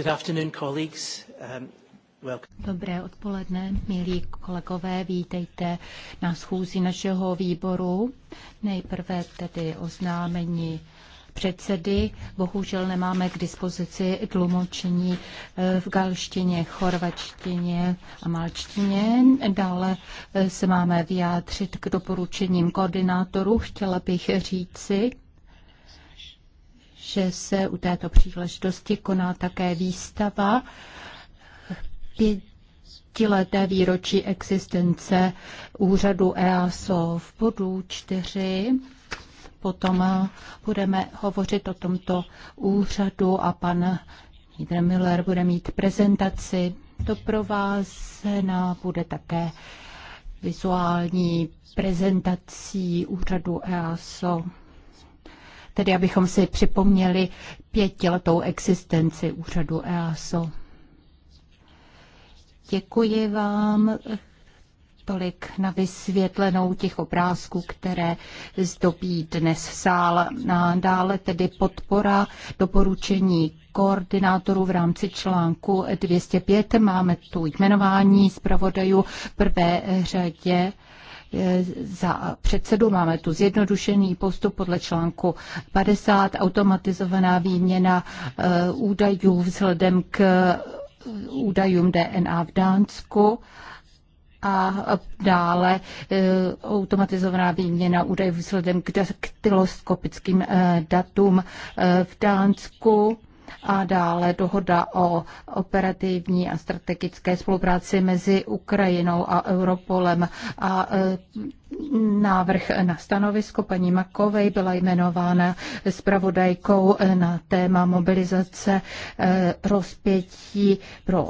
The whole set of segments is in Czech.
Good afternoon, colleagues. Um, Dobré odpoledne, milí kolegové, vítejte na schůzi našeho výboru. Nejprve tedy oznámení předsedy. Bohužel nemáme k dispozici tlumočení eh, v galštině, chorvačtině a malčtině. Dále eh, se máme vyjádřit k doporučením koordinátorů. Chtěla bych říci, že se u této příležitosti koná také výstava pětileté výročí existence úřadu EASO v bodu 4. Potom budeme hovořit o tomto úřadu a pan Jitr Miller bude mít prezentaci. to pro vás bude také vizuální prezentací úřadu EASO tedy abychom si připomněli pětiletou existenci úřadu EASO. Děkuji vám tolik na vysvětlenou těch obrázků, které zdobí dnes sál. A dále tedy podpora doporučení koordinátorů v rámci článku 205. Máme tu jmenování zpravodajů v prvé řadě E, za předsedu. Máme tu zjednodušený postup podle článku 50, e, e, automatizovaná výměna údajů vzhledem k údajům DNA v Dánsku a dále automatizovaná výměna údajů vzhledem k daktyloskopickým datům v Dánsku a dále dohoda o operativní a strategické spolupráci mezi Ukrajinou a Europolem a e, návrh na stanovisko paní Makovej byla jmenována zpravodajkou na téma mobilizace e, rozpětí pro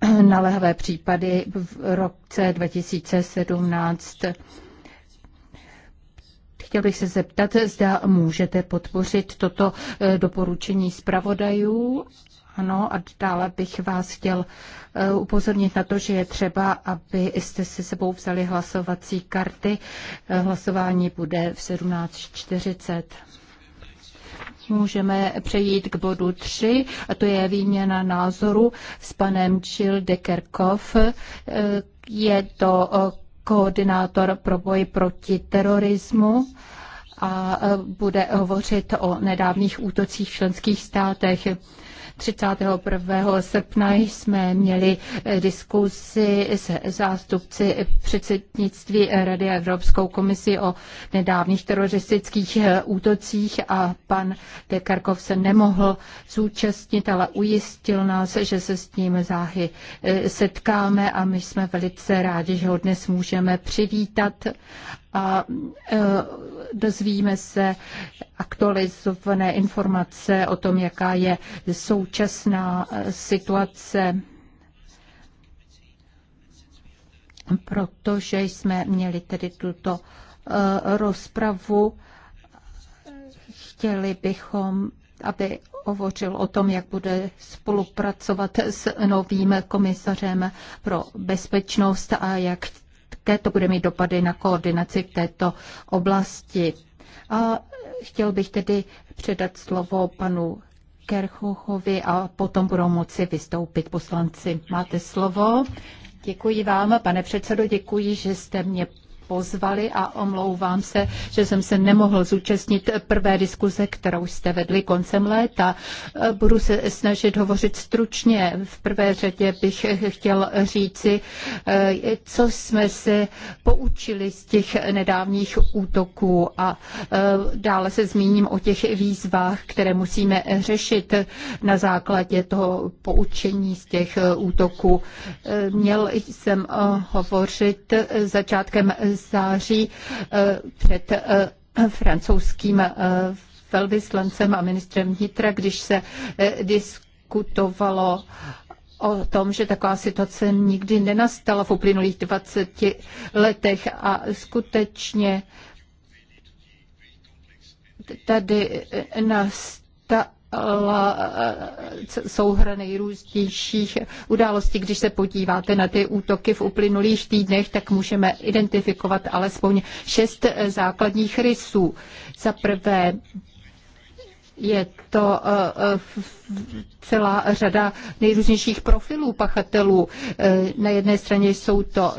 e, naléhavé případy v roce 2017. Chtěl bych se zeptat, zda můžete podpořit toto eh, doporučení zpravodajů ano, a dále bych vás chtěl eh, upozornit na to, že je třeba, aby jste si sebou vzali hlasovací karty. Eh, hlasování bude v 17.40. Můžeme přejít k bodu 3, a to je výměna názoru s panem Jill Dekerkov. Je to koordinátor pro boj proti terorismu a e, bude hovořit o nedávných útocích v členských státech. 31. srpna jsme měli eh, diskusi s zástupci předsednictví Rady a Evropskou komisi o nedávných teroristických eh, útocích a pan de Karkov se nemohl zúčastnit, ale ujistil nás, že se s ním záhy eh, setkáme a my jsme velice rádi, že ho dnes můžeme přivítat a e, dozvíme se aktualizované informace o tom, jaká je současná e, situace protože jsme měli tedy tuto e, rozpravu. Chtěli bychom, aby hovořil o tom, jak bude spolupracovat s novým komisařem pro bezpečnost a jak jaké to bude mít dopady na koordinaci v této oblasti. A chtěl bych tedy předat slovo panu Kerchochovi a potom budou moci vystoupit poslanci. Máte slovo. Děkuji vám, pane předsedo, děkuji, že jste mě pozvali a omlouvám se, že jsem se nemohl zúčastnit prvé diskuze, kterou jste vedli koncem léta. Budu se snažit hovořit stručně. V prvé řadě bych chtěl říci, eh, co jsme se poučili z těch nedávných útoků a eh, dále se zmíním o těch výzvách, které musíme řešit na základě toho poučení z těch eh, útoků. Měl jsem hovořit začátkem září eh, před eh, francouzským eh, velvyslancem a ministrem vnitra, když se diskutovalo o tom, že taková situace nikdy nenastala v uplynulých 20 letech a skutečně tady nastala Eh, souhra nejrůznějších událostí. Když se podíváte na ty útoky v uplynulých týdnech, tak můžeme identifikovat alespoň šest základních rysů. Za prvé je to eh, eh, celá řada nejrůznějších profilů pachatelů. Eh, na jedné straně jsou to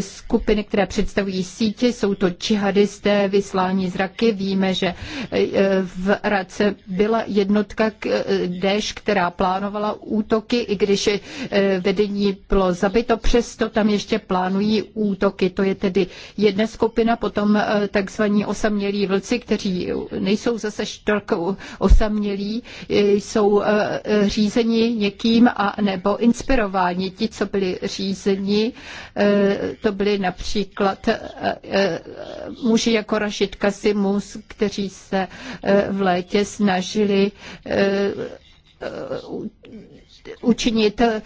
skupiny, které představují sítě, jsou to čihadisté, vyslání zraky. Víme, že v Radce byla jednotka Deš, která plánovala útoky, i když vedení bylo zabito, přesto tam ještě plánují útoky. To je tedy jedna skupina, potom takzvaní osamělí vlci, kteří nejsou zase štorkou, osamělí eh, jsou eh, eh, řízeni někým a nebo inspirováni. Ti, co byli řízeni, to byli například muži jako Rašit Kasimus, kteří se v létě snažili učinit eh,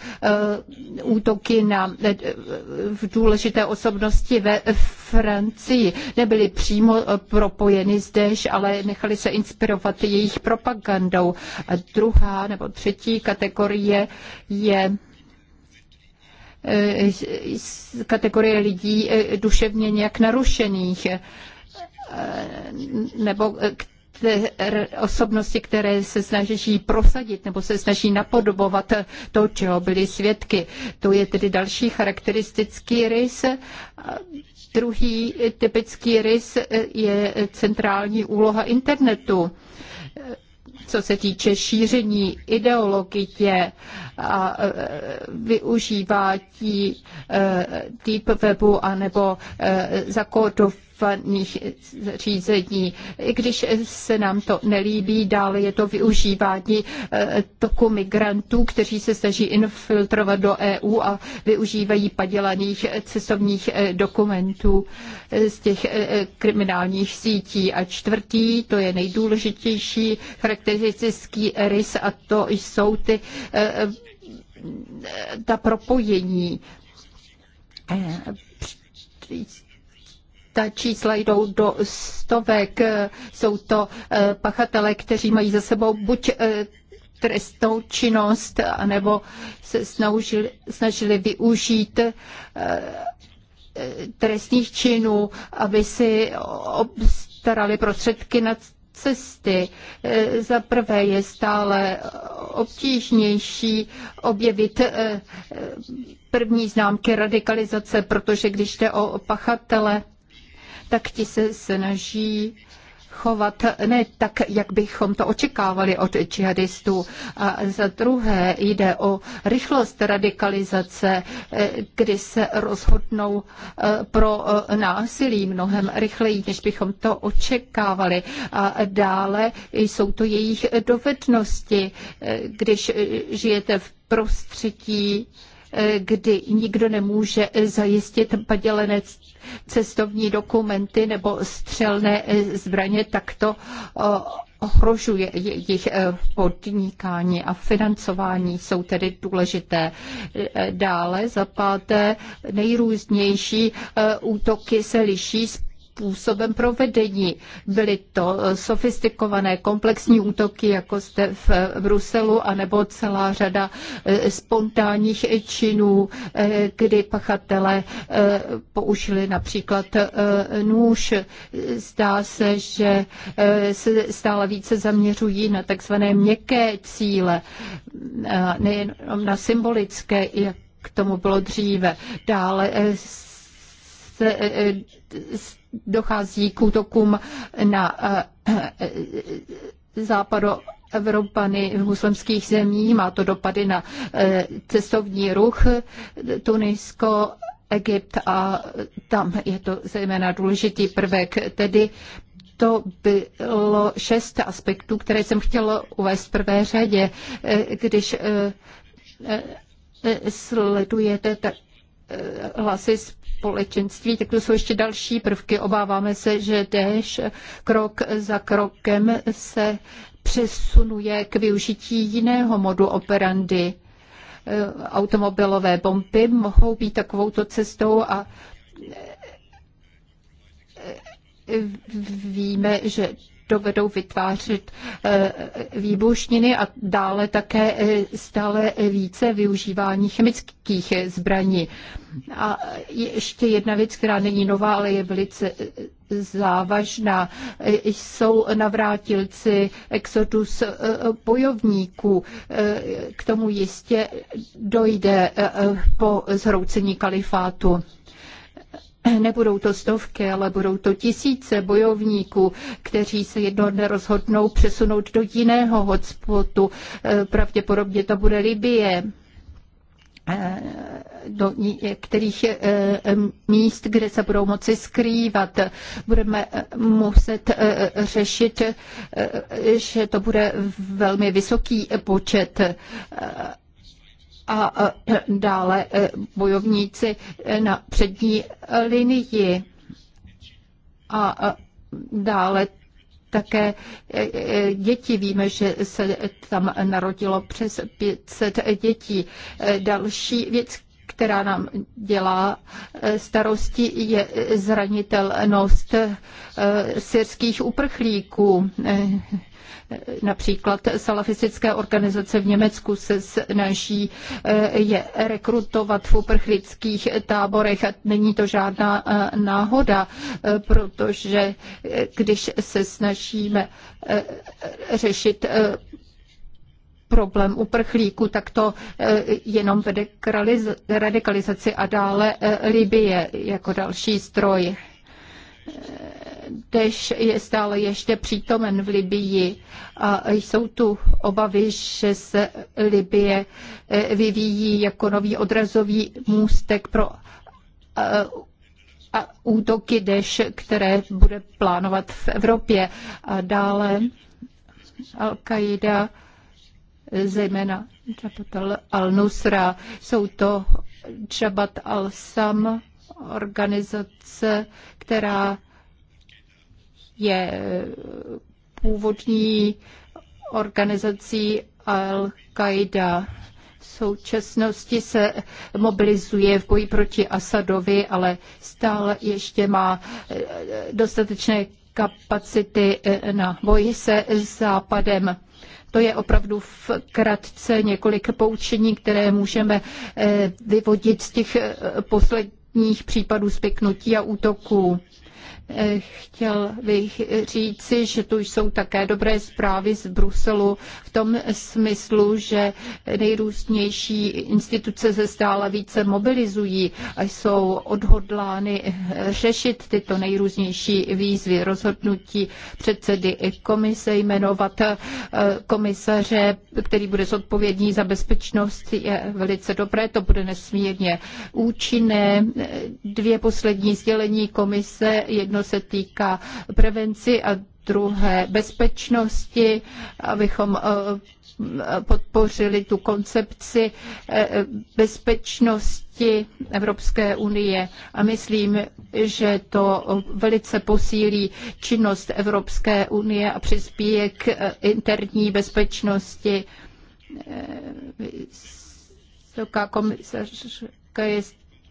útoky na eh, důležité osobnosti ve Francii. Nebyly přímo eh, propojeny zdež, ale nechali se inspirovat jejich propagandou. A druhá nebo třetí kategorie je kategorie lidí duševně nějak narušených nebo osobnosti, které se snaží prosadit nebo se snaží napodobovat to, čeho byli svědky. To je tedy další charakteristický rys. Druhý typický rys e, je centrální úloha internetu co se týče šíření ideologie a e, využívání e, deep webu anebo zakódování vadných řízení. I když se nám to nelíbí, dále je to využívání eh, toku migrantů, kteří se snaží infiltrovat do EU a využívají padělaných cestovních eh, dokumentů eh, z těch kriminálních sítí. A čtvrtý, to je nejdůležitější charakteristický rys a to jsou ty ta propojení ta čísla jdou do stovek. Jsou to eh, pachatele, kteří mají za sebou buď eh, trestnou činnost, anebo se snažili, snažili využít eh, trestných činů, aby si obstarali prostředky na cesty. Za prvé je stále obtížnější objevit první známky radikalizace, protože když jde o pachatele, tak ti se snaží chovat ne tak, jak bychom to očekávali od džihadistů. A za druhé jde o rychlost radikalizace, eh, kdy se rozhodnou eh, pro eh, násilí mnohem rychleji, než bychom to očekávali. A dále jsou to jejich dovednosti, když žijete v prostředí, kdy nikdo nemůže zajistit padělené cestovní dokumenty nebo střelné zbraně, tak to ohrožuje jejich e, podnikání a financování jsou tedy důležité. E, dále za páté nejrůznější e, útoky se liší způsobem provedení. Byly to eh, sofistikované komplexní útoky, jako jste v Bruselu, anebo celá řada eh, spontánních činů, eh, kdy pachatele použili například nůž. Zdá se, že se stále více zaměřují na takzvané měkké cíle, nejenom na symbolické, jak k tomu bylo dříve. Dále se dochází k útokům na eh, eh, západo Evropany v muslimských zemí, má to dopady na eh, cestovní ruch Tunisko, Egypt a tam je to zejména důležitý prvek, tedy to bylo šest aspektů, které jsem chtěla uvést v prvé řadě. Když sledujete hlasy z společenství, tak to jsou ještě další prvky. Obáváme se, že déš krok za krokem se přesunuje k využití jiného modu operandy. E, automobilové bomby mohou být takovouto cestou a e, e, víme, že dovedou vytvářet eh, výbušniny a dále také eh, stále více využívání chemických eh, zbraní. A ještě jedna věc, která není nová, ale je velice závažná. Jsou navrátilci exodus bojovníků. K tomu jistě dojde po zhroucení kalifátu. Nebudou to stovky, ale budou to tisíce bojovníků, kteří se jedno dne rozhodnou přesunout do jiného hotspotu. Eh, pravděpodobně to bude Libie eh, do některých eh, míst, kde se budou moci skrývat. Budeme muset řešit, že to bude velmi vysoký počet a e, dále e, bojovníci e, na přední linii a dále také děti. Víme, že se tam narodilo přes 500 dětí. Další věc, která nám dělá starosti, je zranitelnost syrských uprchlíků. Například salafistické organizace v Německu se snaží eh, je rekrutovat v uprchlických táborech a není to žádná eh, náhoda, eh, protože když se snažíme řešit problém uprchlíků, tak to jenom vede k radikalizaci a dále Libie jako další stroj. Daesh je stále ještě přítomen v Libii a jsou tu obavy, že se Libie eh, vyvíjí jako nový odrazový můstek pro eh, a útoky Deš, které bude plánovat v Evropě. A dále Al-Qaida, zejména Jabhat al-Nusra, jsou to Jabhat al-Sam, organizace, která je původní organizací Al-Qaida. V současnosti se mobilizuje v boji proti Asadovi, ale stále ještě má eh, dostatečné kapacity eh, na boji se západem. To je opravdu v kratce několik poučení, které můžeme eh, vyvodit z těch posledních případů spiknutí a útoků. Chtěl bych říci, že tu jsou také dobré zprávy z Bruselu v tom smyslu, že nejrůznější instituce se stále více mobilizují a jsou odhodlány řešit tyto nejrůznější výzvy, rozhodnutí předsedy komise jmenovat eh, komisaře, který bude zodpovědný za bezpečnost, je velice dobré, to bude nesmírně účinné. Dvě poslední sdělení komise, jedno se týká prevenci a druhé bezpečnosti, abychom eh, podpořili tu koncepci eh, bezpečnosti Evropské unie. A myslím, že to velice posílí činnost Evropské unie a přispěje k eh, interní bezpečnosti. Vysoká komisařka je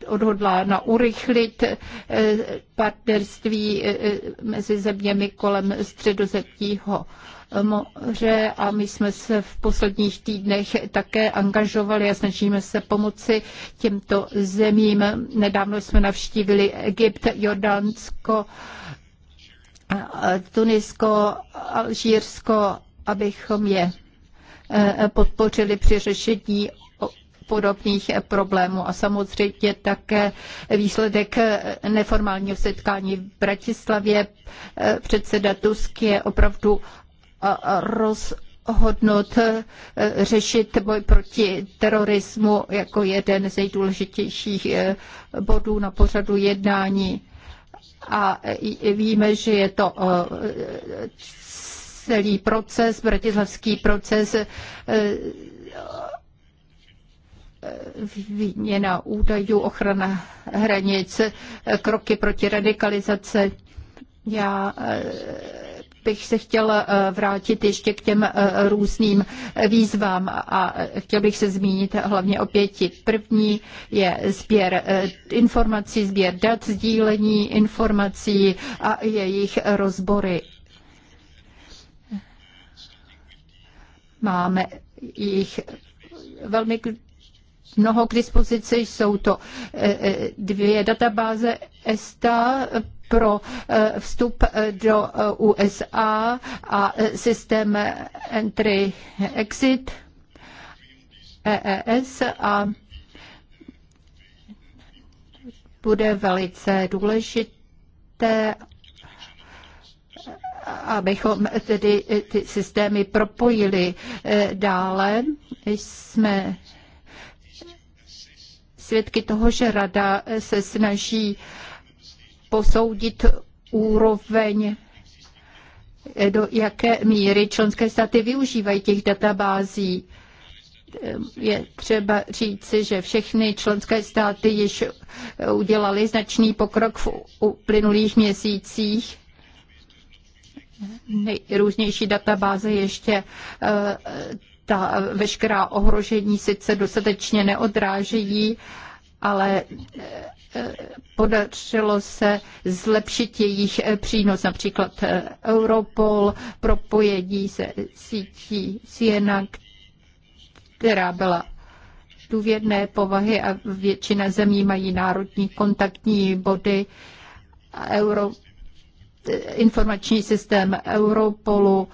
odhodlána urychlit eh, partnerství eh, eh, mezi zeměmi kolem středozemního moře a my jsme se v posledních týdnech také angažovali a snažíme se pomoci těmto zemím. Nedávno jsme navštívili Egypt, Jordánsko, Tunisko, Alžírsko, abychom je podpořili při řešení podobných problémů a samozřejmě také výsledek neformálního setkání v Bratislavě. Předseda Tusk je opravdu roz hodnot řešit boj proti terorismu jako jeden z nejdůležitějších bodů na pořadu jednání. A víme, že je to eh, celý proces, bratislavský proces eh, výměna údajů, ochrana hranic, kroky proti radikalizace. Já eh, bych se chtěl eh, vrátit ještě k těm eh, různým výzvám a chtěl bych se zmínit hlavně o pěti. První je sběr informací, sběr dat, sdílení informací a jejich rozbory. Máme jich velmi mnoho k dispozici. Jsou to eh, eh, dvě databáze ESTA pro eh, vstup do USA a systém entry-exit EES a bude velice důležité, abychom tedy ty systémy propojili dále. Jsme svědky toho, že rada se snaží posoudit úroveň eh, do jaké míry členské státy využívají těch databází. Eh, je třeba říci, že všechny členské státy již eh, udělali značný pokrok v uplynulých měsících. Nejrůznější databáze ještě ta veškerá ohrožení sice dostatečně neodrážejí, ale eh, eh, podařilo se zlepšit jejich eh, přínos, například Europol, propojení se sítí Siena, která byla důvěrné povahy a většina zemí mají národní kontaktní body. Euro, informační systém Europolu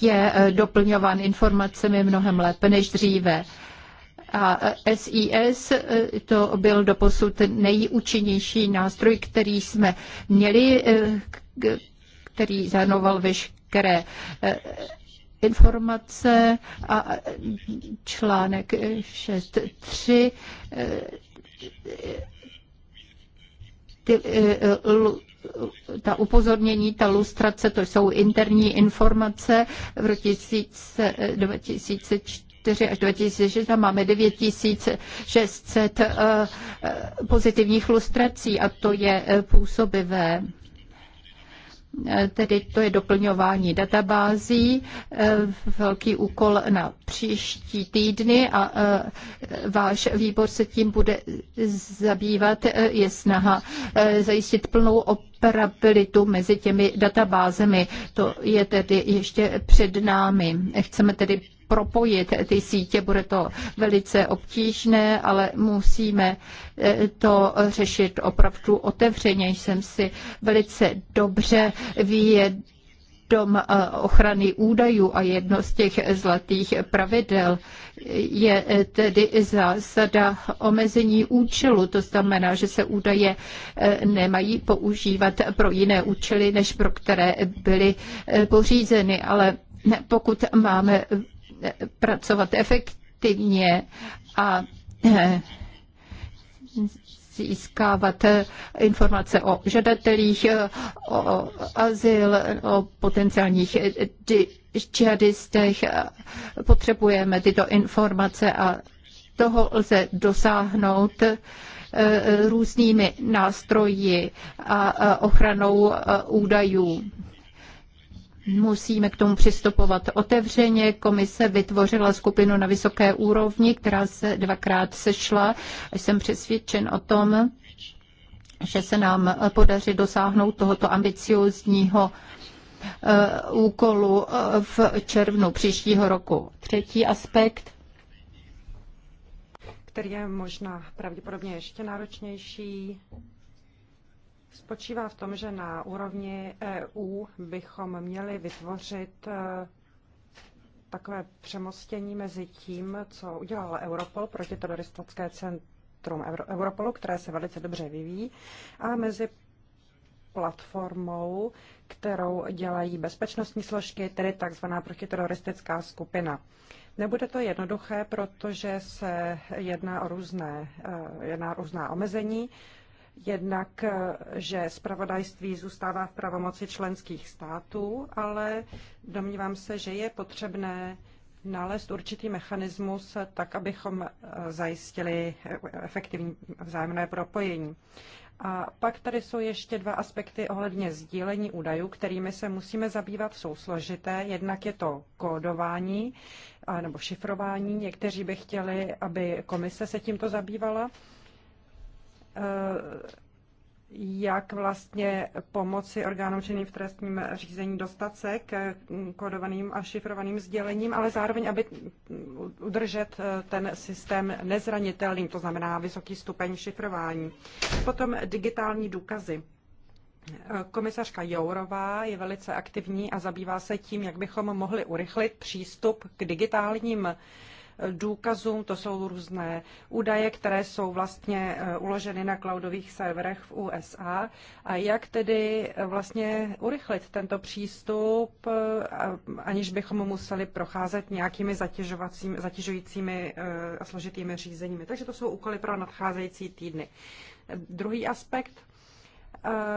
je eh, doplňován informacemi mnohem lépe než dříve. A SIS eh, eh, to byl doposud nejúčinnější nástroj, který jsme měli, který zahrnoval veškeré informace a článek 6.3 ty ta upozornění, ta lustrace, to jsou interní informace v roce 2004 až 2006 tam máme 9600 eh, pozitivních lustrací a to je eh, působivé. Eh, tedy to je doplňování databází, eh, velký úkol na příští týdny a eh, váš výbor se tím bude zabývat. Je snaha zajistit plnou operabilitu mezi těmi databázemi. To je tedy ještě před námi. Chceme tedy propojit ty sítě. Bude to velice obtížné, ale musíme eh, to řešit opravdu otevřeně. Jsem si velice dobře dom eh, ochrany údajů a jedno z těch zlatých pravidel je eh, tedy zásada omezení účelu. To znamená, že se údaje nemají používat pro jiné účely, než pro které byly pořízeny, ale pokud máme pracovat efektivně a eh, získávat eh, informace o žadatelích, eh, o azyl, o potenciálních džihadistech. Potřebujeme tyto informace a toho lze dosáhnout různými nástroji a ochranou údajů. Musíme k tomu přistupovat otevřeně. Komise vytvořila skupinu na vysoké úrovni, která se dvakrát sešla. Jsem přesvědčen o tom, že se nám podaří dosáhnout tohoto ambiciozního eh, úkolu eh, v červnu příštího roku. Třetí aspekt který je možná pravděpodobně ještě náročnější, spočívá v tom, že na úrovni EU bychom měli vytvořit eh, takové přemostění mezi tím, co udělal Europol, protiteroristické centrum Europolu, které se velice dobře vyvíjí, a mezi platformou, kterou dělají bezpečnostní složky, tedy takzvaná protiteroristická skupina. Nebude to jednoduché, protože se jedná o různé, eh, jedná o různá omezení. Jednak, eh, že zpravodajství zůstává v pravomoci členských států, ale domnívám se, že je potřebné nalézt určitý mechanismus, eh, tak abychom eh, zajistili efektivní vzájemné propojení. A pak tady jsou ještě dva aspekty ohledně sdílení údajů, kterými se musíme zabývat, jsou složité. Jednak je to kódování nebo šifrování. Někteří by chtěli, aby komise se tímto zabývala. Eh, jak vlastně pomoci orgánům činným v trestním řízení dostat se k kodovaným a šifrovaným sdělením, ale zároveň, aby udržet eh, ten systém nezranitelným, to znamená vysoký stupeň šifrování. Potom digitální důkazy. Eh, komisařka Jourová je velice aktivní a zabývá se tím, jak bychom mohli urychlit přístup k digitálním důkazům. To jsou různé údaje, které jsou vlastně eh, uloženy na cloudových serverech v USA. A jak tedy eh, vlastně urychlit tento přístup, eh, aniž bychom museli procházet nějakými zatěžujícími a složitými řízeními. Takže to jsou úkoly pro nadcházející týdny. Druhý aspekt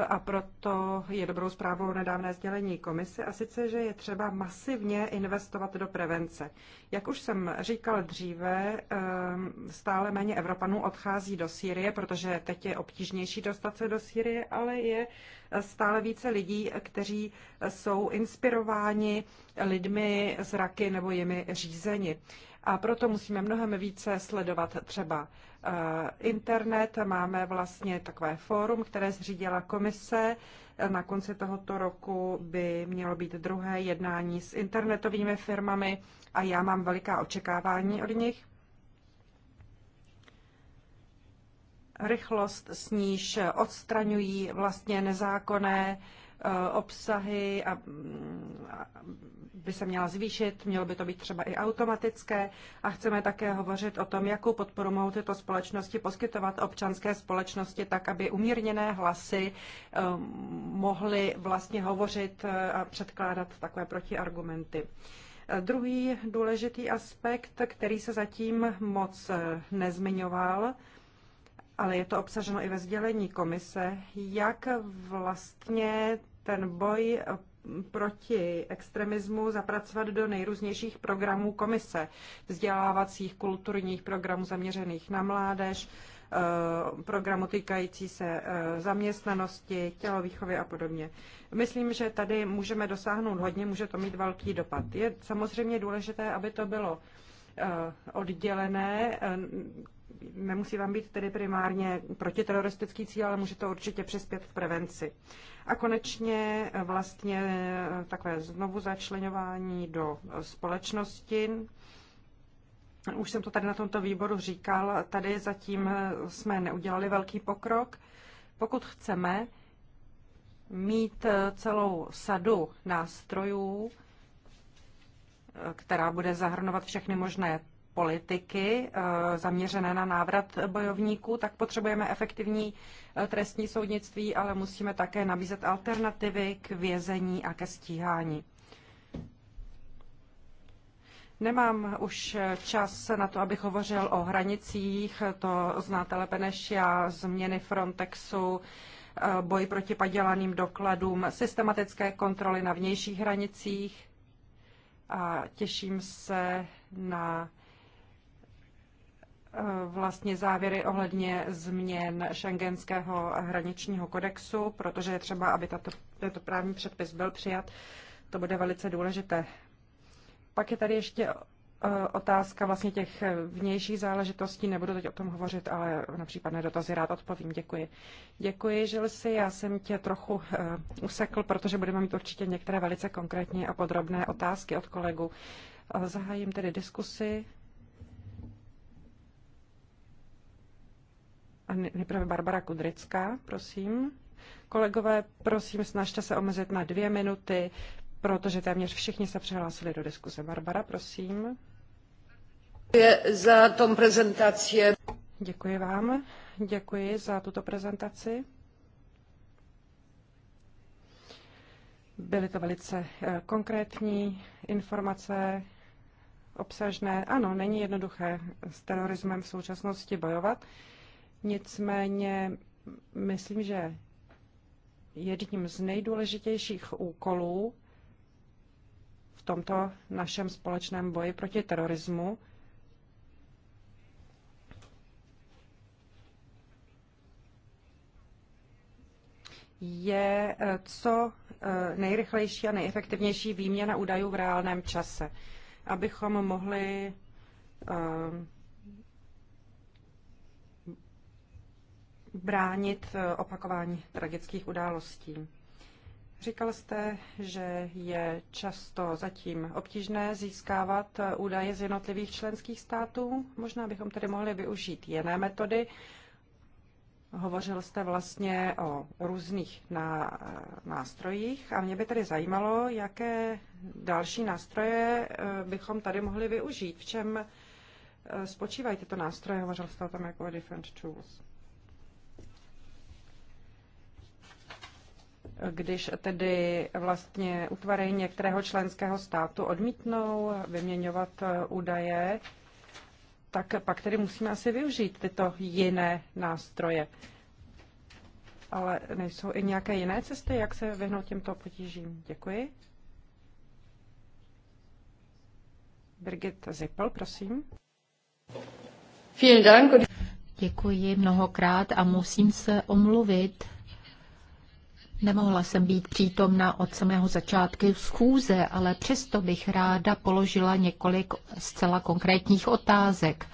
a proto je dobrou zprávou nedávné sdělení komise a sice, že je třeba masivně investovat do prevence. Jak už jsem říkal dříve, ehm, stále méně Evropanů odchází do Sýrie, protože teď je obtížnější dostat se do Sýrie, ale je eh, stále více lidí, kteří eh, jsou inspirováni lidmi z raky nebo jimi řízeni a proto musíme mnohem více sledovat třeba eh, internet. Máme vlastně takové fórum, které zřídila komise. Na konci tohoto roku by mělo být druhé jednání s internetovými firmami a já mám veliká očekávání od nich. Rychlost, s níž odstraňují vlastně nezákonné uh, Eh, obsahy mm, a by se měla zvýšit, mělo by to být třeba i automatické a chceme také hovořit o tom, jakou podporu mohou tyto společnosti poskytovat občanské společnosti tak, aby umírněné hlasy eh, mohly vlastně hovořit eh, a předkládat takové protiargumenty. Druhý důležitý aspekt, který se zatím moc nezmiňoval, ale je to obsaženo i ve sdělení komise, jak vlastně ten boj eh, proti extremismu zapracovat do nejrůznějších programů komise, vzdělávacích, kulturních programů zaměřených na mládež, eh, programu týkající se eh, zaměstnanosti, tělovýchovy a podobně. Myslím, že tady můžeme dosáhnout hodně, může to mít velký dopad. Je samozřejmě důležité, aby to bylo oddělené nemusí tam být tedy primárně protiteroristický cíl, ale může to určitě přispět v prevenci. A konečně vlastně takové znovu začlenování do společnosti. Už jsem to tady na tomto výboru říkal, tady zatím jsme neudělali velký pokrok. Pokud chceme mít celou sadu nástrojů, která bude zahrnovat všechny možné politiky eh, zaměřené na návrat bojovníků, tak potřebujeme efektivní eh, trestní soudnictví, ale musíme také nabízet alternativy k vězení a ke stíhání. Nemám už eh, čas na to, abych hovořil o hranicích, to znáte lépe než já, změny Frontexu, boj proti padělaným dokladům, systematické kontroly na vnějších hranicích a těším se na Eh, vlastně závěry ohledně změn šengenského hraničního kodexu, protože je třeba, aby tato, tento právní předpis byl přijat. To bude velice důležité. Pak je tady ještě eh, otázka vlastně těch vnějších záležitostí. Nebudu teď o tom hovořit, ale na případné dotazy rád odpovím. Děkuji. Děkuji, Žilsi. Já jsem tě trochu uh, usekl, protože budeme mít určitě některé velice konkrétní a podrobné otázky od kolegu. Zahájím tedy diskusi. Nejprve Barbara Kudrická, prosím. Kolegové, prosím, snažte se omezit na dvě minuty, protože téměř všichni se přihlásili do diskuse. Barbara, prosím. Děkuji za tom prezentaci. Děkuji vám. Děkuji za tuto prezentaci. Byly to velice eh, konkrétní informace, obsažné. Ano, není jednoduché s terorismem v současnosti bojovat Nicméně myslím, že jedním z nejdůležitějších úkolů v tomto našem společném boji proti terorismu je eh, co eh, nejrychlejší a nejefektivnější výměna údajů v reálném čase, abychom mohli eh, bránit eh, opakování tragických událostí. Říkal jste, že je často zatím obtížné získávat eh, údaje z jednotlivých členských států. Možná bychom tedy mohli využít jiné metody. Hovořil jste vlastně o různých eh, nástrojích a mě by tedy zajímalo, jaké další nástroje bychom tady mohli využít. V čem spočívají tyto nástroje? Hovořil jste o tom jako different tools. když tedy vlastně utvary některého členského státu odmítnou vyměňovat eh, údaje, tak pak tedy musíme asi využít tyto jiné nástroje. Ale nejsou i nějaké jiné cesty, jak se vyhnout těmto potížím? Děkuji. Birgit Zippel, prosím. Děkuji mnohokrát a musím se omluvit Nemohla jsem být přítomna od samého začátku schůze, ale přesto bych ráda položila několik zcela konkrétních otázek.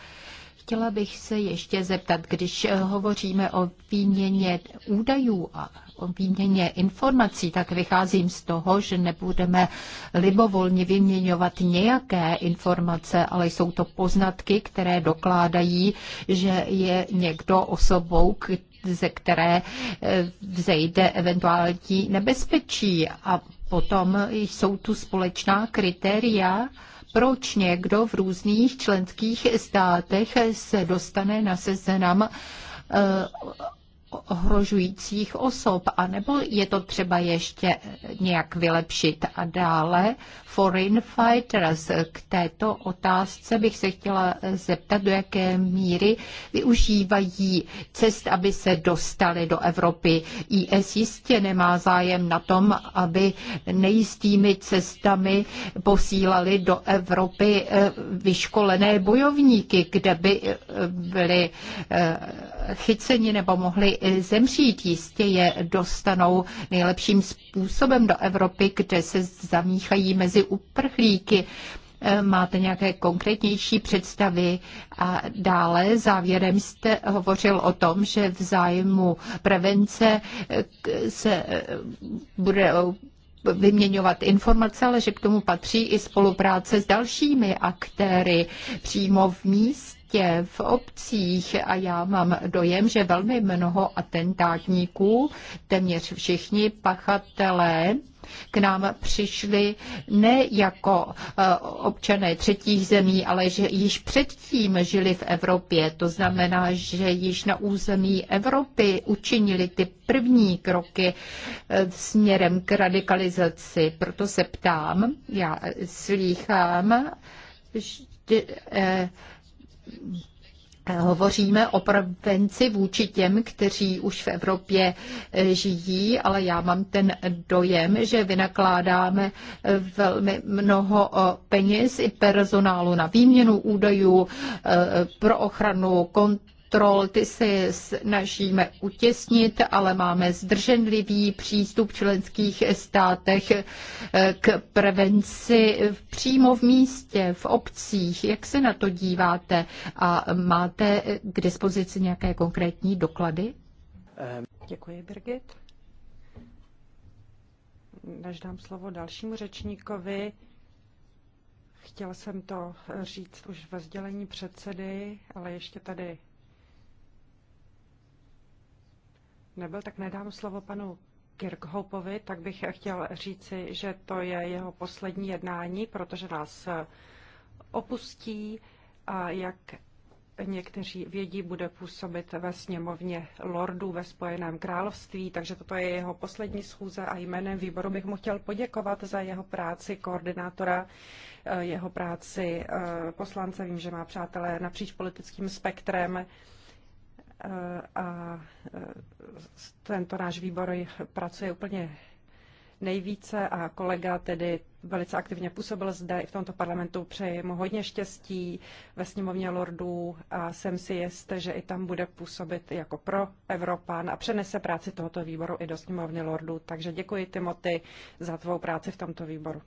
Chtěla bych se ještě zeptat, když eh, hovoříme o výměně údajů a o výměně informací, tak vycházím z toho, že nebudeme libovolně vyměňovat nějaké informace, ale jsou to poznatky, které dokládají, že je někdo osobou, ze které eh, vzejde eventuální nebezpečí. A potom jsou tu společná kritéria, proč někdo v různých členských státech se dostane na seznam eh, ohrožujících osob, anebo je to třeba ještě nějak vylepšit a dále foreign fighters. K této otázce bych se chtěla zeptat, do jaké míry využívají cest, aby se dostali do Evropy. IS jistě nemá zájem na tom, aby nejistými cestami posílali do Evropy eh, vyškolené bojovníky, kde by eh, byli eh, chyceni nebo mohli zemřít. Jistě je dostanou nejlepším způsobem do Evropy, kde se zamíchají mezi mezi uprchlíky. Eh, máte nějaké konkrétnější představy? A dále závěrem jste hovořil o tom, že v zájmu prevence eh, se eh, bude vyměňovat informace, ale že k tomu patří i spolupráce s dalšími aktéry přímo v místě městě, v obcích a já mám dojem, že velmi mnoho atentátníků, téměř všichni pachatelé, k nám přišli ne jako eh, občané třetích zemí, ale že již předtím žili v Evropě. To znamená, že již na území Evropy učinili ty první kroky eh, směrem k radikalizaci. Proto se ptám, já slýchám, že, eh, Hovoříme o prevenci vůči těm, kteří už v Evropě eh, žijí, ale já mám ten dojem, že vynakládáme eh, velmi mnoho eh, peněz i personálu na výměnu údajů pro ochranu kontaktu Troll, ty se snažíme utěsnit, ale máme zdrženlivý přístup v členských státech eh, k prevenci přímo v místě, v obcích. Jak se na to díváte a máte k dispozici nějaké konkrétní doklady? Ehm. Děkuji, Birgit. Než dám slovo dalšímu řečníkovi, Chtěla jsem to říct už ve sdělení předsedy, ale ještě tady nebyl, tak nedám slovo panu Kirkhopovi, tak bych chtěl říci, že to je jeho poslední jednání, protože nás eh, opustí a jak někteří vědí, bude působit ve sněmovně lordů ve Spojeném království, takže toto je jeho poslední schůze a jménem výboru bych mu chtěl poděkovat za jeho práci koordinátora, eh, jeho práci eh, poslance. Vím, že má přátelé napříč politickým spektrem a tento náš výbor pracuje úplně nejvíce a kolega tedy velice aktivně působil zde i v tomto parlamentu. Přeji mu hodně štěstí ve sněmovně lordů a jsem si jist, že i tam bude působit jako pro Evropán a přenese práci tohoto výboru i do sněmovny lordů. Takže děkuji Timothy za tvou práci v tomto výboru.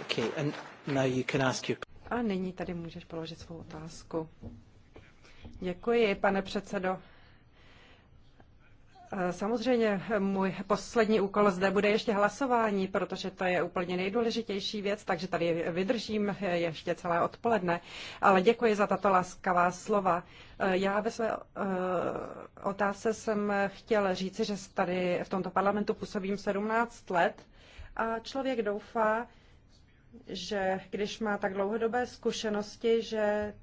Okay, and now you can ask your... A nyní tady můžeš položit svou otázku. Děkuji, pane předsedo. Samozřejmě můj poslední úkol zde bude ještě hlasování, protože to je úplně nejdůležitější věc, takže tady vydržím ještě celé odpoledne. Ale děkuji za tato laskavá slova. Já ve své eh, otázce jsem chtěl říci, že tady v tomto parlamentu působím 17 let a člověk doufá, že když má tak dlouhodobé zkušenosti, že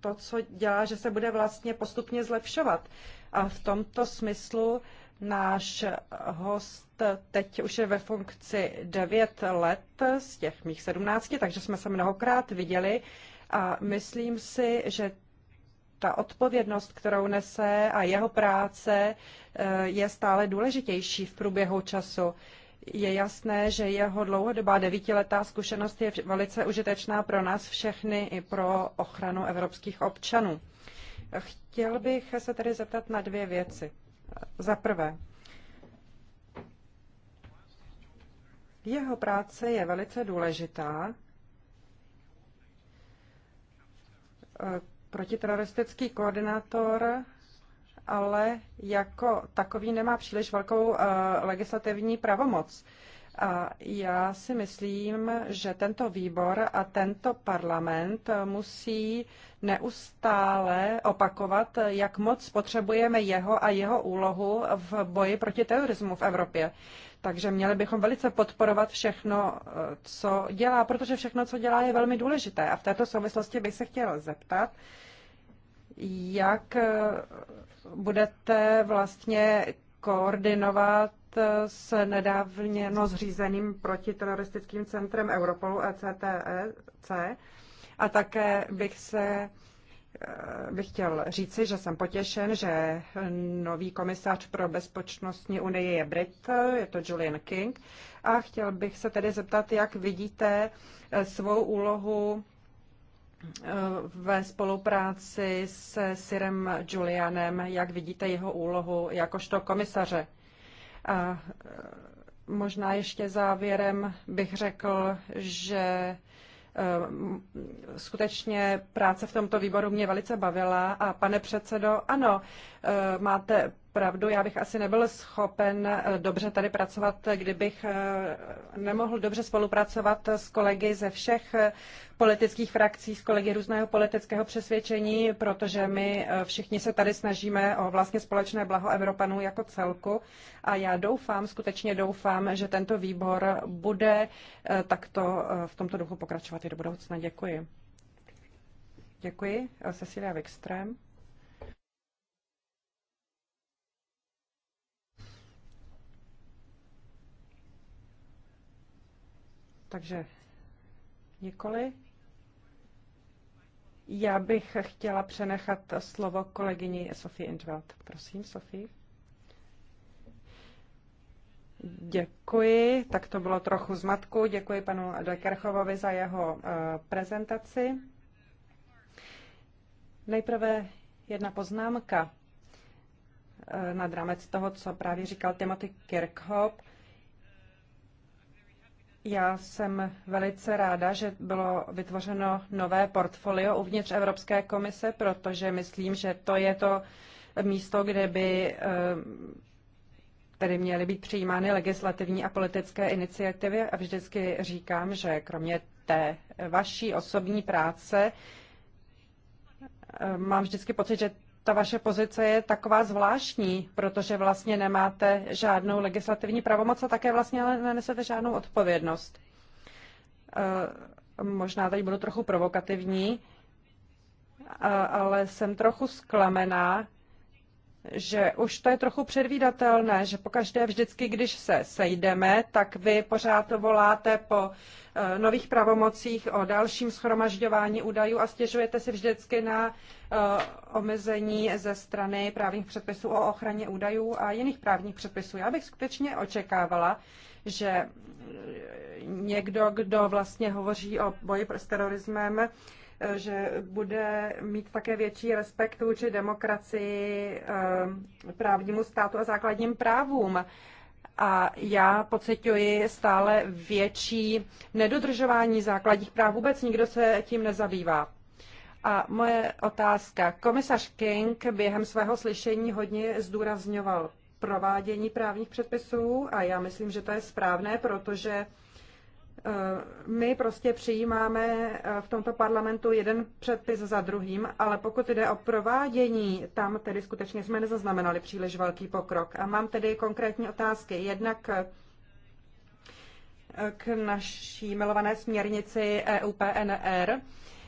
to, co dělá, že se bude vlastně postupně zlepšovat. A v tomto smyslu náš host teď už je ve funkci 9 let z těch mých 17, takže jsme se mnohokrát viděli a myslím si, že ta odpovědnost, kterou nese a jeho práce eh, je stále důležitější v průběhu času je jasné, že jeho dlouhodobá devítiletá zkušenost je velice užitečná pro nás všechny i pro ochranu evropských občanů. Chtěl bych se tedy zeptat na dvě věci. Za prvé, jeho práce je velice důležitá. Eh, protiteroristický koordinátor ale jako takový nemá příliš velkou eh, legislativní pravomoc. A já si myslím, že tento výbor a tento parlament musí neustále opakovat, jak moc potřebujeme jeho a jeho úlohu v boji proti terorismu v Evropě. Takže měli bychom velice podporovat všechno, eh, co dělá, protože všechno, co dělá, je velmi důležité. A v této souvislosti bych se chtěla zeptat, jak eh, budete vlastně koordinovat s nedávně no, zřízeným protiteroristickým centrem Europolu ECTC. E A také bych se eh, bych chtěl říci, že jsem potěšen, že nový komisař pro bezpečnostní unii je Brit, je to Julian King. A chtěl bych se tedy zeptat, jak vidíte eh, svou úlohu Eh, ve spolupráci se Sirem Julianem, jak vidíte jeho úlohu jakožto komisaře. A eh, možná ještě závěrem bych řekl, že eh, skutečně práce v tomto výboru mě velice bavila a pane předsedo, ano, máte pravdu, já bych asi nebyl schopen eh, dobře tady pracovat, eh, kdybych eh, nemohl dobře spolupracovat s kolegy ze všech politických frakcí, s kolegy různého politického přesvědčení, protože my všichni se tady snažíme o vlastně společné blaho Evropanů jako celku. A já doufám, skutečně doufám, že tento výbor bude takto v tomto duchu pokračovat i do budoucna. Děkuji. Děkuji. Cecilia Wikström. Takže nikoli. Já bych chtěla přenechat slovo kolegyni Sofii Intveld. Prosím, Sofii. Děkuji, tak to bylo trochu zmatku. Děkuji panu Dekerchovovi za jeho uh, prezentaci. Nejprve jedna poznámka uh, nad rámec toho, co právě říkal Timothy Kirkhope. Já jsem velice ráda, že bylo vytvořeno nové portfolio uvnitř Evropské komise, protože myslím, že to je to místo, kde by eh, tedy měly být přijímány legislativní a politické iniciativy. A vždycky říkám, že kromě té vaší osobní práce eh, mám vždycky pocit, že ta vaše pozice je taková zvláštní, protože vlastně nemáte žádnou legislativní pravomoc a také vlastně ale nenesete žádnou odpovědnost. Eh, možná tady budu trochu provokativní, eh, ale jsem trochu zklamená, že už to je trochu předvídatelné, že pokaždé vždycky, když se sejdeme, tak vy pořád voláte po eh, nových pravomocích o dalším schromažďování údajů a stěžujete si vždycky na eh, omezení ze strany právních předpisů o ochraně údajů a jiných právních předpisů. Já bych skutečně očekávala, že eh, někdo, kdo vlastně hovoří o boji s terorismem, že bude mít také větší respekt vůči demokracii, eh, právnímu státu a základním právům. A já pocituji stále větší nedodržování základních práv. Vůbec nikdo se tím nezabývá. A moje otázka. Komisař King během svého slyšení hodně zdůrazňoval provádění právních předpisů a já myslím, že to je správné, protože Eh, my prostě přijímáme eh, v tomto parlamentu jeden předpis za druhým, ale pokud jde o provádění, tam tedy skutečně jsme nezaznamenali příliš velký pokrok. A mám tedy konkrétní otázky. Jednak eh, k naší milované směrnici eu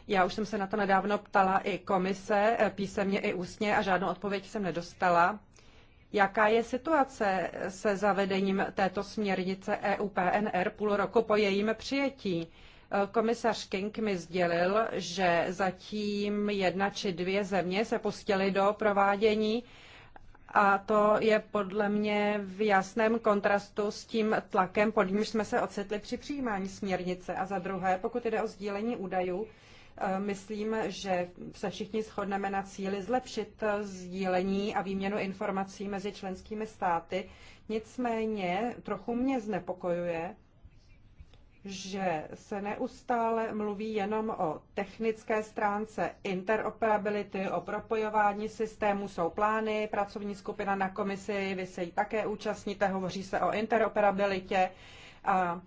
Já už jsem se na to nedávno ptala i komise, písemně i ústně a žádnou odpověď jsem nedostala. Jaká je situace se zavedením této směrnice EU PNR půl roku po jejím přijetí? Eh, komisař King mi sdělil, že zatím jedna či dvě země se pustily do provádění a to je podle mě v jasném kontrastu s tím tlakem, pod nímž jsme se ocitli při přijímání směrnice. A za druhé, pokud jde o sdílení údajů, Eh, myslím, že se všichni shodneme na cíli zlepšit eh, sdílení a výměnu informací mezi členskými státy. Nicméně trochu mě znepokojuje, že se neustále mluví jenom o technické stránce interoperability, o propojování systémů, jsou plány, pracovní skupina na komisi, vy se jí také účastníte, hovoří se o interoperabilitě. A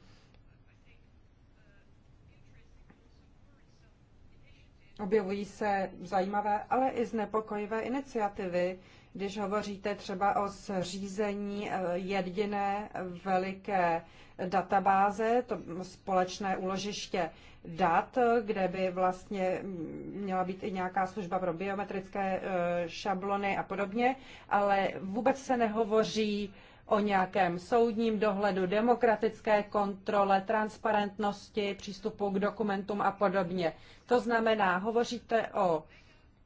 Objevují se zajímavé, ale i znepokojivé iniciativy, když hovoříte třeba o zřízení eh, jediné veliké databáze, to společné úložiště dat, kde by vlastně mm, měla být i nějaká služba pro biometrické eh, šablony a podobně, ale vůbec se nehovoří o nějakém soudním dohledu, demokratické kontrole, transparentnosti, přístupu k dokumentům a podobně. To znamená, hovoříte o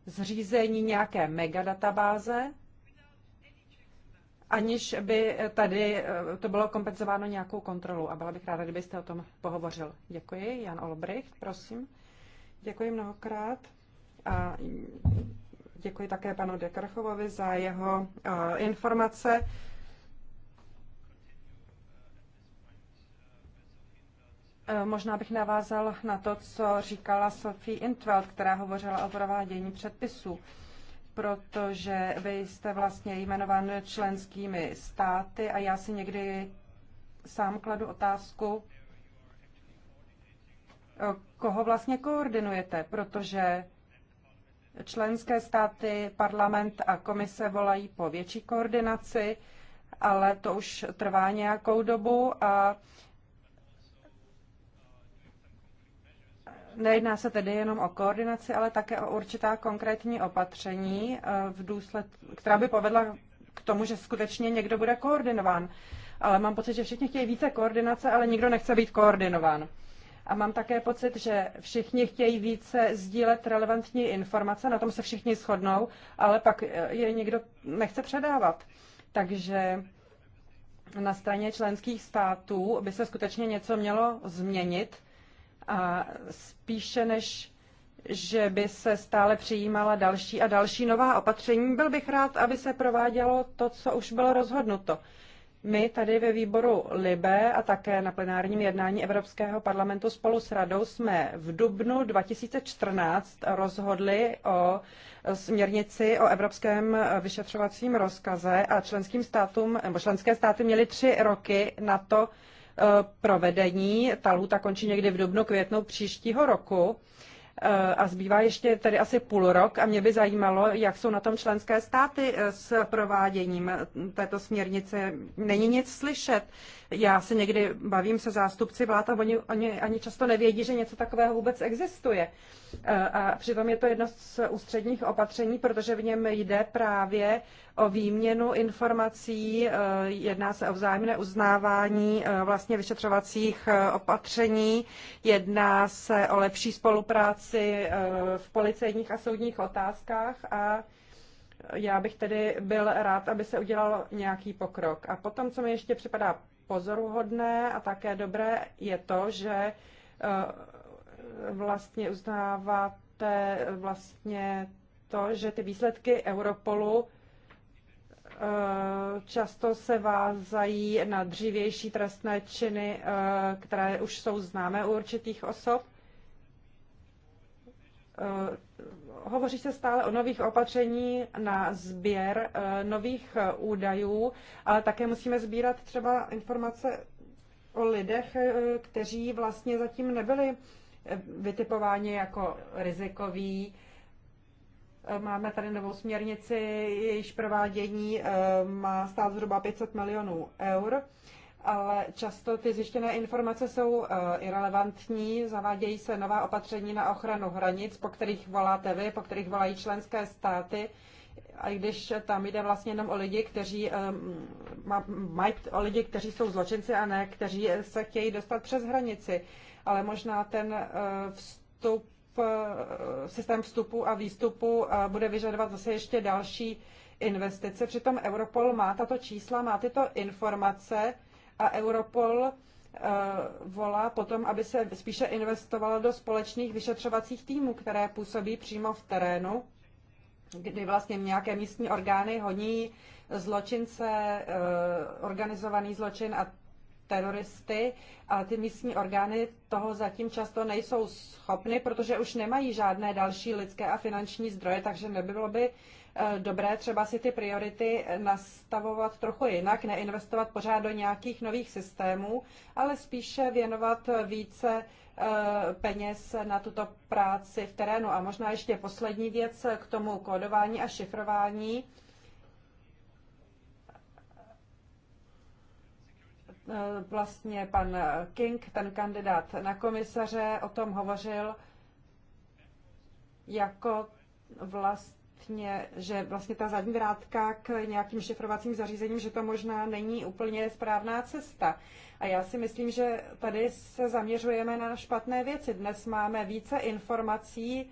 zřízení nějaké megadatabáze, aniž by tady eh, to bylo kompenzováno nějakou kontrolou. A byla bych ráda, kdybyste o tom pohovořil. Děkuji. Jan Olbricht, prosím. Děkuji mnohokrát. A děkuji také panu Dekrchovovi za jeho eh, informace. Eh, možná bych navázal na to, co říkala Sophie Intveld, která hovořila o provádění předpisů, protože vy jste vlastně jmenován členskými státy a já si někdy sám kladu otázku, eh, koho vlastně koordinujete, protože členské státy, parlament a komise volají po větší koordinaci, ale to už trvá nějakou dobu a Nejedná se tedy jenom o koordinaci, ale také o určitá konkrétní opatření, eh, v důsled, která by povedla k tomu, že skutečně někdo bude koordinován. Ale mám pocit, že všichni chtějí více koordinace, ale nikdo nechce být koordinován. A mám také pocit, že všichni chtějí více sdílet relevantní informace, na tom se všichni shodnou, ale pak eh, je někdo nechce předávat. Takže na straně členských států by se skutečně něco mělo změnit a spíše než že by se stále přijímala další a další nová opatření, byl bych rád, aby se provádělo to, co už bylo rozhodnuto. My tady ve výboru Libe a také na plenárním jednání Evropského parlamentu spolu s radou jsme v dubnu 2014 rozhodli o směrnici o evropském vyšetřovacím rozkaze a členským státům, nebo členské státy měly tři roky na to, Eh, provedení. Ta lůta končí někdy v dubnu, květnu příštího roku eh, a zbývá ještě tedy asi půl rok a mě by zajímalo, jak jsou na tom členské státy eh, s prováděním této směrnice. Není nic slyšet. Já se někdy bavím se zástupci vlád a oni, oni ani často nevědí, že něco takového vůbec existuje. A přitom je to jedno z ústředních opatření, protože v něm jde právě o výměnu informací, eh, jedná se o vzájemné uznávání eh, vlastně vyšetřovacích eh, opatření, jedná se o lepší spolupráci v policejních a soudních otázkách a já bych tedy byl rád, aby se udělal nějaký pokrok. A potom, co mi ještě připadá pozoruhodné a také dobré, je to, že vlastně uznáváte vlastně to, že ty výsledky Europolu Eh, často se vázají na dřívější trestné činy, eh, které už jsou známé u určitých osob. Eh, hovoří se stále o nových opatření na sběr nových údajů, ale také musíme sbírat třeba informace o lidech, kteří vlastně zatím nebyli vytipováni jako rizikoví Máme tady novou směrnici, jejíž provádění eh, má stát zhruba 500 milionů eur, ale často ty zjištěné informace jsou eh, irrelevantní, zavádějí se nová opatření na ochranu hranic, po kterých voláte vy, po kterých volají členské státy, a i když tam jde vlastně jenom o lidi, kteří eh, mají o lidi, kteří jsou zločinci a ne, kteří se chtějí dostat přes hranici. Ale možná ten vstup Eh, systém vstupu a výstupu bude vyžadovat zase ještě další investice. Přitom Europol má tato čísla, má tyto informace a Europol eh, volá potom, aby se spíše investovalo do společných vyšetřovacích týmů, které působí přímo v terénu, kdy vlastně nějaké místní orgány honí zločince, eh, organizovaný zločin a teroristy, ale ty místní orgány toho zatím často nejsou schopny, protože už nemají žádné další lidské a finanční zdroje, takže nebylo by eh, dobré třeba si ty priority nastavovat trochu jinak, neinvestovat pořád do nějakých nových systémů, ale spíše věnovat více eh, peněz na tuto práci v terénu. A možná ještě poslední věc k tomu kódování a šifrování. Eh, vlastně pan King, ten kandidát na komisaře, o tom hovořil jako vlastně, že vlastně ta zadní vrátka k nějakým šifrovacím zařízením, že to možná není úplně správná cesta. A já si myslím, že tady se zaměřujeme na špatné věci. Dnes máme více informací,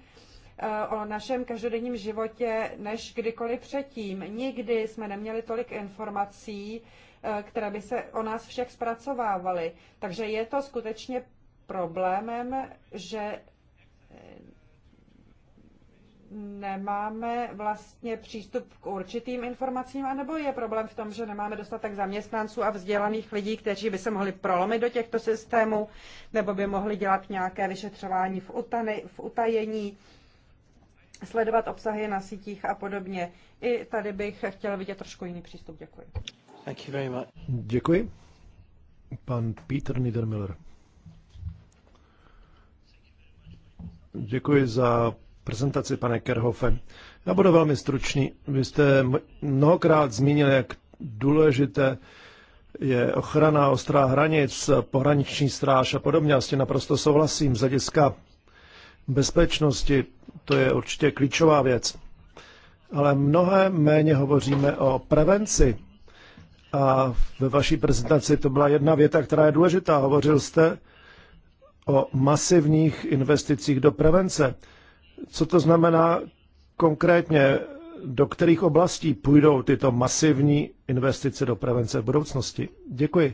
eh, o našem každodenním životě než kdykoliv předtím. Nikdy jsme neměli tolik informací, Eh, které by se o nás všech zpracovávaly. Takže je to skutečně problémem, že eh, nemáme vlastně přístup k určitým informacím, anebo je problém v tom, že nemáme dostatek zaměstnanců a vzdělaných lidí, kteří by se mohli prolomit do těchto systémů, nebo by mohli dělat nějaké vyšetřování v, utany, v utajení, sledovat obsahy na sítích a podobně. I tady bych chtěla vidět trošku jiný přístup. Děkuji. Thank you very much. Děkuji. Pan Peter Niedermiller. Děkuji za prezentaci, pane Kerhofe. Já budu velmi stručný. Vy jste mnohokrát zmínil, jak důležité je ochrana ostrá hranic, pohraniční stráž a podobně. Já s tím naprosto souhlasím. Z hlediska bezpečnosti to je určitě klíčová věc. Ale mnohem méně hovoříme o prevenci a ve vaší prezentaci to byla jedna věta, která je důležitá. Hovořil jste o masivních investicích do prevence. Co to znamená konkrétně? Do kterých oblastí půjdou tyto masivní investice do prevence v budoucnosti? Děkuji.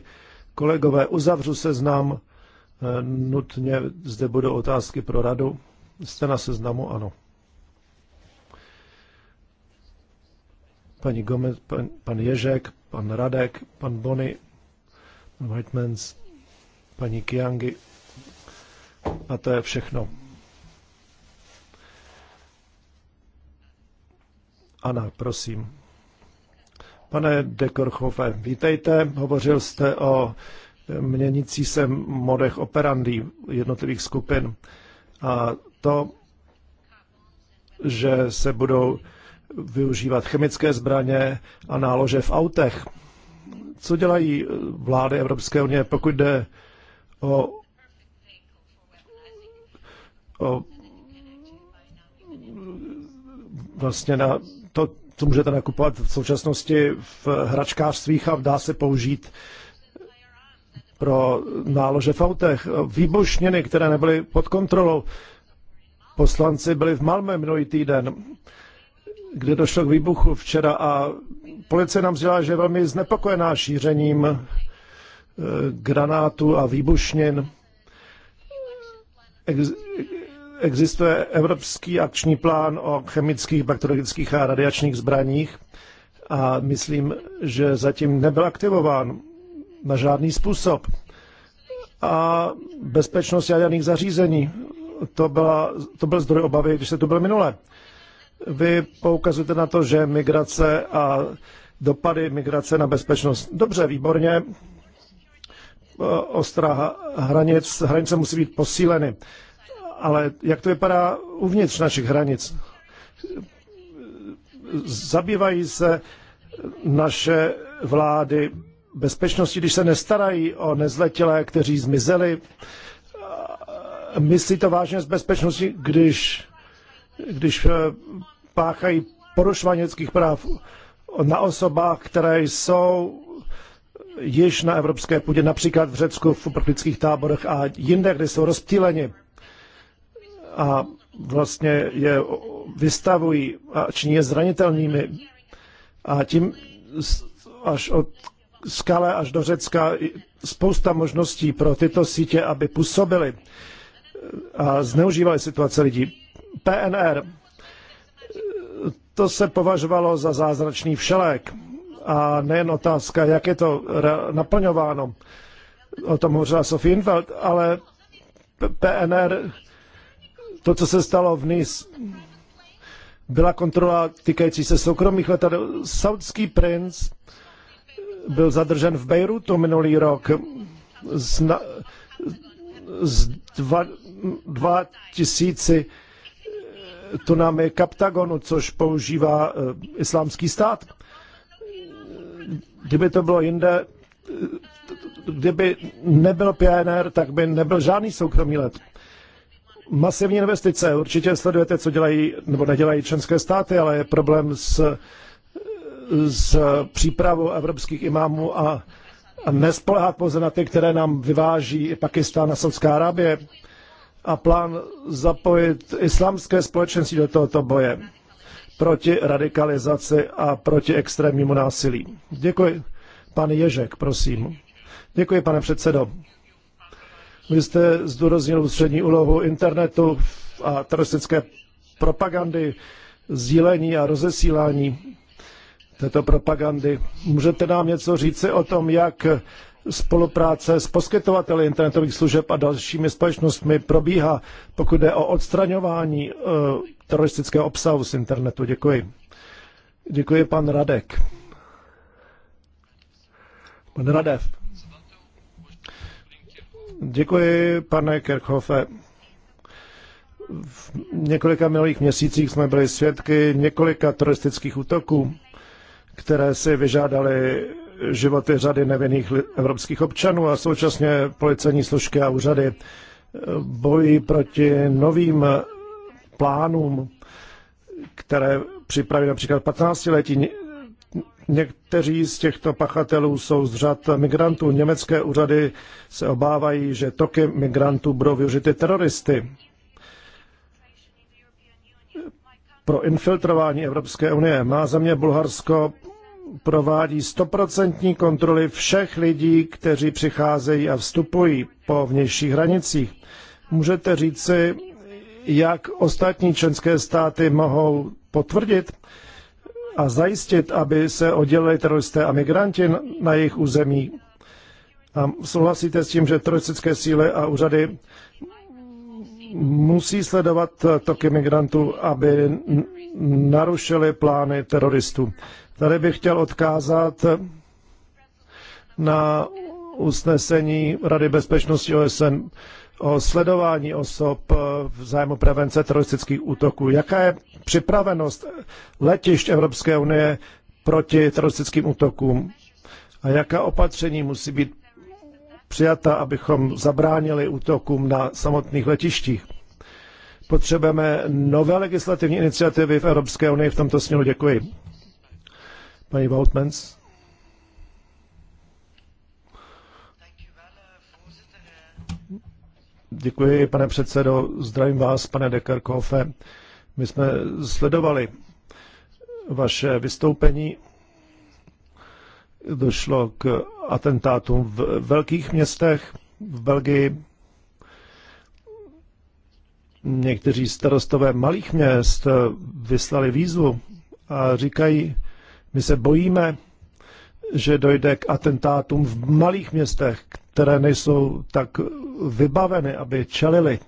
Kolegové, uzavřu se znám. Nutně zde budou otázky pro radu. Jste na seznamu? Ano. Paní Gomez, pan, pan Ježek, pan Radek, pan Bony, pan Whitemans, paní Kiangi. A to je všechno. Ana, prosím. Pane Dekorchove, vítejte. Hovořil jste o měnící se modech operandí jednotlivých skupin. A to, že se budou využívat chemické zbraně a nálože v autech. Co dělají eh, vlády Evropské unie, pokud jde o, o vlastně na to, co můžete nakupovat v současnosti v hračkářstvích a dá se použít pro nálože v autech. Výbušněny, které nebyly pod kontrolou. Poslanci byli v Malmö minulý týden kde došlo k výbuchu včera a policie nám vzdělá, že je velmi znepokojená šířením eh, granátů a výbušnin. Ex- existuje evropský akční plán o chemických, bakteriologických a radiačních zbraních a myslím, že zatím nebyl aktivován na žádný způsob. A bezpečnost jaderných zařízení, to, byla, to byl zdroj obavy, když se to byl minule. Vy poukazujete na to, že migrace a dopady migrace na bezpečnost. Dobře, výborně. Ostrá hranic, hranice musí být posíleny. Ale jak to vypadá uvnitř našich hranic? Zabývají se naše vlády bezpečnosti, když se nestarají o nezletilé, kteří zmizeli. Myslí to vážně z bezpečnosti, když, když eh, páchají porušování lidských práv na osobách, které jsou již na evropské půdě, například v Řecku v uprchlických táborech a jinde, kde jsou rozptýleni a vlastně je vystavují a činí je zranitelnými. A tím až od skale až do Řecka spousta možností pro tyto sítě, aby působily a zneužívali situace lidí. PNR to se považovalo za zázračný všelék. A nejen otázka, jak je to naplňováno, o tom hovořila Sophie Infeld, ale PNR, to, co se stalo v NIS, byla kontrola týkající se soukromých letadel. Saudský princ byl zadržen v Bejrutu minulý rok z, na, z dva, dva tisíci je kaptagonu, což používá eh, islámský stát. Kdyby to bylo jinde, eh, kdyby nebyl PNR, tak by nebyl žádný soukromý let. Masivní investice, určitě sledujete, co dělají nebo nedělají členské státy, ale je problém s, s přípravou evropských imámů a, a nespolehat pouze na ty, které nám vyváží Pakistán a Saudská Arábie a plán zapojit islámské společenství do tohoto boje proti radikalizaci a proti extrémnímu násilí. Děkuji. Pan Ježek, prosím. Děkuji, pane předsedo. Vy jste zdůraznil ústřední úlohu internetu a teroristické propagandy, sdílení a rozesílání této propagandy. Můžete nám něco říci o tom, jak spolupráce s poskytovateli internetových služeb a dalšími společnostmi probíhá, pokud jde o odstraňování eh, teroristického obsahu z internetu. Děkuji. Děkuji, pan Radek. Pan Radev. Děkuji, pane Kerkhofe. V několika minulých měsících jsme byli svědky několika teroristických útoků, které si vyžádaly životy řady nevinných evropských občanů a současně policejní složky a úřady bojí proti novým plánům, které připraví například 15-letí. Někteří z těchto pachatelů jsou z řad migrantů. Německé úřady se obávají, že toky migrantů budou využity teroristy pro infiltrování Evropské unie. Má země Bulharsko provádí stoprocentní kontroly všech lidí, kteří přicházejí a vstupují po vnějších hranicích. Můžete říci, jak ostatní členské státy mohou potvrdit a zajistit, aby se oddělili teroristé a migranti na jejich území. A souhlasíte s tím, že teroristické síly a úřady musí sledovat toky migrantů, aby narušili plány teroristů. Tady bych chtěl odkázat na usnesení Rady bezpečnosti OSN o sledování osob v zájmu prevence teroristických útoků. Jaká je připravenost letišť Evropské unie proti teroristickým útokům? A jaká opatření musí být přijata, abychom zabránili útokům na samotných letištích? Potřebujeme nové legislativní iniciativy v Evropské unii v tomto směru. Děkuji. Paní Děkuji, pane předsedo. Zdravím vás, pane Dekarkofe. My jsme sledovali vaše vystoupení. Došlo k atentátům v velkých městech v Belgii. Někteří starostové malých měst vyslali výzvu a říkají, my se bojíme, že dojde k atentátům v malých městech, které nejsou tak vybaveny, aby čelili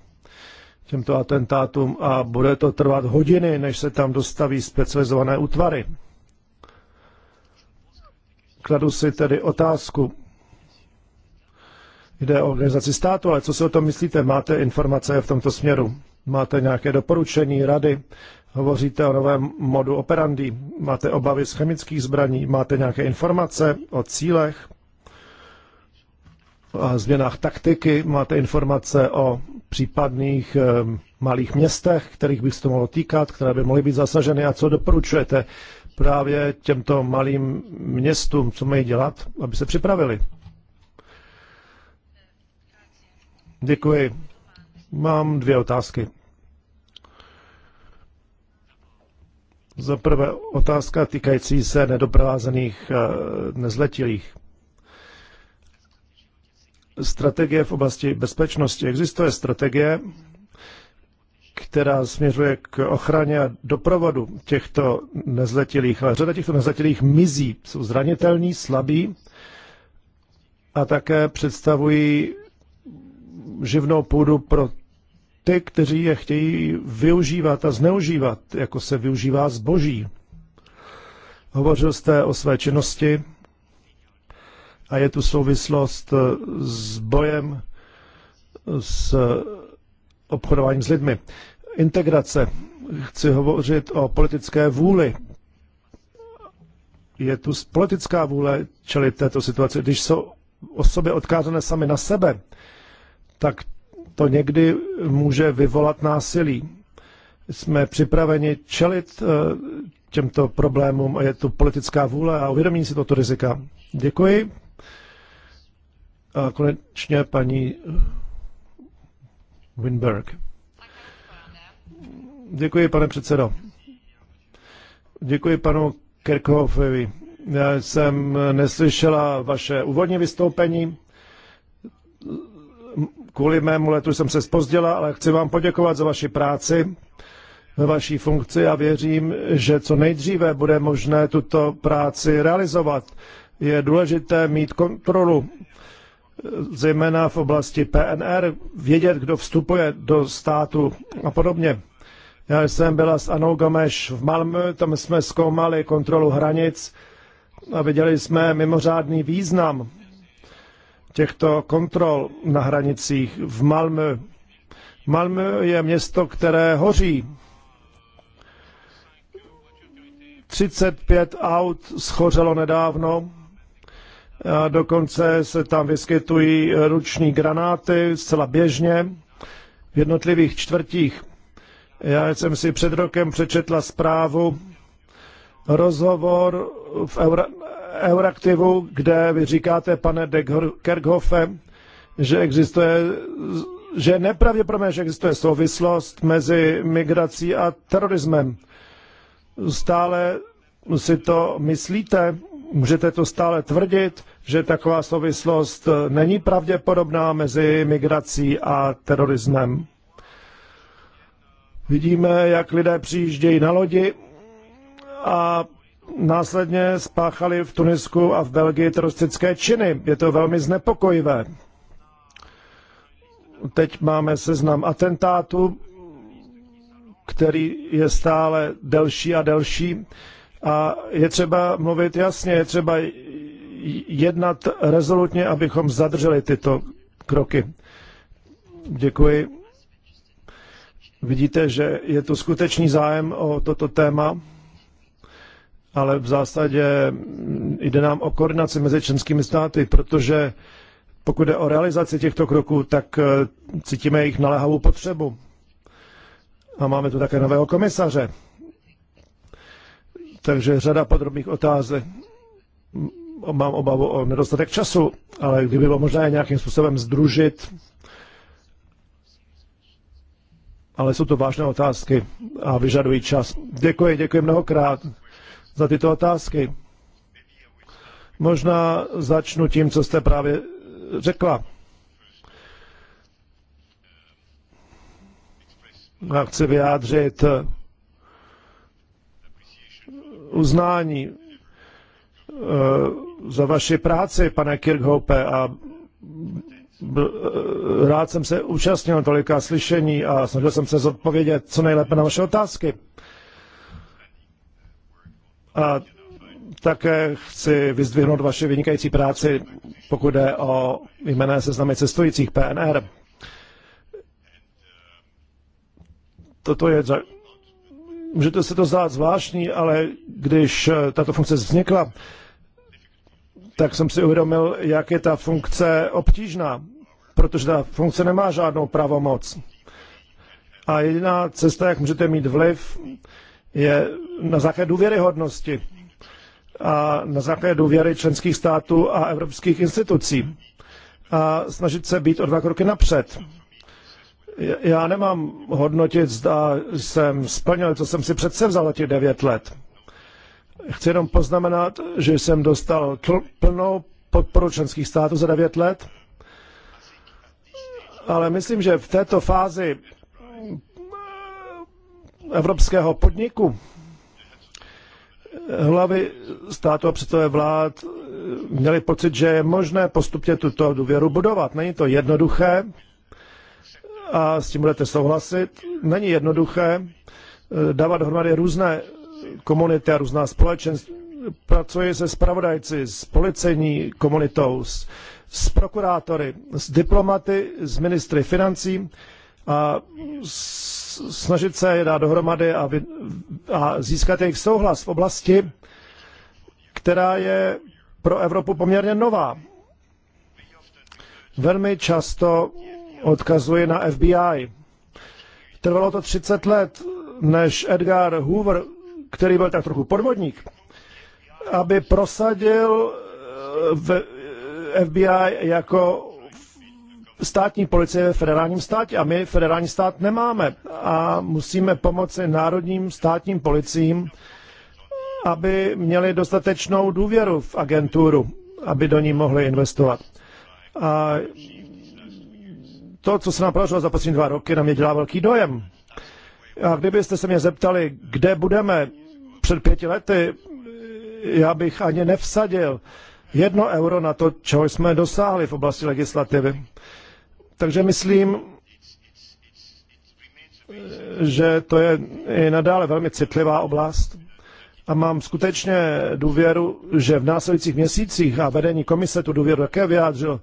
těmto atentátům a bude to trvat hodiny, než se tam dostaví specializované útvary. Kladu si tedy otázku. Jde o organizaci státu, ale co si o tom myslíte? Máte informace v tomto směru? Máte nějaké doporučení, rady, Hovoříte o novém modu operandi, máte obavy z chemických zbraní, máte nějaké informace o cílech O změnách taktiky, máte informace o případných eh, malých městech, kterých by se to mohlo týkat, které by mohly být zasaženy a co doporučujete právě těmto malým městům, co mají dělat, aby se připravili. Děkuji. Mám dvě otázky. Za prvé otázka týkající se nedoprovázených eh, nezletilých. Strategie v oblasti bezpečnosti. Existuje strategie, která směřuje k ochraně a doprovodu těchto nezletilých. Ale řada těchto nezletilých mizí, jsou zranitelní, slabí a také představují živnou půdu pro ty, kteří je chtějí využívat a zneužívat, jako se využívá zboží. Hovořil jste o své činnosti a je tu souvislost eh, s bojem s eh, obchodováním s lidmi. Integrace. Chci hovořit o politické vůli. Je tu politická vůle čelit této situaci. Když jsou osoby odkázané sami na sebe, tak to někdy může vyvolat násilí. Jsme připraveni čelit eh, těmto problémům a je tu politická vůle a uvědomění si toto rizika. Děkuji. A konečně paní eh, Winberg. Děkuji, pane předsedo. Děkuji panu Kerkhoffovi. Já jsem neslyšela vaše úvodní vystoupení, kvůli mému letu jsem se spozdila, ale chci vám poděkovat za vaši práci ve vaší funkci a věřím, že co nejdříve bude možné tuto práci realizovat. Je důležité mít kontrolu, zejména v oblasti PNR, vědět, kdo vstupuje do státu a podobně. Já jsem byla s Anou Gomeš v Malmö, tam jsme zkoumali kontrolu hranic a viděli jsme mimořádný význam těchto kontrol na hranicích v Malmö. Malmö je město, které hoří. 35 aut schořelo nedávno. A dokonce se tam vyskytují ruční granáty zcela běžně v jednotlivých čtvrtích. Já jsem si před rokem přečetla zprávu, rozhovor v Euraktivu, kde vy říkáte, pane de Kerkhofe, že existuje, že je nepravděpodobné, že existuje souvislost mezi migrací a terorismem. Stále si to myslíte, můžete to stále tvrdit, že taková souvislost není pravděpodobná mezi migrací a terorismem. Vidíme, jak lidé přijíždějí na lodi a následně spáchali v Tunisku a v Belgii teroristické činy. Je to velmi znepokojivé. Teď máme seznam atentátů, který je stále delší a delší. A je třeba mluvit jasně, je třeba jednat rezolutně, abychom zadrželi tyto kroky. Děkuji. Vidíte, že je tu skutečný zájem o toto téma ale v zásadě mm, jde nám o koordinaci mezi členskými státy, protože pokud jde o realizaci těchto kroků, tak eh, cítíme jejich naléhavou potřebu. A máme tu také nového komisaře. Takže řada podrobných otázek. Mám obavu o nedostatek času, ale kdyby bylo možné nějakým způsobem združit, ale jsou to vážné otázky a vyžadují čas. Děkuji, děkuji mnohokrát za tyto otázky. Možná začnu tím, co jste právě řekla. Já chci vyjádřit uznání eh, za vaši práci, pane Kirchhope, a eh, rád jsem se účastnil tolika slyšení a snažil jsem se zodpovědět co nejlépe na vaše otázky. A také chci vyzdvihnout vaše vynikající práci, pokud jde o jmené seznamy cestujících PNR. Toto je za... Můžete se to zdát zvláštní, ale když eh, tato funkce vznikla, tak jsem si uvědomil, jak je ta funkce obtížná, protože ta funkce nemá žádnou pravomoc. A jediná cesta, jak můžete mít vliv, je na základě důvěryhodnosti a na základě důvěry členských států a evropských institucí a snažit se být o dva kroky napřed. Já nemám hodnotit, zda jsem splnil, co jsem si přece vzal těch devět let. Chci jenom poznamenat, že jsem dostal plnou podporu členských států za devět let, ale myslím, že v této fázi eh, evropského podniku hlavy státu a předsedové vlád eh, měli pocit, že je možné postupně tuto důvěru budovat. Není to jednoduché a s tím budete souhlasit. Není jednoduché eh, dávat dohromady různé komunity a různá společenství. Pracuji se spravodajci, s policejní komunitou, s, s prokurátory, s diplomaty, s ministry financí a snažit se je dát dohromady a, vy, a získat jejich souhlas v oblasti, která je pro Evropu poměrně nová. Velmi často odkazuje na FBI. Trvalo to 30 let, než Edgar Hoover, který byl tak trochu podvodník, aby prosadil eh, v FBI jako státní policie ve federálním státě a my federální stát nemáme a musíme pomoci národním státním policím, aby měli dostatečnou důvěru v agenturu, aby do ní mohli investovat. A to, co se nám podařilo za poslední dva roky, na mě dělá velký dojem. A kdybyste se mě zeptali, kde budeme před pěti lety, já bych ani nevsadil jedno euro na to, čeho jsme dosáhli v oblasti legislativy. Takže myslím, že to je i nadále velmi citlivá oblast a mám skutečně důvěru, že v následujících měsících a vedení komise tu důvěru také vyjádřil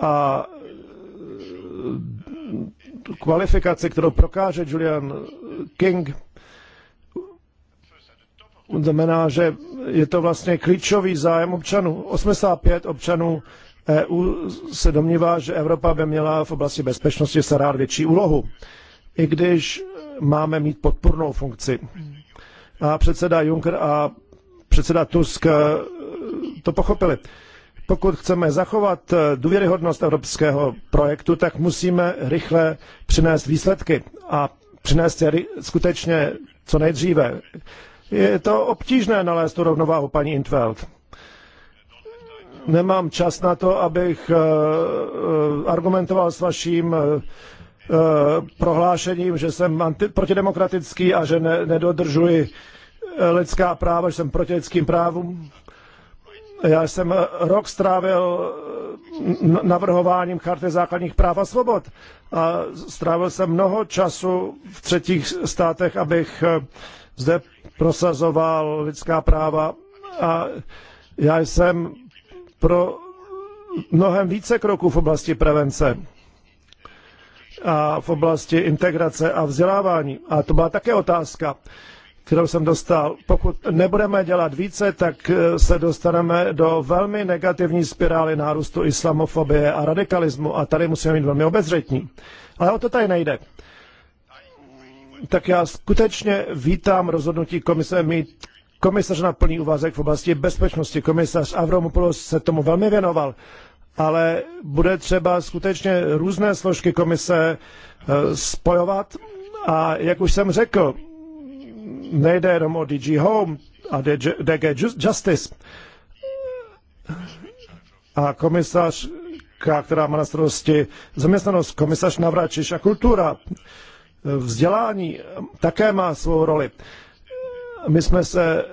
a kvalifikaci, kterou prokáže Julian King, znamená, že je to vlastně klíčový zájem občanů. 85 občanů EU se domnívá, že Evropa by měla v oblasti bezpečnosti sehrát větší úlohu, i když máme mít podpornou funkci. A předseda Juncker a předseda Tusk e, to pochopili. Pokud chceme zachovat e, důvěryhodnost evropského projektu, tak musíme rychle přinést výsledky a přinést je skutečně co nejdříve. Je to obtížné nalézt tu rovnováhu, paní Intveld nemám čas na to, abych eh, eh, argumentoval s vaším eh, prohlášením, že jsem anti- protidemokratický a že ne- nedodržuji lidská práva, že jsem proti lidským právům. Já jsem rok strávil navrhováním charty základních práv a svobod a strávil jsem mnoho času v třetích státech, abych zde prosazoval lidská práva a já jsem pro mnohem více kroků v oblasti prevence a v oblasti integrace a vzdělávání. A to byla také otázka, kterou jsem dostal. Pokud nebudeme dělat více, tak eh, se dostaneme do velmi negativní spirály nárůstu islamofobie a radikalismu a tady musíme být velmi obezřetní. Ale o to tady nejde. Tak já skutečně vítám rozhodnutí komise mít komisař na plný úvazek v oblasti bezpečnosti. Komisař Avromopoulos se tomu velmi věnoval, ale bude třeba skutečně různé složky komise eh, spojovat a jak už jsem řekl, nejde jenom o DG Home a DG Justice. A komisař, která má na starosti zaměstnanost, komisař Navračiš a kultura, eh, vzdělání eh, také má svou roli. My jsme se eh,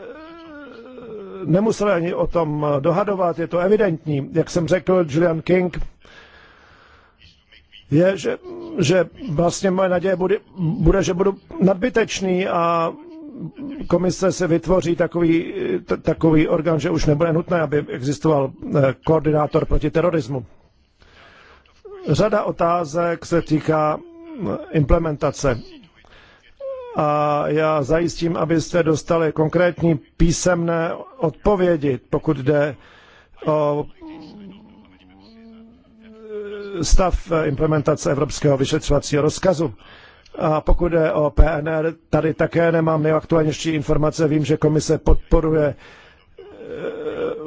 nemuseli ani o tom eh, dohadovat, je to evidentní. Jak jsem řekl, Julian King je, že, že vlastně moje naděje bude, bude, že budu nadbytečný a komise se vytvoří takový, t- takový orgán, že už nebude nutné, aby existoval eh, koordinátor proti terorismu. Řada otázek se týká implementace a já zajistím, abyste dostali konkrétní písemné odpovědi, pokud jde o stav implementace Evropského vyšetřovacího rozkazu. A pokud jde o PNR, tady také nemám nejaktuálnější informace. Vím, že komise podporuje e,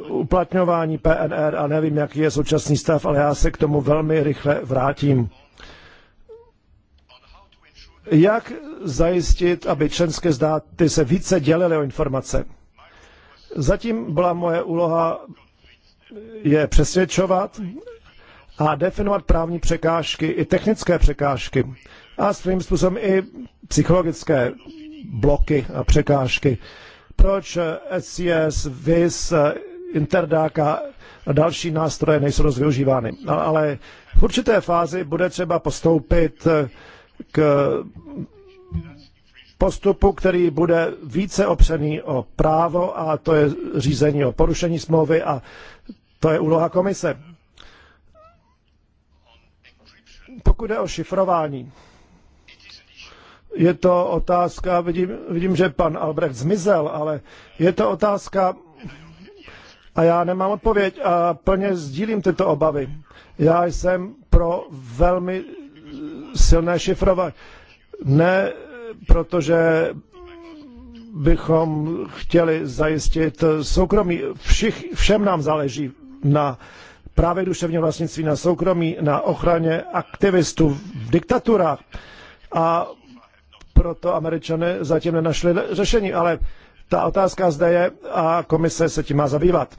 uplatňování PNR a nevím, jaký je současný stav, ale já se k tomu velmi rychle vrátím jak zajistit, aby členské státy se více dělily o informace. Zatím byla moje úloha je přesvědčovat a definovat právní překážky i technické překážky a svým způsobem i psychologické bloky a překážky. Proč SCS, VIS, Interdac a další nástroje nejsou dost využívány. Ale v určité fázi bude třeba postoupit k postupu, který bude více opřený o právo a to je řízení o porušení smlouvy a to je úloha komise. Pokud je o šifrování, je to otázka, vidím, vidím, že pan Albrecht zmizel, ale je to otázka a já nemám odpověď a plně sdílím tyto obavy. Já jsem pro velmi silné šifrovat. Ne, protože bychom chtěli zajistit soukromí. Všich, všem nám záleží na právě duševní vlastnictví, na soukromí, na ochraně aktivistů v diktaturách. A proto američané zatím nenašli řešení. Ale ta otázka zde je a komise se tím má zabývat.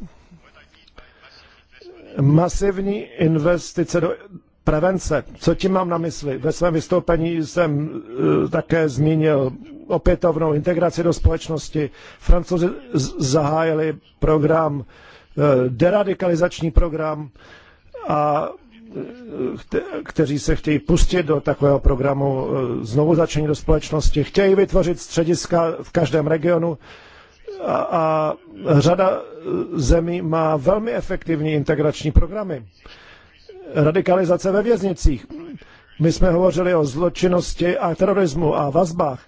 Masivní investice do prevence. Co tím mám na mysli? Ve svém vystoupení jsem eh, také zmínil opětovnou integraci do společnosti. Francouzi zahájili program, eh, deradikalizační program a eh, kteří se chtějí pustit do takového programu znovu začení do společnosti. Chtějí vytvořit střediska v každém regionu a, a řada zemí má velmi efektivní integrační programy radikalizace ve věznicích. My jsme hovořili o zločinnosti a terorismu a vazbách.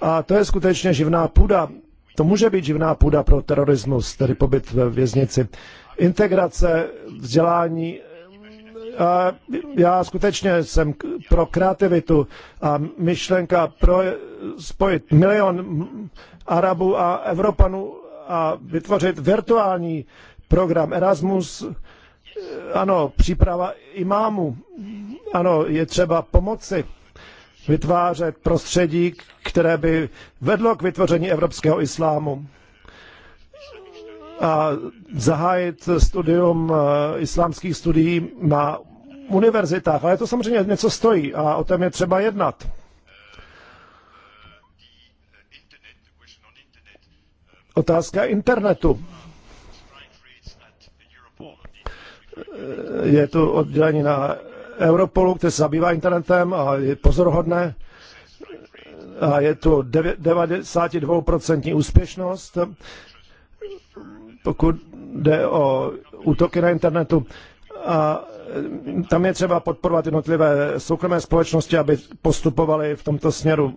A to je skutečně živná půda. To může být živná půda pro terorismus, tedy pobyt ve věznici. Integrace, vzdělání. A já skutečně jsem pro kreativitu a myšlenka pro spojit milion Arabů a Evropanů a vytvořit virtuální program Erasmus, ano, příprava imámu, ano, je třeba pomoci vytvářet prostředí, které by vedlo k vytvoření evropského islámu a zahájit studium eh, islámských studií na univerzitách. Ale to samozřejmě něco stojí a o tom je třeba jednat. Otázka internetu. je tu oddělení na Europolu, které se zabývá internetem a je pozoruhodné. A je tu 92% úspěšnost, pokud jde o útoky na internetu. A tam je třeba podporovat jednotlivé soukromé společnosti, aby postupovaly v tomto směru.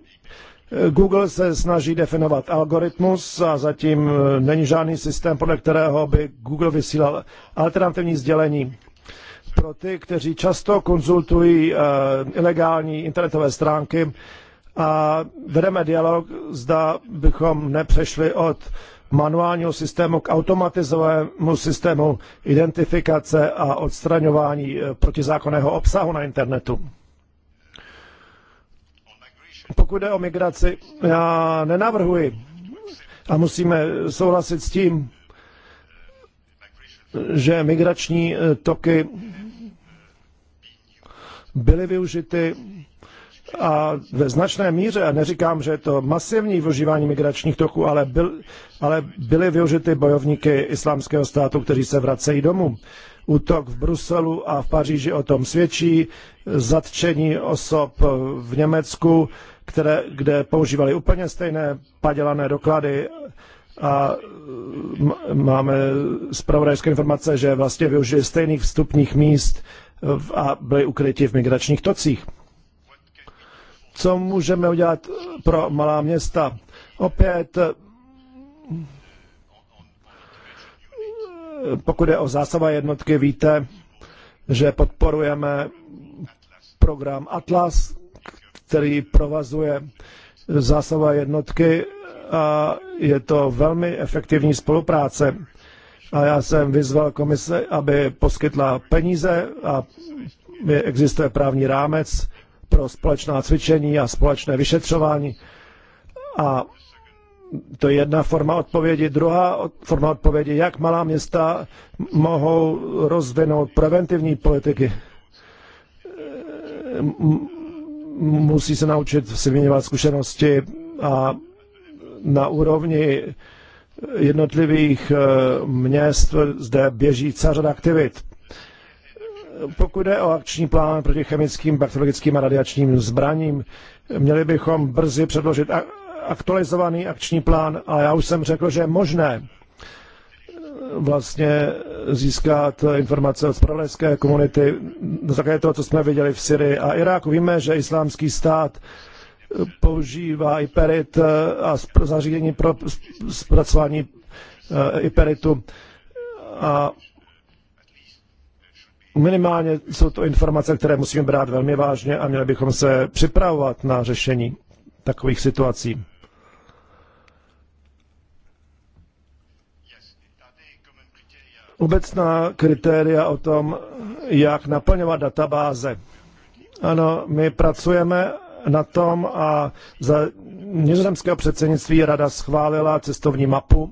Google se snaží definovat algoritmus a zatím e, není žádný systém, podle kterého by Google vysílal alternativní sdělení. Pro ty, kteří často konzultují e, ilegální internetové stránky a vedeme dialog, zda bychom nepřešli od manuálního systému k automatizovanému systému identifikace a odstraňování e, protizákonného obsahu na internetu. Pokud jde o migraci, já nenavrhuji a musíme souhlasit s tím, že migrační eh, toky byly využity a ve značné míře, a neříkám, že je to masivní využívání migračních toků, ale, byl, ale byly využity bojovníky islámského státu, kteří se vracejí domů. Útok v Bruselu a v Paříži o tom svědčí, zatčení osob v Německu, které, kde používali úplně stejné padělané doklady a e, máme zpravodajské informace, že vlastně využili stejných vstupních míst a byli ukryti v migračních tocích. Co můžeme udělat pro malá města? Opět, e, pokud je o zásava jednotky, víte, že podporujeme program Atlas, který provazuje zásahové jednotky a je to velmi efektivní spolupráce. A já jsem vyzval komise, aby poskytla peníze a existuje právní rámec pro společná cvičení a společné vyšetřování. A to je jedna forma odpovědi. Druhá forma odpovědi, jak malá města mohou rozvinout preventivní politiky musí se naučit si vyměňovat zkušenosti a na úrovni jednotlivých eh, měst zde běží celá řada aktivit. Pokud je o akční plán proti chemickým, bakteriologickým a radiačním zbraním, měli bychom brzy předložit aktualizovaný akční plán, A já už jsem řekl, že je možné vlastně získat informace od spravodajské komunity na základě toho, co jsme viděli v Syrii a Iráku. Víme, že islámský stát používá iperit eh, a zařízení pro zpracování eh, iperitu a minimálně jsou to informace, které musíme brát velmi vážně a měli bychom se připravovat na řešení takových situací. obecná kritéria o tom, jak naplňovat databáze. Ano, my pracujeme na tom a za nizozemského předsednictví rada schválila cestovní mapu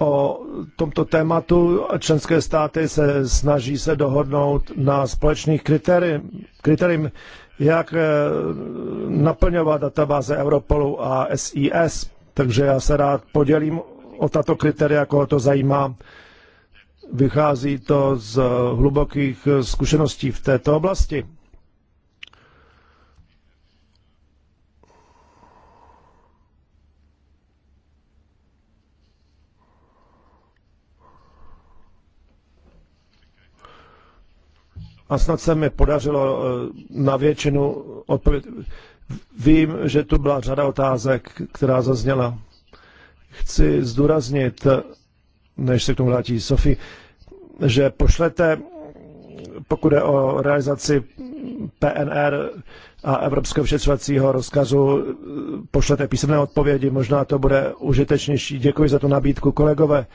o tomto tématu a členské státy se snaží se dohodnout na společných kritériím, jak eh, naplňovat databáze Europolu a SIS. Takže já se rád podělím o tato kritéria, koho to zajímá. Vychází to z hlubokých zkušeností v této oblasti. a snad se mi podařilo eh, na většinu odpovědět. Vím, že tu byla řada otázek, která zazněla chci zdůraznit, než se k tomu vrátí Sofi, že pošlete, pokud je o realizaci PNR a Evropského vyšetřovacího rozkazu, pošlete písemné odpovědi, možná to bude užitečnější. Děkuji za tu nabídku, kolegové.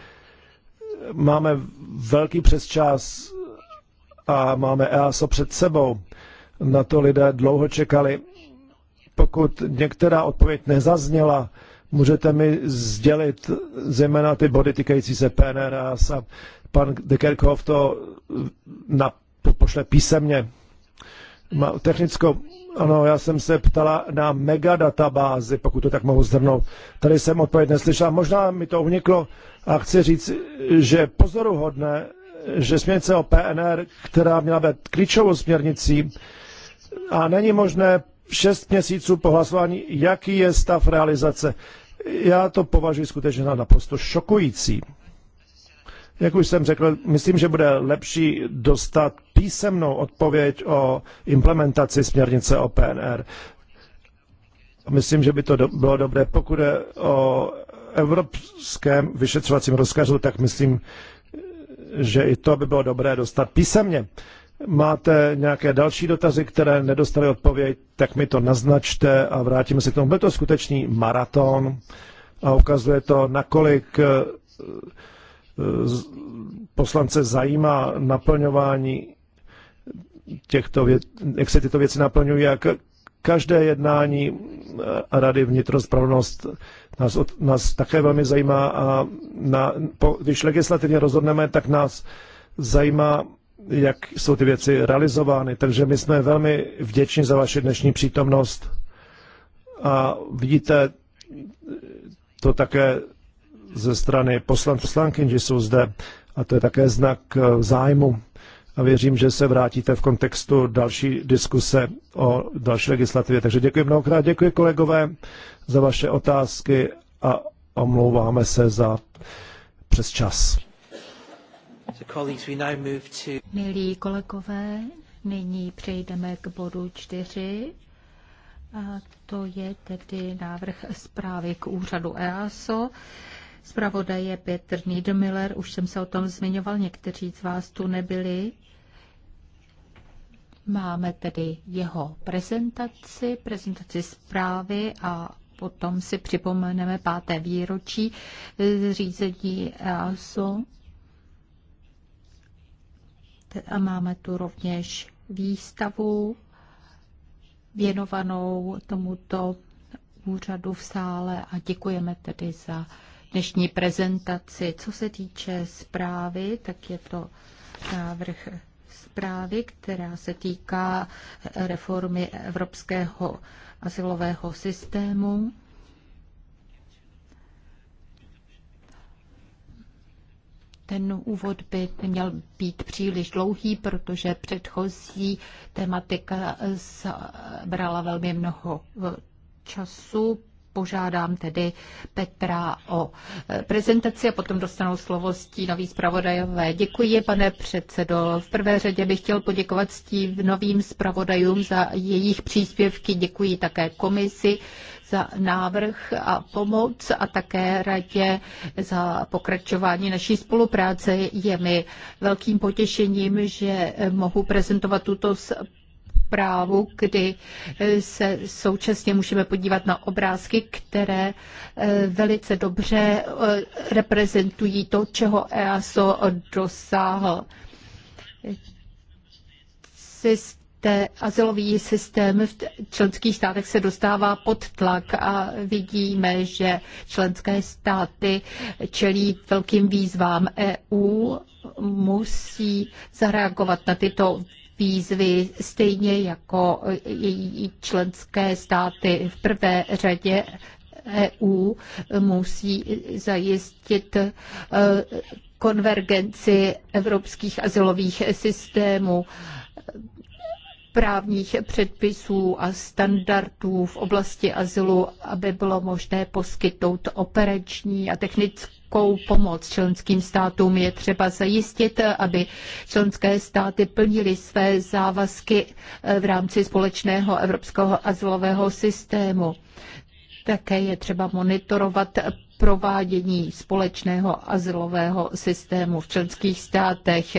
Máme velký přesčas a máme EASO před sebou. Na to lidé dlouho čekali. Pokud některá odpověď nezazněla, Můžete mi sdělit zejména ty body týkající se PNR a pan Dekerkov to na, to pošle písemně. Má technickou, ano, já jsem se ptala na megadatabázi, pokud to tak mohu zhrnout. Tady jsem odpověď neslyšela, možná mi to uniklo a chci říct, že pozoruhodné, že směrnice o PNR, která měla být klíčovou směrnicí, a není možné šest měsíců po hlasování, jaký je stav realizace. Já to považuji skutečně za naprosto šokující. Jak už jsem řekl, myslím, že bude lepší dostat písemnou odpověď o implementaci směrnice o PNR. Myslím, že by to do, bylo dobré. Pokud je o evropském vyšetřovacím rozkazu, tak myslím, že i to by bylo dobré dostat písemně máte nějaké další dotazy, které nedostaly odpověď, tak mi to naznačte a vrátíme se k tomu. Byl to skutečný maraton a ukazuje to, nakolik eh, poslance zajímá naplňování těchto věc, jak se tyto věci naplňují, jak každé jednání eh, Rady vnitrospravnost nás, nás také velmi zajímá a na, po, když legislativně rozhodneme, tak nás zajímá jak jsou ty věci realizovány. Takže my jsme velmi vděční za vaši dnešní přítomnost a vidíte to také ze strany poslanců poslankyň, že jsou zde a to je také znak eh, zájmu. A věřím, že se vrátíte v kontextu další diskuse o další legislativě. Takže děkuji mnohokrát, děkuji kolegové za vaše otázky a omlouváme se za přes čas. Milí kolegové, nyní přejdeme k bodu čtyři. A to je tedy návrh zprávy k úřadu EASO. Zpravodaj je Petr Niedermiller, už jsem se o tom zmiňoval, někteří z vás tu nebyli. Máme tedy jeho prezentaci, prezentaci zprávy a potom si připomeneme páté výročí zřízení EASO a máme tu rovněž výstavu věnovanou tomuto úřadu v sále a děkujeme tedy za dnešní prezentaci. Co se týče zprávy, tak je to návrh zprávy, která se týká reformy evropského asilového systému. ten úvod by měl být příliš dlouhý, protože předchozí tematika brala velmi mnoho eh, času požádám tedy Petra o e, prezentaci a potom dostanou slovo stínoví zpravodajové. Děkuji, pane předsedo. V prvé řadě bych chtěl poděkovat novým zpravodajům za jejich příspěvky. Děkuji také komisi za návrh a pomoc a také radě za pokračování naší spolupráce. Je mi velkým potěšením, že mohu prezentovat tuto právu, kdy eh, se současně můžeme podívat na obrázky, které eh, velice dobře eh, reprezentují to, čeho EASO dosáhl. Systém azylový systém v členských státech se dostává pod tlak a vidíme, že členské státy čelí velkým výzvám EU musí zareagovat na tyto výzvy, stejně jako její členské státy. V prvé řadě EU musí zajistit e, konvergenci evropských asilových systémů právních předpisů a standardů v oblasti azylu, aby bylo možné poskytnout operační a technickou jakou pomoc členským státům je třeba zajistit, aby členské státy plnily své závazky eh, v rámci společného evropského azylového systému. Také je třeba monitorovat provádění společného azylového systému v členských státech.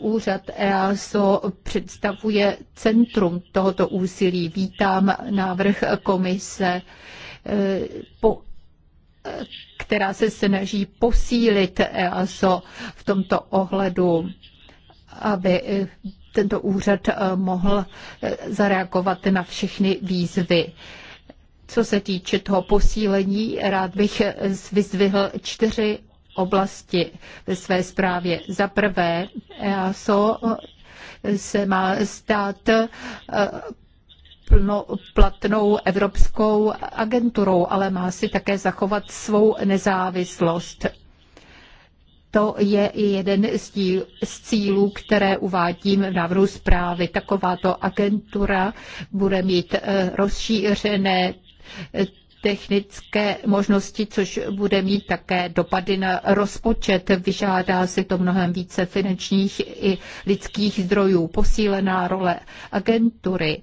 Úřad EASO představuje centrum tohoto úsilí. Vítám návrh komise eh, po která se snaží posílit EASO v tomto ohledu, aby tento úřad eh, mohl eh, zareagovat na všechny výzvy. Co se týče toho posílení, rád bych eh, vyzvihl čtyři oblasti ve své zprávě. Za prvé, EASO se má stát plnoplatnou evropskou agenturou, ale má si také zachovat svou nezávislost. To je i jeden z cílů, které uvádím v návrhu zprávy. Takováto agentura bude mít eh, rozšířené eh, technické možnosti, což bude mít také dopady na rozpočet. Vyžádá si to mnohem více finančních i lidských zdrojů. Posílená role agentury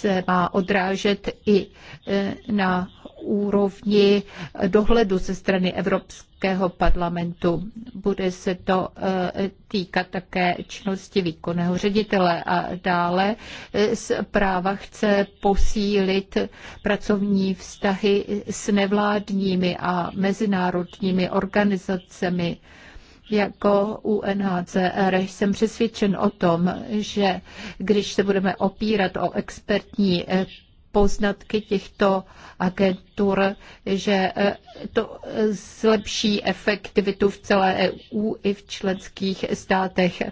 se má odrážet i e, na úrovni dohledu ze strany Evropského parlamentu. Bude se to e, týkat také činnosti výkonného ředitele a dále e, zpráva chce posílit pracovní vztahy s nevládními a mezinárodními organizacemi jako UNHCR. Jsem přesvědčen o tom, že když se budeme opírat o expertní eh, poznatky těchto agentur, že eh, to eh, zlepší efektivitu v celé EU i v členských státech.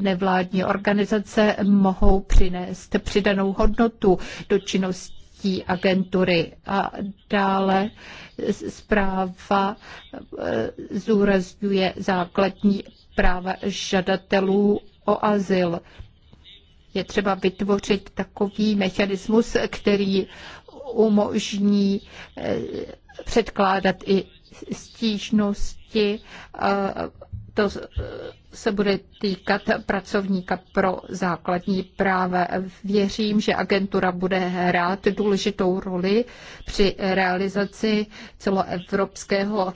Nevládní organizace mohou přinést přidanou hodnotu do činnosti činností agentury. A dále zpráva eh, zúrazňuje základní práva žadatelů o azyl. Je třeba vytvořit takový mechanismus, který umožní eh, předkládat i stížnosti. Eh, to se bude týkat pracovníka pro základní práva. Věřím, že agentura bude hrát důležitou roli při realizaci celoevropského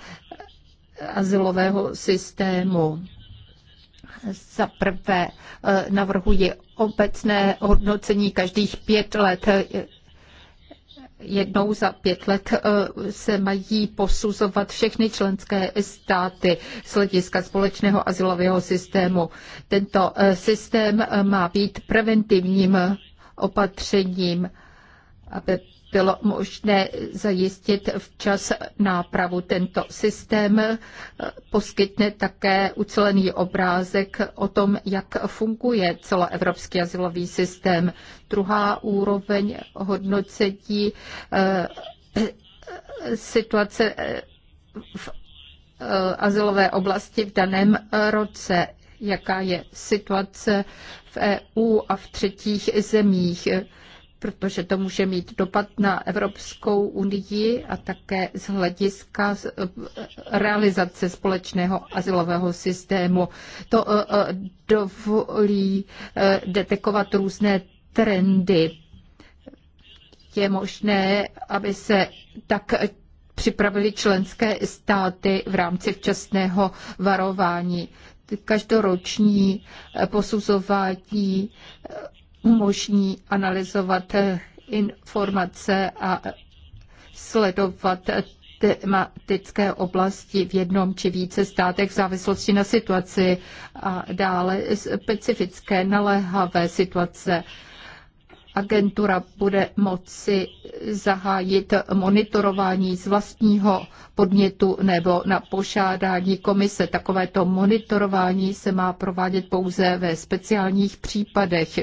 azylového systému. Za prvé eh, navrhuji obecné hodnocení každých pět let. Jednou za pět let eh, se mají posuzovat všechny členské státy z hlediska společného asilového systému. Tento eh, systém eh, má být preventivním opatřením, aby bylo možné zajistit včas nápravu. Tento systém eh, poskytne také ucelený obrázek o tom, jak funguje celoevropský asilový systém. Druhá úroveň hodnocení eh, situace eh, v azylové oblasti v daném roce, jaká je situace v EU a v třetích zemích protože to může mít dopad na Evropskou unii a také z hlediska e, realizace společného asilového systému. To e, e, dovolí detekovat různé trendy. Je možné, aby se tak připravili členské státy v rámci včasného varování. Každoroční posuzování umožní analyzovat eh, informace a sledovat tematické oblasti v jednom či více státech v závislosti na situaci a dále specifické naléhavé situace. Agentura bude moci zahájit monitorování z vlastního podnětu nebo na požádání komise. Takovéto monitorování se má provádět pouze ve speciálních případech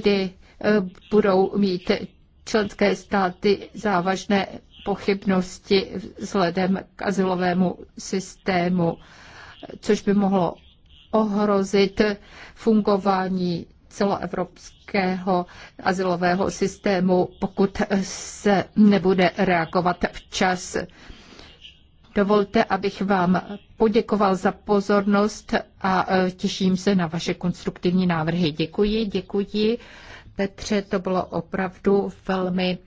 kdy eh, budou mít členské státy závažné pochybnosti vzhledem k azylovému systému, což by mohlo ohrozit fungování celoevropského azylového systému, pokud se nebude reagovat včas. Dovolte, abych vám poděkoval za pozornost a e, těším se na vaše konstruktivní návrhy. Děkuji, děkuji. Petře, to bylo opravdu velmi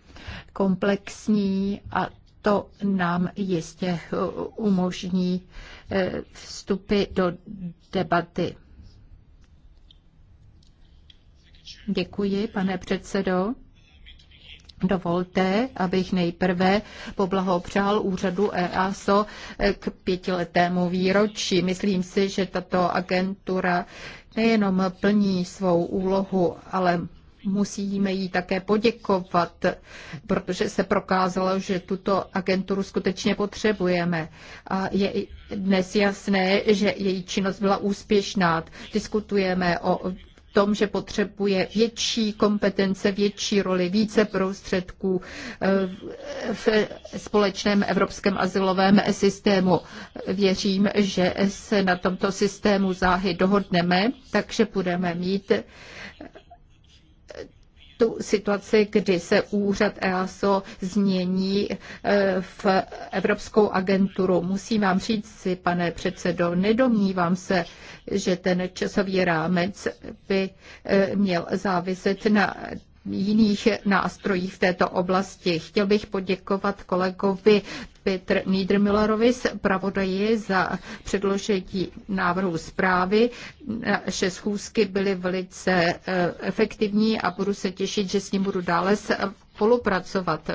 komplexní a to nám jistě e, umožní e, vstupy do debaty. Děkuji, pane předsedo. Dovolte, abych nejprve poblahopřál úřadu EASO k pětiletému výročí. Myslím si, že tato agentura nejenom plní svou úlohu, ale musíme jí také poděkovat, protože se prokázalo, že tuto agenturu skutečně potřebujeme. A je dnes jasné, že její činnost byla úspěšná. Diskutujeme o tom, že potřebuje větší kompetence, větší roli, více prostředků eh, v společném evropském asilovém systému. Věřím, že se na tomto systému záhy dohodneme, takže budeme mít tu situaci, kdy se úřad EASO změní e, v Evropskou agenturu. Musím vám říct si, pane předsedo, nedomnívám se, že ten časový rámec by e, měl záviset na jiných nástrojích v této oblasti. Chtěl bych poděkovat kolegovi Petr Niedermillerovi z pravodaji za předložení návrhu zprávy. Naše schůzky byly velice eh, efektivní a budu se těšit, že s ním budu dále spolupracovat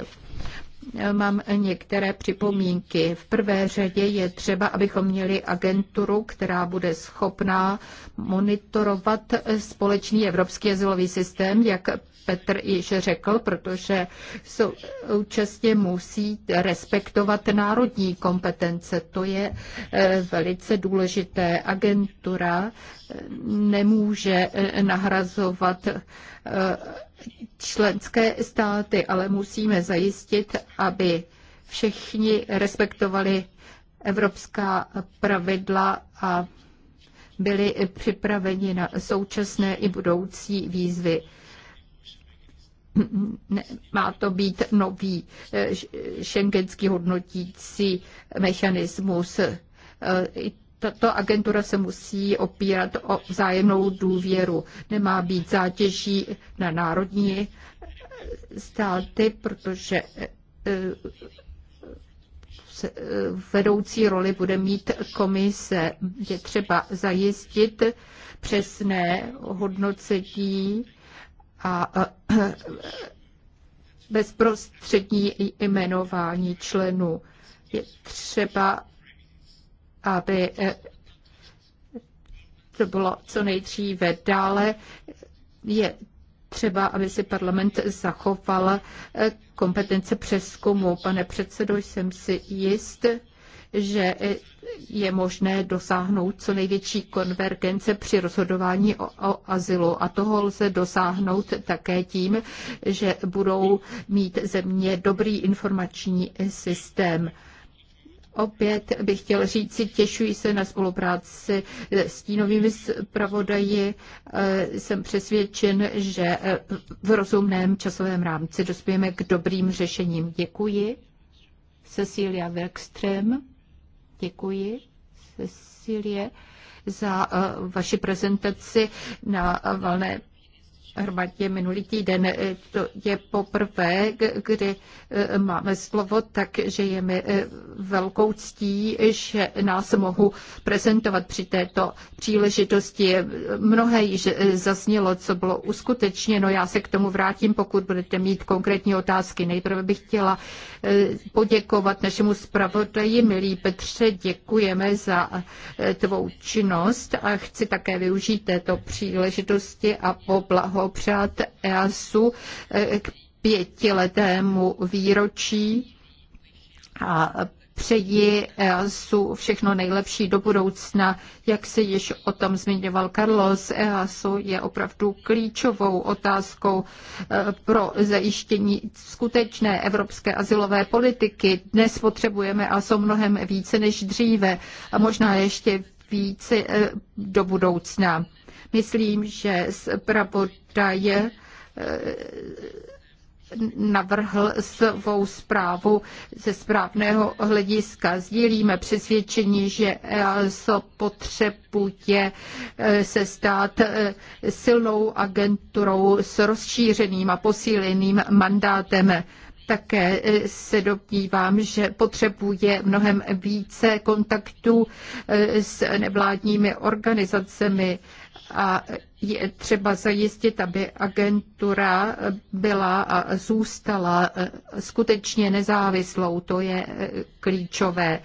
mám některé připomínky. V prvé řadě je třeba, abychom měli agenturu, která bude schopná monitorovat společný evropský azylový systém, jak Petr již řekl, protože současně musí respektovat národní kompetence. To je e, velice důležité. Agentura e, nemůže e, nahrazovat členské státy, ale musíme zajistit, aby všichni respektovali evropská pravidla a byli připraveni na současné i budoucí výzvy má to být nový eh, šengenský hodnotící mechanismus. Eh, tato agentura se musí opírat o vzájemnou důvěru. Nemá být zátěží na národní eh, státy, protože vedoucí roli bude mít komise. Je třeba zajistit přesné hodnocení a bezprostřední jmenování členů. Je třeba, aby eh, to bylo co nejdříve. Dále je třeba, aby si parlament zachoval eh, kompetence přeskumu. Pane předsedo, jsem si jist, že je možné dosáhnout co největší konvergence při rozhodování o, o azylu. A toho lze dosáhnout také tím, že budou mít země dobrý informační systém. Opět bych chtěl říct, si těšuji se na spolupráci s tínovými zpravodaji. Jsem přesvědčen, že v rozumném časovém rámci dospějeme k dobrým řešením. Děkuji. Cecilia Werkström. Děkuji, Cecilie, za eh, vaši prezentaci na eh, valné hromadě minulý týden. Eh, to je poprvé, kdy eh, máme slovo, takže je mi eh, velkou ctí, že nás mohu prezentovat při této příležitosti. Mnohé již zaznělo, co bylo uskutečněno. Já se k tomu vrátím, pokud budete mít konkrétní otázky. Nejprve bych chtěla poděkovat našemu zpravodaji, milý Petře, děkujeme za tvou činnost a chci také využít této příležitosti a poblaho poblahopřát EASu eh, k pětiletému výročí a přeji EASu všechno nejlepší do budoucna. Jak se již o tom zmiňoval Carlos, EASu je opravdu klíčovou otázkou eh, pro zajištění skutečné evropské asilové politiky. Dnes potřebujeme EASu mnohem více než dříve a možná ještě více eh, do budoucna. Myslím, že je eh, navrhl svou zprávu ze správného hlediska. Sdílíme přesvědčení, že EASO potřebuje eh, se stát eh, silnou agenturou s rozšířeným a posíleným mandátem. Také se domnívám, že potřebuje mnohem více kontaktů s nevládními organizacemi a je třeba zajistit, aby agentura byla a zůstala eh, skutečně nezávislou. To je eh, klíčové.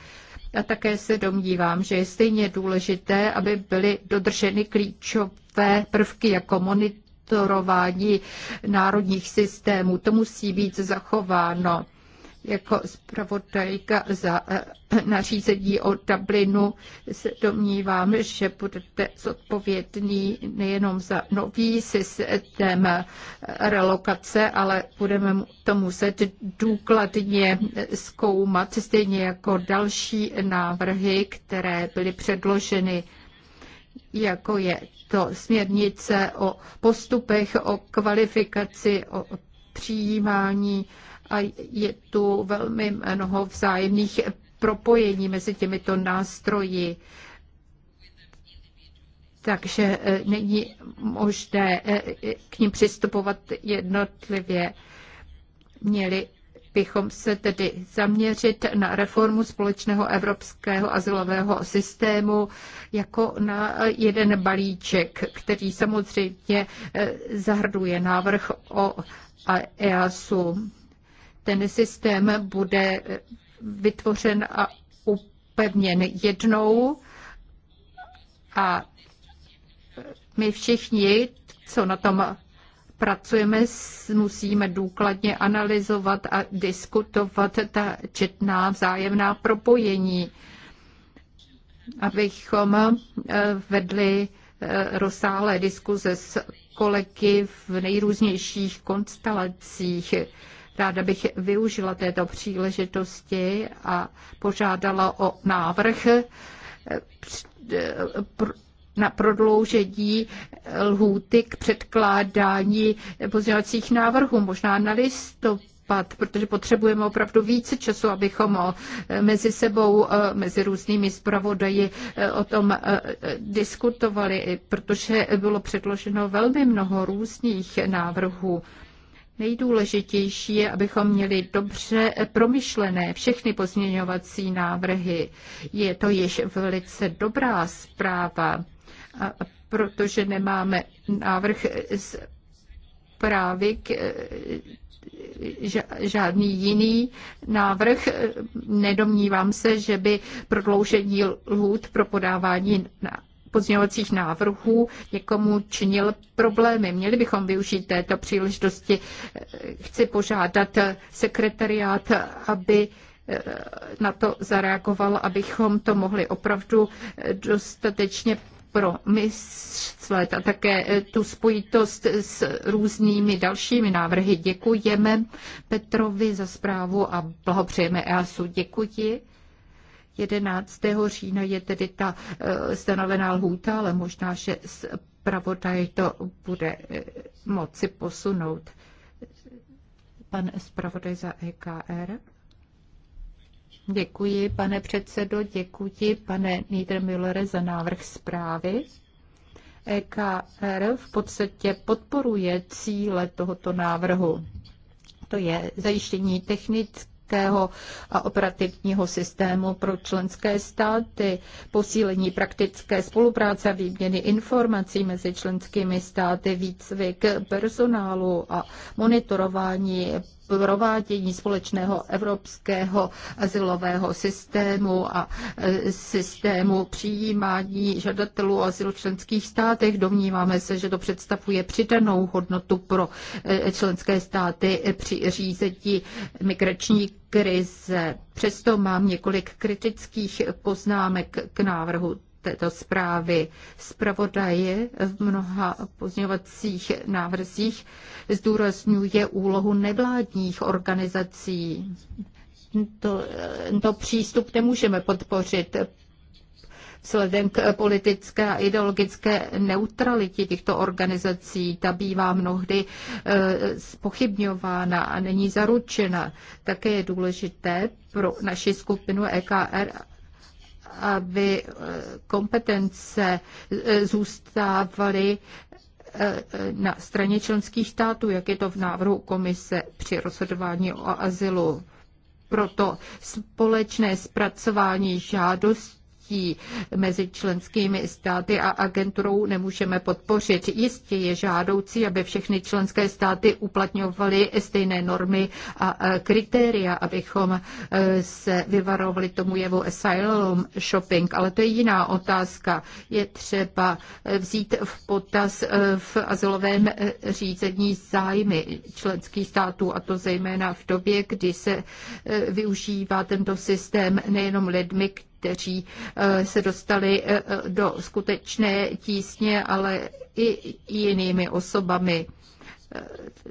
A také se domnívám, že je stejně důležité, aby byly dodrženy klíčové prvky jako monitorování národních systémů. To musí být zachováno jako zpravodajka za eh, nařízení o Dublinu se domnívám, že budete zodpovědný nejenom za nový systém eh, relokace, ale budeme to muset důkladně eh, zkoumat, stejně jako další návrhy, které byly předloženy jako je to směrnice o postupech, o kvalifikaci, o přijímání a je tu velmi mnoho vzájemných propojení mezi těmito nástroji. Takže e, není možné e, e, k ním přistupovat jednotlivě. Měli bychom se tedy zaměřit na reformu společného evropského azylového systému jako na jeden balíček, který samozřejmě zahrnuje návrh o EASu ten systém bude eh, vytvořen a upevněn jednou a eh, my všichni, co na tom pracujeme, musíme důkladně analyzovat a diskutovat ta četná vzájemná propojení, abychom eh, vedli rozsáhlé diskuze s kolegy v nejrůznějších konstelacích. Ráda bych využila této příležitosti a požádala o návrh eh, eh, na prodloužení lhůty k předkládání pozměňovacích návrhů, možná na listopad, protože potřebujeme opravdu více času, abychom eh, mezi sebou, mezi různými zpravodaji o tom diskutovali, protože bylo předloženo velmi mnoho různých návrhů. Nejdůležitější je, abychom měli dobře promyšlené všechny pozměňovací návrhy. Je to již velice dobrá zpráva, protože nemáme návrh z právě e, žádný jiný návrh. Nedomnívám se, že by prodloužení lhůt pro podávání pozměňovacích návrhů někomu činil problémy. Měli bychom využít této příležitosti. Chci požádat sekretariát, aby eh, na to zareagoval, abychom to mohli opravdu dostatečně promyslet a také eh, tu spojitost s různými dalšími návrhy. Děkujeme Petrovi za zprávu a blahopřejeme EASu. Děkuji. 11. října je tedy ta eh, stanovená lhůta, ale možná, že zpravodaj to bude eh, moci posunout. Pan zpravodaj za EKR. Děkuji, pane předsedo, děkuji, pane Niedermüllere, za návrh zprávy. EKR v podstatě podporuje cíle tohoto návrhu. To je zajištění technické politického a operativního systému pro členské státy, posílení praktické spolupráce a výměny informací mezi členskými státy, výcvik personálu a monitorování provádění společného evropského asilového systému a e, systému přijímání žadatelů o azyl v členských státech. Domníváme se, že to představuje přidanou hodnotu pro e, členské státy při řízení migrační krize. Přesto mám několik kritických poznámek k návrhu této zprávy. Zpravodaje v mnoha pozměňovacích návrzích zdůrazňuje úlohu nevládních organizací. To, to přístup nemůžeme podpořit vzhledem k politické a ideologické neutralitě těchto organizací. Ta bývá mnohdy eh, spochybňována a není zaručena. Také je důležité pro naši skupinu EKR, aby eh, kompetence eh, zůstávaly eh, na straně členských států, jak je to v návrhu komise při rozhodování o azylu. Proto společné zpracování žádost napětí mezi členskými státy a agenturou nemůžeme podpořit. Jistě je žádoucí, aby všechny členské státy uplatňovaly stejné normy a kritéria, abychom e, se vyvarovali tomu jevu asylum shopping, ale to je jiná otázka. Je třeba e, vzít v potaz e, v azylovém řízení zájmy členských států, a to zejména v době, kdy se využívá tento systém nejenom lidmi, kteří eh, se dostali eh, do skutečné tísně, ale i jinými osobami. Eh,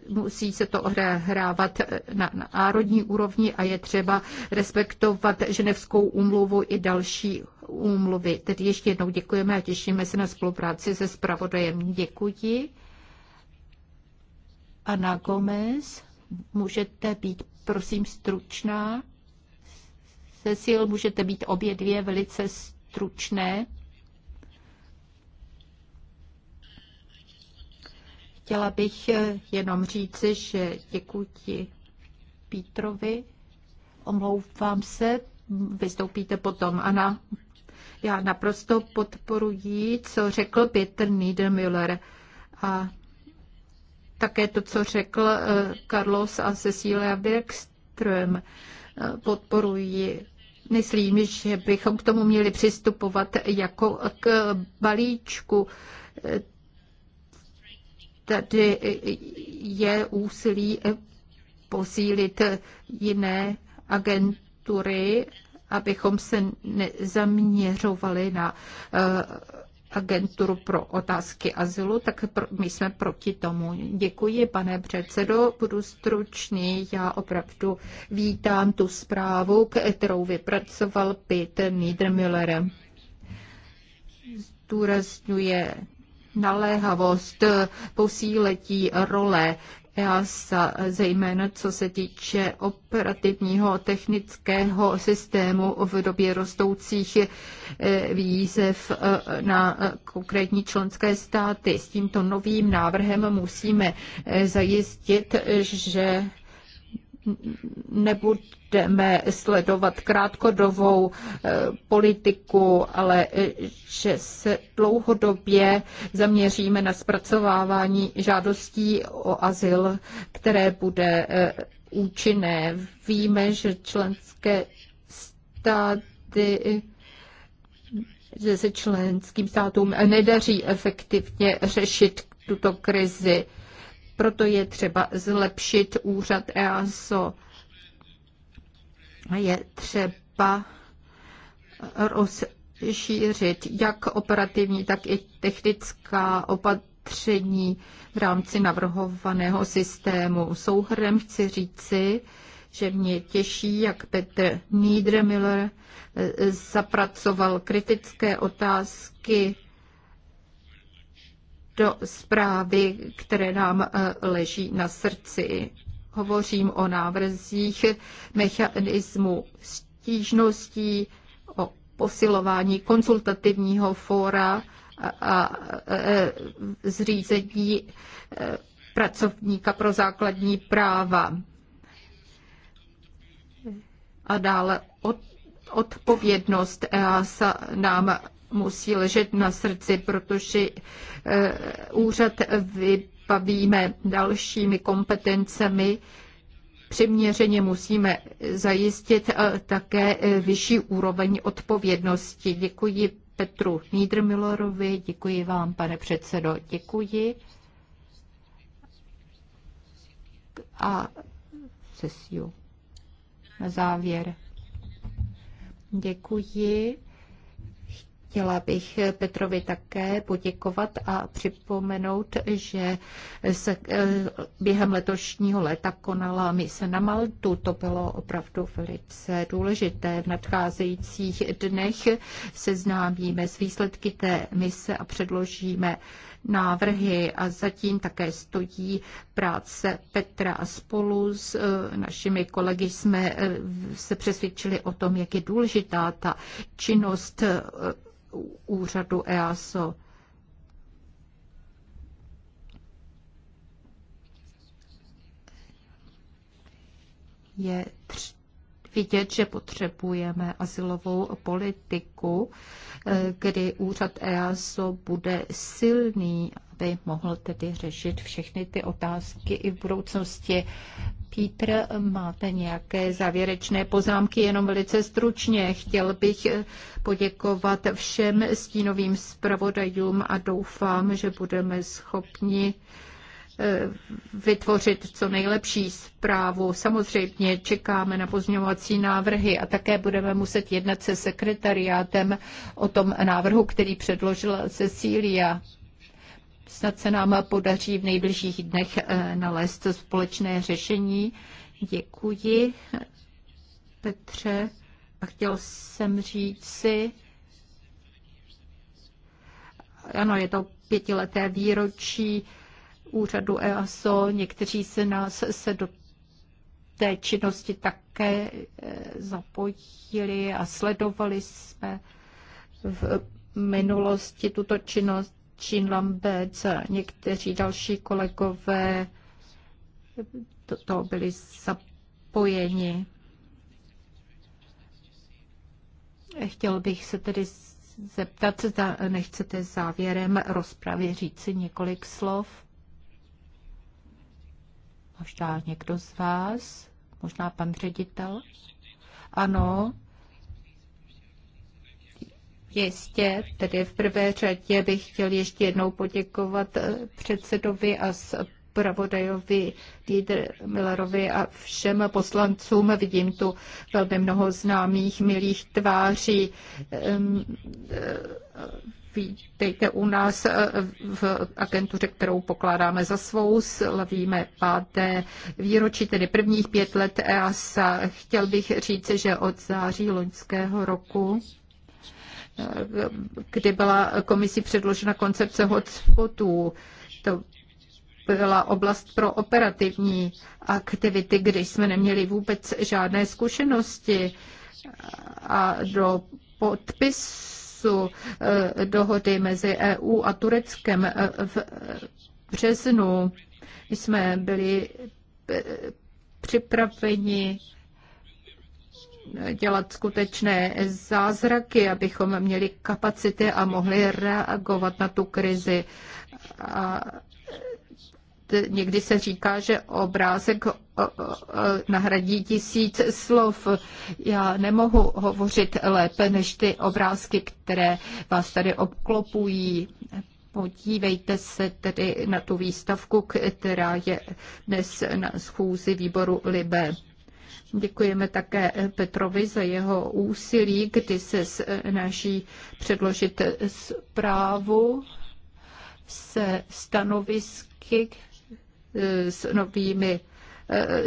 musí se to hrávat na národní úrovni a je třeba respektovat Ženevskou úmluvu i další úmluvy. Tedy ještě jednou děkujeme a těšíme se na spolupráci se spravodajem. Děkuji. Ana Gomez, můžete být, prosím, stručná? Cecil, můžete být obě dvě velice stručné. Chtěla bych jenom říci, že děkuji ti Pítrovi. Omlouvám se, vystoupíte potom. Ana, já naprosto podporuji, co řekl Peter Niedermüller a také to, co řekl eh, Carlos a Cecilia Bergström. Eh, podporuji Myslím, že bychom k tomu měli přistupovat jako k balíčku. Tady je úsilí posílit jiné agentury, abychom se nezaměřovali na eh, agenturu pro otázky azylu, tak my jsme proti tomu. Děkuji, pane předsedo, budu stručný. Já opravdu vítám tu zprávu, kterou vypracoval Peter Niedermüller. Zdůrazňuje naléhavost posíletí role EASA, zejména co se týče operativního technického systému v době rostoucích eh, výzev eh, na konkrétní členské státy. S tímto novým návrhem musíme eh, zajistit, že nebudeme sledovat krátkodovou eh, politiku, ale eh, že se dlouhodobě zaměříme na zpracovávání žádostí o azyl, které bude eh, účinné. Víme, že členské státy že se členským státům nedaří efektivně řešit tuto krizi proto je třeba zlepšit úřad EASO. Je třeba rozšířit jak operativní, tak i technická opatření v rámci navrhovaného systému. Souhrnem chci říci, že mě těší, jak Petr Niedermiller eh, zapracoval kritické otázky do zprávy, které nám eh, leží na srdci. Hovořím o návrzích mechanismu stížností, o posilování konzultativního fóra a eh, zřízení eh, pracovníka pro základní práva. A dále odpovědnost EASA nám musí ležet na srdci, protože eh, úřad vybavíme dalšími kompetencemi. Přiměřeně musíme zajistit eh, také eh, vyšší úroveň odpovědnosti. Děkuji Petru Niedermillerovi, děkuji vám, pane předsedo, děkuji. A sesiu na závěr. Děkuji. Chtěla bych Petrovi také poděkovat a připomenout, že se eh, během letošního léta konala mise na Maltu. To bylo opravdu velice důležité. V nadcházejících dnech seznámíme s výsledky té mise a předložíme návrhy a zatím také stojí práce Petra a spolu s eh, našimi kolegy jsme eh, se přesvědčili o tom, jak je důležitá ta činnost úřadu EASO. Je vidět, že potřebujeme asilovou politiku, eh, kdy úřad EASO bude silný aby mohl tedy řešit všechny ty otázky i v budoucnosti. Pítr, máte nějaké závěrečné poznámky, jenom velice stručně. Chtěl bych poděkovat všem stínovým zpravodajům a doufám, že budeme schopni eh, vytvořit co nejlepší zprávu. Samozřejmě čekáme na pozměňovací návrhy a také budeme muset jednat se sekretariátem o tom návrhu, který předložila Cecília. Snad se nám podaří v nejbližších dnech eh, nalézt společné řešení. Děkuji, Petře. A chtěl jsem říct si, ano, je to pětileté výročí úřadu EASO. Někteří se nás se do té činnosti také eh, zapojili a sledovali jsme v minulosti tuto činnost Jean Lambert a někteří další kolegové do toho byli zapojeni. Chtěl bych se tedy zeptat, zda nechcete závěrem rozpravy říci několik slov. Možná někdo z vás, možná pan ředitel. Ano, Jistě, tedy v prvé řadě bych chtěl ještě jednou poděkovat eh, předsedovi a Pravodajovi, Dieter Millerovi a všem poslancům. Vidím tu velmi mnoho známých, milých tváří. Ehm, eh, vítejte u nás eh, v agentuře, kterou pokládáme za svou. Slavíme páté výročí, tedy prvních pět let EASA. Chtěl bych říct, že od září loňského roku kdy byla komisí předložena koncepce hotspotů. To byla oblast pro operativní aktivity, kdy jsme neměli vůbec žádné zkušenosti a do podpisu eh, dohody mezi EU a Tureckem eh, v březnu jsme byli eh, připraveni dělat skutečné zázraky, abychom měli kapacity a mohli reagovat na tu krizi. A někdy se říká, že obrázek nahradí tisíc slov. Já nemohu hovořit lépe než ty obrázky, které vás tady obklopují. Podívejte se tedy na tu výstavku, která je dnes na schůzi výboru Libe. Děkujeme také Petrovi za jeho úsilí, kdy se snaží předložit zprávu se stanovisky eh, s novými eh,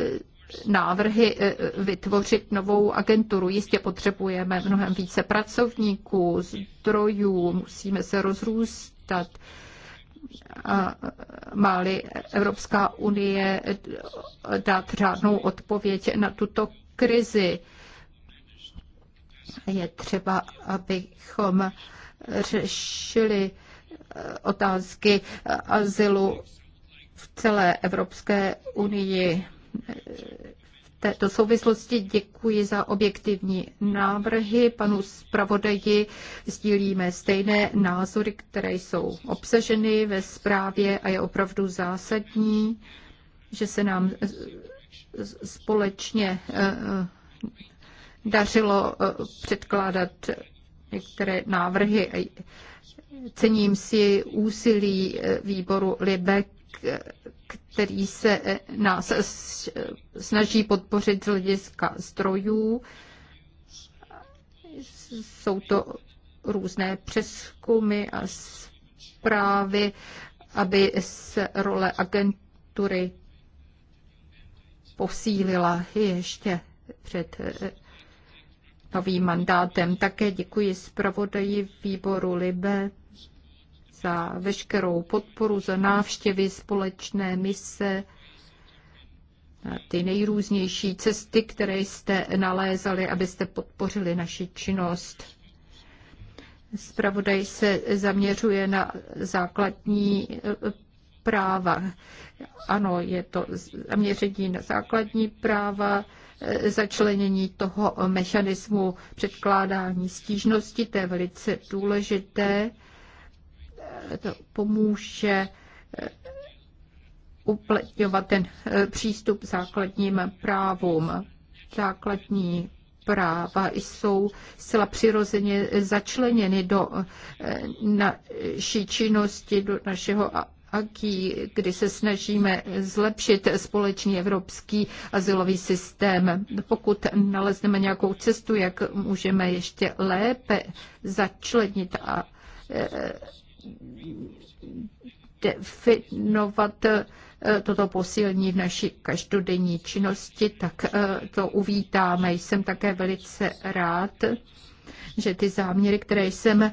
návrhy eh, vytvořit novou agenturu. Jistě potřebujeme mnohem více pracovníků, zdrojů, musíme se rozrůstat a e, má-li Evropská unie dát řádnou odpověď na tuto krizi. Je třeba, abychom řešili e, otázky azylu v celé Evropské unii této souvislosti děkuji za objektivní návrhy. Panu zpravodaji sdílíme stejné názory, které jsou obsaženy ve zprávě a je opravdu zásadní, že se nám společně eh, eh, dařilo eh, předkládat některé návrhy. Cením si úsilí výboru Libek který se nás snaží podpořit z hlediska zdrojů. Jsou to různé přeskumy a zprávy, aby se role agentury posílila ještě před novým mandátem. Také děkuji zpravodaji výboru Libe za veškerou podporu, za návštěvy společné mise, ty nejrůznější cesty, které jste nalézali, abyste podpořili naši činnost. Spravodaj se zaměřuje na základní eh, práva. Ano, je to zaměření na základní práva, eh, začlenění toho mechanismu předkládání stížnosti, to je velice důležité to pomůže eh, uplatňovat ten eh, přístup základním právům. Základní práva jsou zcela přirozeně začleněny do eh, naší činnosti, do našeho aký, kdy se snažíme zlepšit společný evropský asilový systém. Pokud nalezneme nějakou cestu, jak můžeme ještě lépe začlenit a definovat eh, toto posilní v naší každodenní činnosti, tak eh, to uvítáme. Jsem také velice rád, že ty záměry, které jsem eh,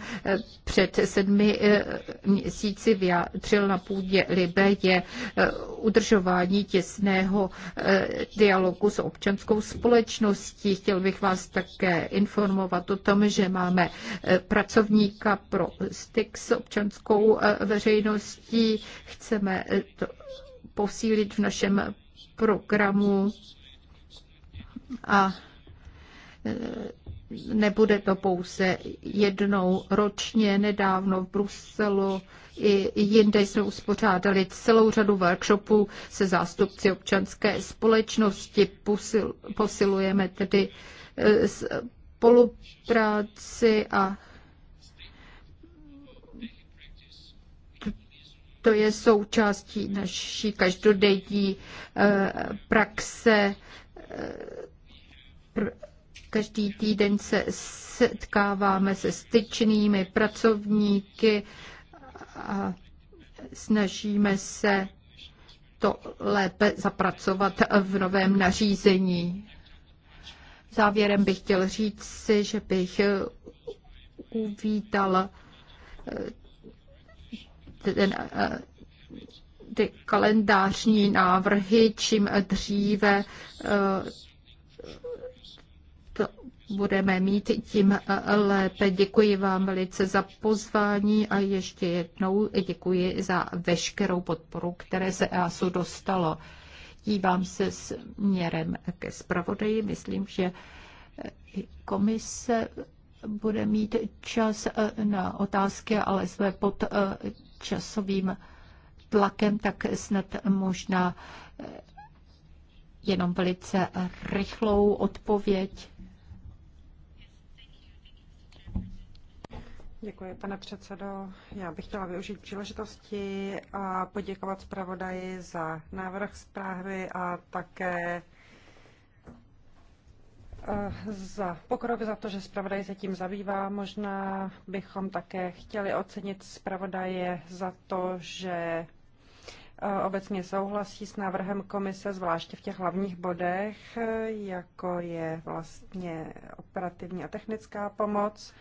před sedmi eh, měsíci vyjádřil na půdě Libe, je eh, udržování těsného dialogu s občanskou společností. Chtěl bych vás také informovat o tom, že máme pracovníka pro styk s občanskou veřejností. Chceme to posílit v našem programu a nebude to pouze jednou ročně. Nedávno v Bruselu i jinde jsme uspořádali celou řadu workshopů se zástupci občanské společnosti. Posil, posilujeme tedy e, spolupráci a to je součástí naší každodenní e, praxe e, Každý týden se setkáváme se styčnými pracovníky a snažíme se to lépe zapracovat v novém nařízení. Závěrem bych chtěl říct si, že bych uvítal eh, ten, eh, ty kalendářní návrhy, čím dříve eh, budeme mít, tím eh, lépe. Děkuji vám velice za pozvání a ještě jednou děkuji za veškerou podporu, které se EASu dostalo. Dívám se směrem ke zpravodaji. Myslím, že eh, komise bude mít čas eh, na otázky, ale jsme pod časovým tlakem, tak snad možná jenom velice rychlou odpověď. Děkuji, pane předsedo. Já bych chtěla využít příležitosti a poděkovat zpravodaji za návrh zprávy a také eh, za pokrok, za to, že zpravodaj se tím zabývá. Možná bychom také chtěli ocenit zpravodaje za to, že eh, obecně souhlasí s návrhem komise, zvláště v těch hlavních bodech, eh, jako je vlastně operativní a technická pomoc.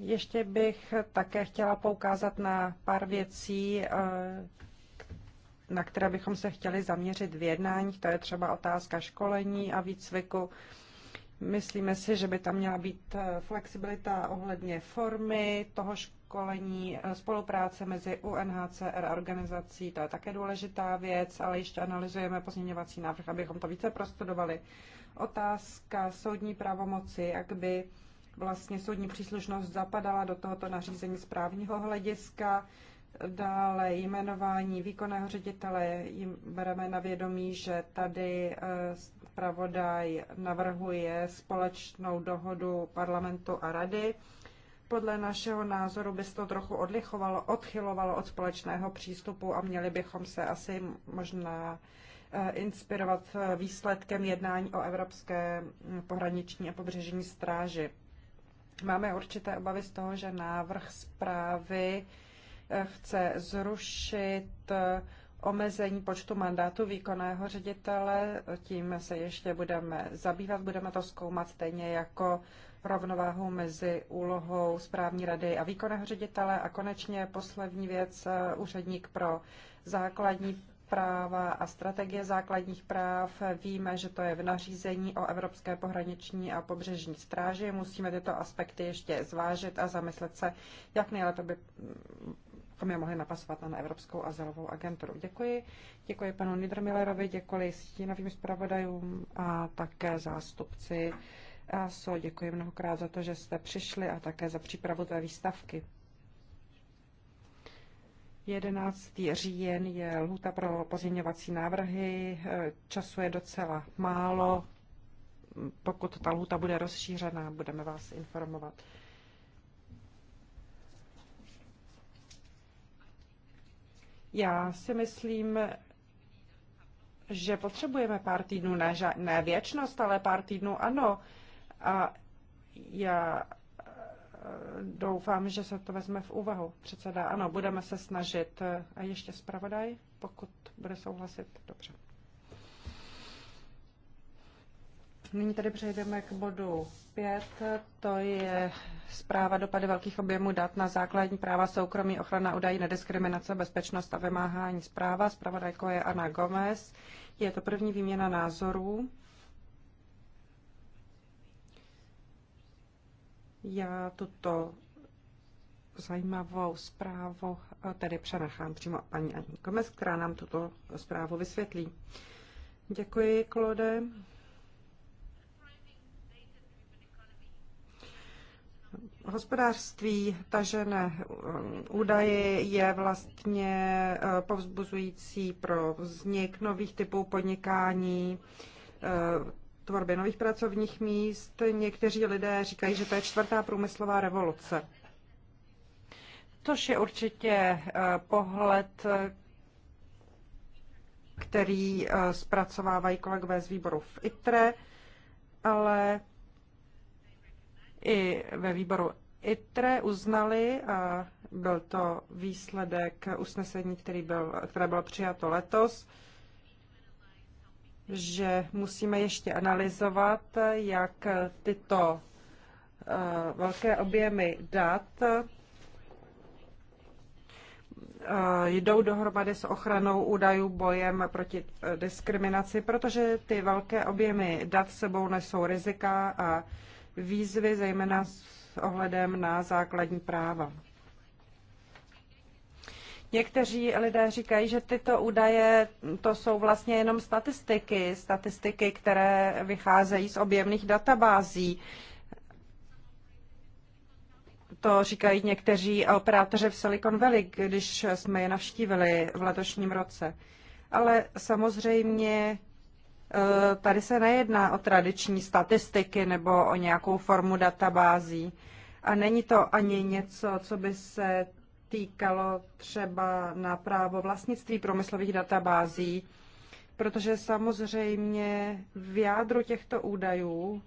Ještě bych také chtěla poukázat na pár věcí, eh, na které bychom se chtěli zaměřit v jednáních. To je třeba otázka školení a výcviku. Myslíme si, že by tam měla být eh, flexibilita ohledně formy toho školení, eh, spolupráce mezi UNHCR a organizací, to je také důležitá věc, ale ještě analyzujeme pozměňovací návrh, abychom to více prostudovali. Otázka soudní pravomoci, jak by vlastně soudní příslušnost zapadala do tohoto nařízení správního hlediska. Dále jmenování výkonného ředitele jim bereme na vědomí, že tady eh, zpravodaj navrhuje společnou dohodu parlamentu a rady. Podle našeho názoru by se to trochu odlichovalo, odchylovalo od společného přístupu a měli bychom se asi možná eh, inspirovat eh, výsledkem jednání o Evropské mm, pohraniční a pobřežní stráži. Máme určité obavy z toho, že návrh zprávy eh, chce zrušit eh, omezení počtu mandátu výkonného ředitele. Tím se ještě budeme zabývat, budeme to zkoumat stejně jako rovnováhu mezi úlohou správní rady a výkonného ředitele. A konečně poslední věc, eh, úředník pro základní práva a strategie základních práv. Víme, že to je v nařízení o Evropské pohraniční a pobřežní stráži. Musíme tyto aspekty ještě zvážit a zamyslet se, jak nejlépe by bychom je mohli napasovat na Evropskou azylovou agenturu. Děkuji. Děkuji panu Niedermillerovi, děkuji stínovým zpravodajům a také zástupci ASO. Děkuji mnohokrát za to, že jste přišli a také za přípravu té výstavky. 11. říjen je lhuta pro pozměňovací návrhy, času je docela málo. Pokud ta lhuta bude rozšířena, budeme vás informovat. Já si myslím, že potřebujeme pár týdnů, ne, ne věčnost, ale pár týdnů ano. A já doufám, že se to vezme v úvahu. Předseda, ano, budeme se snažit. A ještě zpravodaj, pokud bude souhlasit, dobře. Nyní tady přejdeme k bodu 5. To je zpráva dopady velkých objemů dat na základní práva soukromí, ochrana údají, nediskriminace, bezpečnost a vymáhání zpráva. Zpravodajko je Ana Gomez. Je to první výměna názorů. Já tuto zajímavou zprávu eh, tedy přenechám přímo paní Aní Komes, která nám tuto zprávu vysvětlí. Děkuji, Klode. Hospodářství tažené eh, údaje je vlastně eh, povzbuzující pro vznik nových typů podnikání, tvorbě nových pracovních míst. Někteří lidé říkají, že to je čtvrtá průmyslová revoluce. Tož je určitě eh, pohled, který eh, zpracovávají kolegové z výboru v ITRE, ale i ve výboru ITRE uznali, a byl to výsledek usnesení, který byl, které bylo přijato letos, že musíme ještě analyzovat, jak tyto eh, velké objemy dat eh, jdou dohromady s ochranou údajů bojem proti eh, diskriminaci, protože ty velké objemy dat sebou nesou rizika a výzvy, zejména s ohledem na základní práva. Někteří lidé říkají, že tyto údaje to jsou vlastně jenom statistiky, statistiky, které vycházejí z objemných databází. To říkají někteří operátoři v Silicon Valley, když jsme je navštívili v letošním roce. Ale samozřejmě eh, tady se nejedná o tradiční statistiky nebo o nějakou formu databází. A není to ani něco, co by se týkalo třeba na právo vlastnictví průmyslových databází, protože samozřejmě v jádru těchto údajů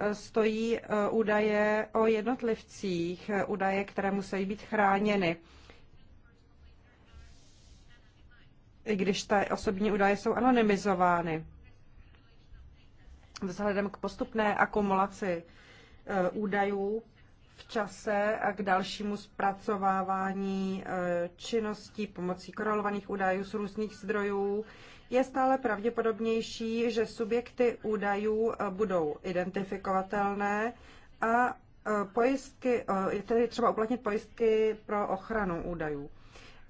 eh, stojí eh, údaje o jednotlivcích, eh, údaje, které musí být chráněny. I když ta osobní údaje jsou anonymizovány. Vzhledem k postupné akumulaci údajů v čase a k dalšímu zpracovávání e, činností pomocí korolovaných údajů z různých zdrojů, je stále pravděpodobnější, že subjekty údajů e, budou identifikovatelné a e, pojistky, je tedy třeba uplatnit pojistky pro ochranu údajů.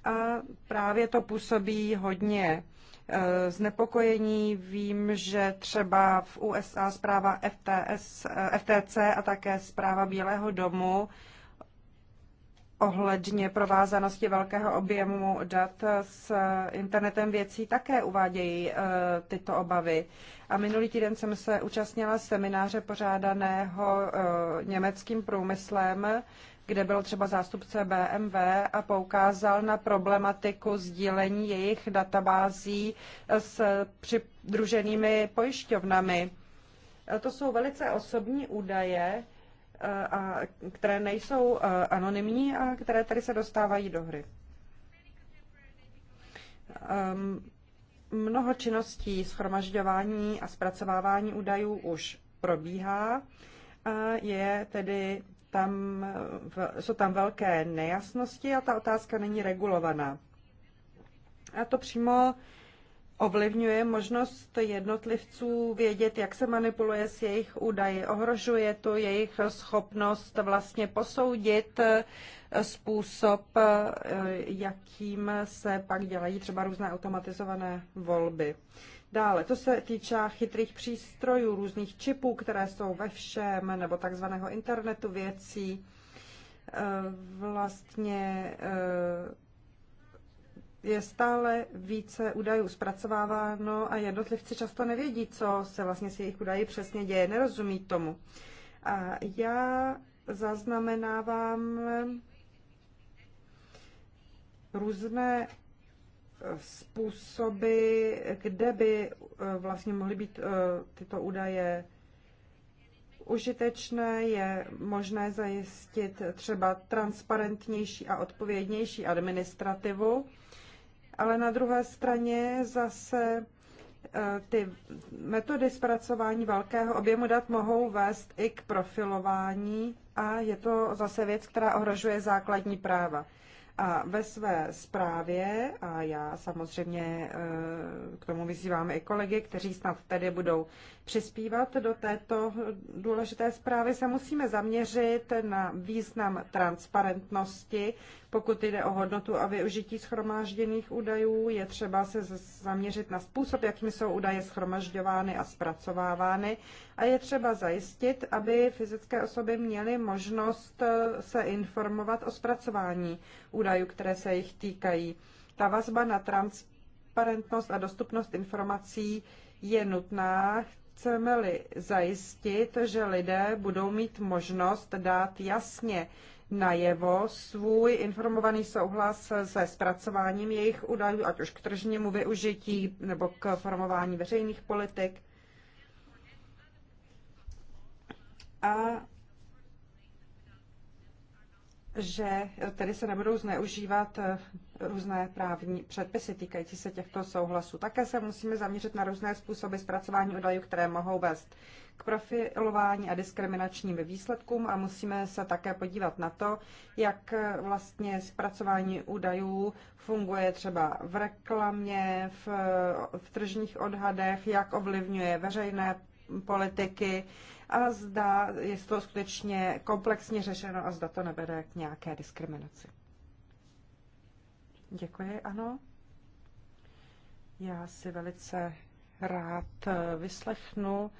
A právě to působí hodně Eh, znepokojení. Vím, že třeba v USA zpráva FTS, eh, FTC a také zpráva Bílého domu ohledně provázanosti velkého objemu dat s internetem věcí také uvádějí eh, tyto obavy. A minulý týden jsem se účastnila semináře pořádaného eh, německým průmyslem, kde byl třeba zástupce BMW a poukázal na problematiku sdílení jejich databází eh, s přidruženými pojišťovnami. To jsou velice osobní údaje, Eh, a které nejsou eh, anonymní a které tady se dostávají do hry. Ehm, mnoho činností schromažďování a zpracovávání údajů už probíhá. je tedy tam, jsou tam velké nejasnosti a ta otázka není regulovaná. A to přímo ovlivňuje možnost jednotlivců vědět, jak se manipuluje s jejich údaji. Ohrožuje to jejich schopnost vlastně posoudit eh, způsob, eh, jakým se pak dělají třeba různé automatizované volby. Dále, to se týče chytrých přístrojů, různých čipů, které jsou ve všem, nebo takzvaného internetu věcí. Eh, vlastně je stále více údajů zpracováváno a jednotlivci často nevědí, co se vlastně s jejich údaji přesně děje, nerozumí tomu. A já zaznamenávám různé způsoby, kde by eh, vlastně mohly být eh, tyto údaje užitečné, je možné zajistit třeba transparentnější a odpovědnější administrativu ale na druhé straně zase eh, ty metody zpracování velkého objemu dat mohou vést i k profilování a je to zase věc, která ohrožuje základní práva. A ve své zprávě, a já samozřejmě eh, k tomu vyzývám i kolegy, kteří snad tedy budou přispívat do této důležité zprávy, se musíme zaměřit na význam transparentnosti pokud jde o hodnotu a využití schromážděných údajů, je třeba se zaměřit na způsob, jakým jsou údaje schromažďovány a zpracovávány a je třeba zajistit, aby fyzické osoby měly možnost eh, se informovat o zpracování údajů, které se jich týkají. Ta vazba na transparentnost a dostupnost informací je nutná. Chceme-li zajistit, že lidé budou mít možnost dát jasně najevo svůj informovaný souhlas se zpracováním jejich údajů, ať už k tržnímu využití nebo k formování veřejných politik. A že tedy se nebudou zneužívat eh, různé právní předpisy týkající se těchto souhlasů. Také se musíme zaměřit na různé způsoby zpracování údajů, které mohou vést k profilování a diskriminačním výsledkům a musíme se také podívat na to, jak eh, vlastně zpracování údajů funguje třeba v reklamě, v, eh, v tržních odhadech, jak ovlivňuje veřejné politiky, a zda je to skutečně komplexně řešeno a zda to nevede k nějaké diskriminaci. Děkuji, ano. Já si velice rád eh, vyslechnu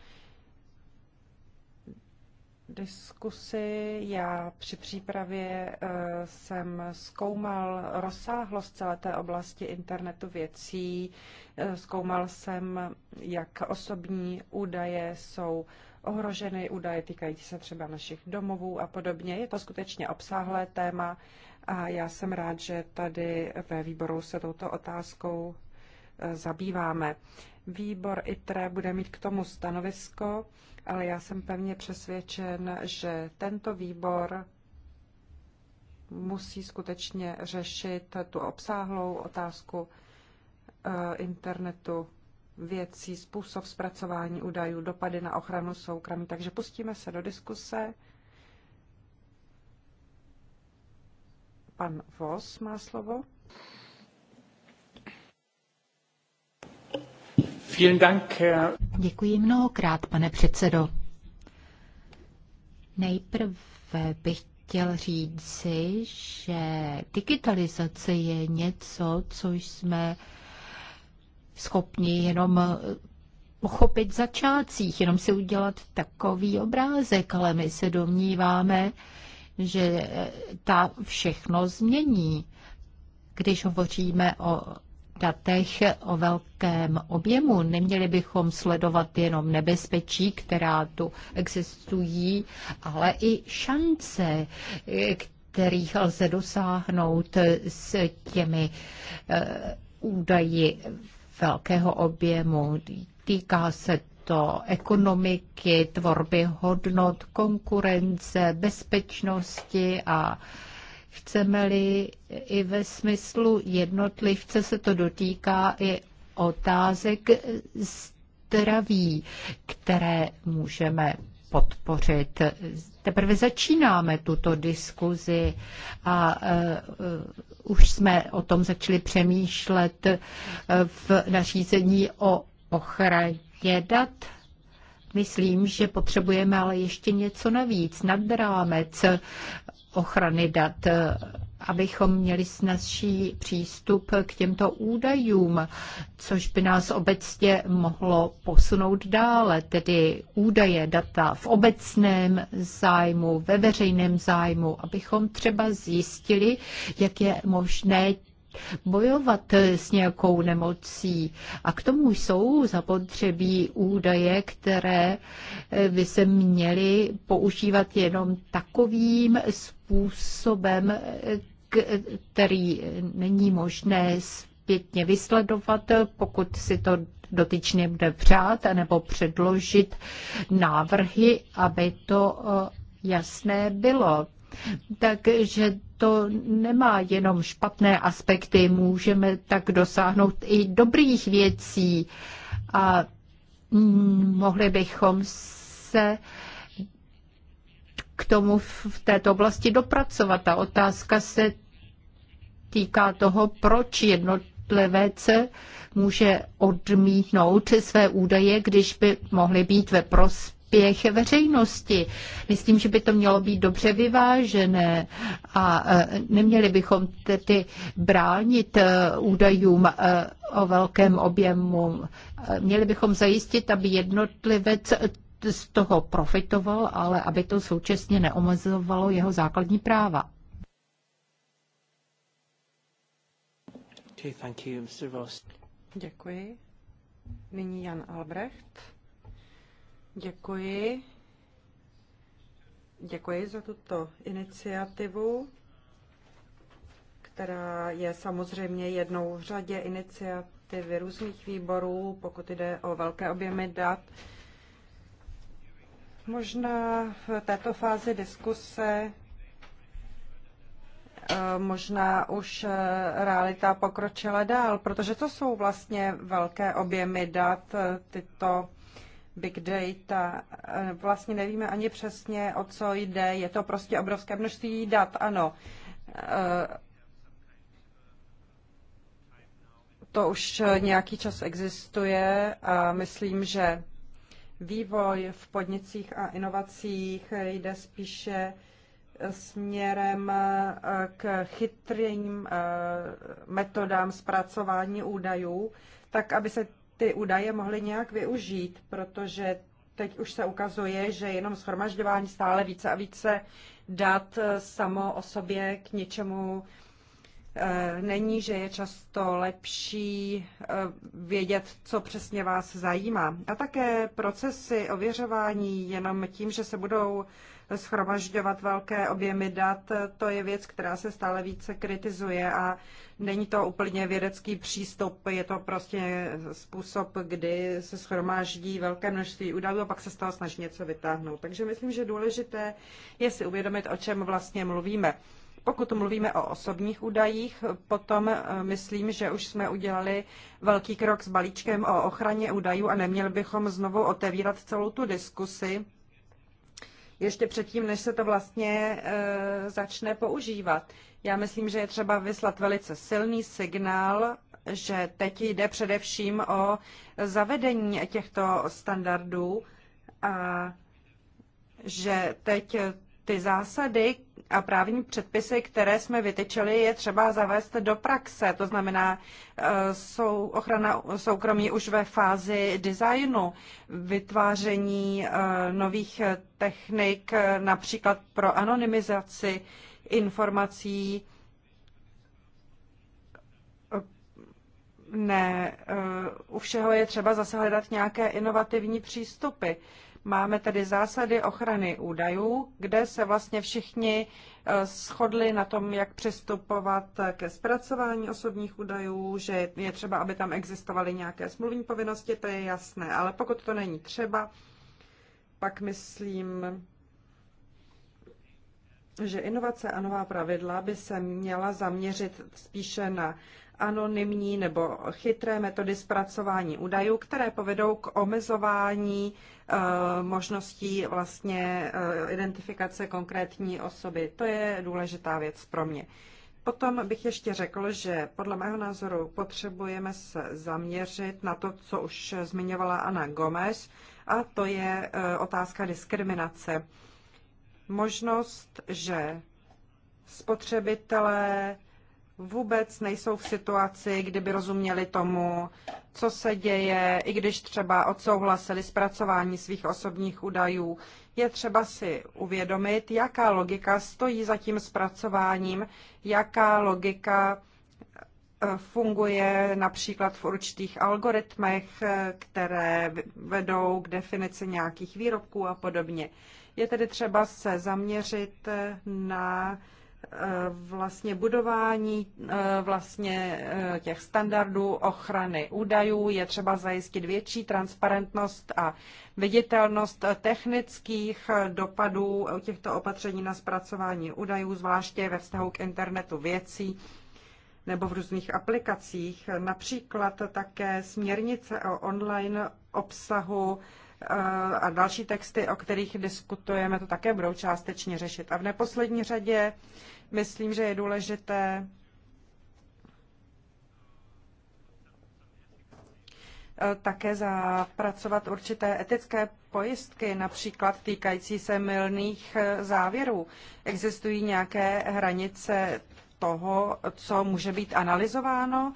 diskusy. Já při přípravě eh, jsem zkoumal rozsáhlost celé té oblasti internetu věcí. Eh, zkoumal jsem, jak osobní údaje jsou ohroženy, údaje týkající se třeba našich domovů a podobně. Je to skutečně obsáhlé téma a já jsem rád, že tady ve výboru se touto otázkou e, zabýváme. Výbor ITRE bude mít k tomu stanovisko, ale já jsem pevně přesvědčen, že tento výbor musí skutečně řešit tu obsáhlou otázku e, internetu věcí, způsob zpracování údajů, dopady na ochranu soukromí. Takže pustíme se do diskuse. Pan Vos má slovo. Děkuji mnohokrát, pane předsedo. Nejprve bych chtěl říci, že digitalizace je něco, co jsme schopni jenom pochopit eh, začátcích, jenom si udělat takový obrázek, ale my se domníváme, že eh, ta všechno změní. Když hovoříme o datech o velkém objemu. Neměli bychom sledovat jenom nebezpečí, která tu existují, ale i šance, eh, kterých lze dosáhnout s těmi údaji velkého objemu. Týká se to ekonomiky, tvorby hodnot, konkurence, bezpečnosti a chceme-li i ve smyslu jednotlivce se to dotýká i otázek zdraví, které můžeme podpořit. Teprve začínáme tuto diskuzi a e, e, už jsme o tom začali přemýšlet v nařízení o ochraně dat. Myslím, že potřebujeme ale ještě něco navíc nad rámec ochrany dat, abychom měli snazší přístup k těmto údajům, což by nás obecně mohlo posunout dále, tedy údaje, data v obecném zájmu, ve veřejném zájmu, abychom třeba zjistili, jak je možné bojovat s nějakou nemocí. A k tomu jsou zapotřebí údaje, které eh, by se měly používat jenom takovým způsobem, eh, který není možné zpětně vysledovat, pokud si to dotyčně bude přát, nebo předložit návrhy, aby to eh, jasné bylo. Takže to nemá jenom špatné aspekty, můžeme tak dosáhnout i dobrých věcí a mm, mohli bychom se k tomu v této oblasti dopracovat. Ta otázka se týká toho, proč jednotlivec může odmítnout své údaje, když by mohly být ve prospěch prospěch veřejnosti. Myslím, že by to mělo být dobře vyvážené a e, neměli bychom tedy bránit e, údajům e, o velkém objemu. Měli bychom zajistit, aby jednotlivec z toho profitoval, ale aby to současně neomezovalo jeho základní práva. Děkuji. Nyní Jan Albrecht. Děkuji. Děkuji za tuto iniciativu, která je samozřejmě jednou v řadě iniciativy různých výborů, pokud jde o velké objemy dat. Možná v této fázi diskuse eh, možná už eh, realita pokročila dál, protože to jsou vlastně velké objemy dat, eh, tyto big data. Eh, vlastně nevíme ani přesně, o co jde. Je to prostě obrovské množství dat, ano. Eh, to už nějaký čas existuje a myslím, že vývoj v podnicích a inovacích jde spíše eh, směrem k chytrým metodám zpracování údajů, tak aby se ty údaje mohli nějak využít, protože teď už se ukazuje, že jenom schromažďování stále více a více dat eh, samo o sobě k něčemu eh, není, že je často lepší eh, vědět, co přesně vás zajímá. A také procesy ověřování jenom tím, že se budou schromažďovat velké objemy dat, to je věc, která se stále více kritizuje a není to úplně vědecký přístup, je to prostě způsob, kdy se schromáždí velké množství údajů a pak se z toho snaží něco vytáhnout. Takže myslím, že důležité je si uvědomit, o čem vlastně mluvíme. Pokud mluvíme o osobních údajích, potom eh, myslím, že už jsme udělali velký krok s balíčkem o ochraně údajů a neměli bychom znovu otevírat celou tu diskusi ještě předtím, než se to vlastně eh, začne používat. Já myslím, že je třeba vyslat velice silný signál, že teď jde především o zavedení těchto standardů a že teď ty zásady, a právní předpisy, které jsme vytyčili, je třeba zavést do praxe. To znamená, jsou eh, ochrana soukromí už ve fázi designu, vytváření eh, nových technik, eh, například pro anonymizaci informací, ne. Eh, u všeho je třeba zase hledat nějaké inovativní přístupy. Máme tedy zásady ochrany údajů, kde se vlastně všichni eh, shodli na tom, jak přistupovat ke zpracování osobních údajů, že je třeba, aby tam existovaly nějaké smluvní povinnosti, to je jasné. Ale pokud to není třeba, pak myslím, že inovace a nová pravidla by se měla zaměřit spíše na anonymní nebo chytré metody zpracování údajů, které povedou k omezování eh, možností vlastně eh, identifikace konkrétní osoby. To je důležitá věc pro mě. Potom bych ještě řekl, že podle mého názoru potřebujeme se zaměřit na to, co už zmiňovala Ana Gomez, a to je eh, otázka diskriminace. Možnost, že spotřebitelé vůbec nejsou v situaci, kdyby rozuměli tomu, co se děje, i když třeba odsouhlasili zpracování svých osobních údajů. Je třeba si uvědomit, jaká logika stojí za tím zpracováním, jaká logika eh, funguje například v určitých algoritmech, eh, které vedou k definici nějakých výrobků a podobně. Je tedy třeba se zaměřit eh, na Eh, vlastně budování eh, vlastně eh, těch standardů ochrany údajů je třeba zajistit větší transparentnost a viditelnost technických dopadů těchto opatření na zpracování údajů, zvláště ve vztahu k internetu věcí nebo v různých aplikacích. Například také směrnice o online obsahu a další texty, o kterých diskutujeme, to také budou částečně řešit. A v neposlední řadě Myslím, že je důležité eh, také zapracovat určité etické pojistky, například týkající se mylných eh, závěrů. Existují nějaké hranice toho, co může být analyzováno,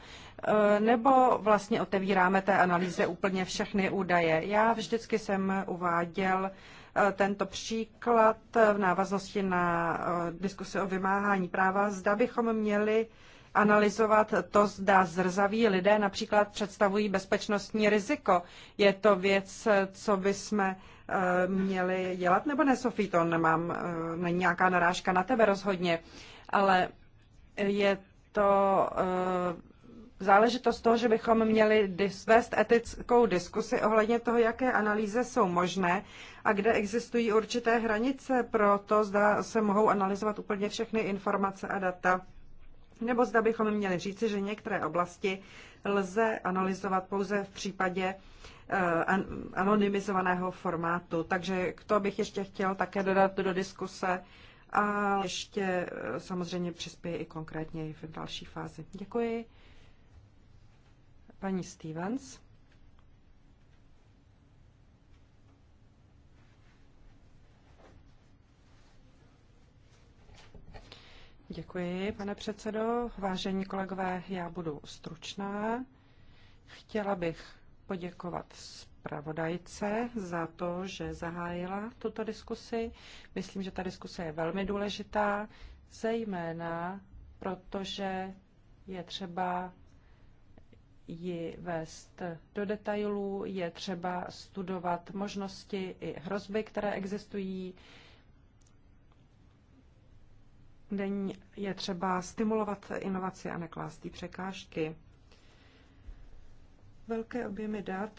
eh, nebo vlastně otevíráme té analýze úplně všechny údaje. Já vždycky jsem uváděl Eh, tento příklad v návaznosti na eh, diskusi o vymáhání práva, zda bychom měli analyzovat to, zda zrzaví lidé například představují bezpečnostní riziko. Je to věc, co bychom eh, měli dělat, nebo ne, Sofí, to nemám, není nějaká narážka na tebe rozhodně, ale je to záležitost toho, že bychom měli vést etickou diskusi ohledně toho, jaké analýzy jsou možné a kde existují určité hranice pro to, zda se mohou analyzovat úplně všechny informace a data. Nebo zda bychom měli říci, že některé oblasti lze analyzovat pouze v případě eh, anonymizovaného formátu. Takže k to bych ještě chtěl také dodat do diskuse a ještě eh, samozřejmě přispěje i konkrétně v další fázi. Děkuji. Paní Stevens. Děkuji, pane předsedo. Vážení kolegové, já budu stručná. Chtěla bych poděkovat zpravodajce za to, že zahájila tuto diskusi. Myslím, že ta diskuse je velmi důležitá, zejména protože je třeba ji vést do detailů, je třeba studovat možnosti i hrozby, které existují. Není, je třeba stimulovat inovaci a neklást překážky. Velké objemy dat,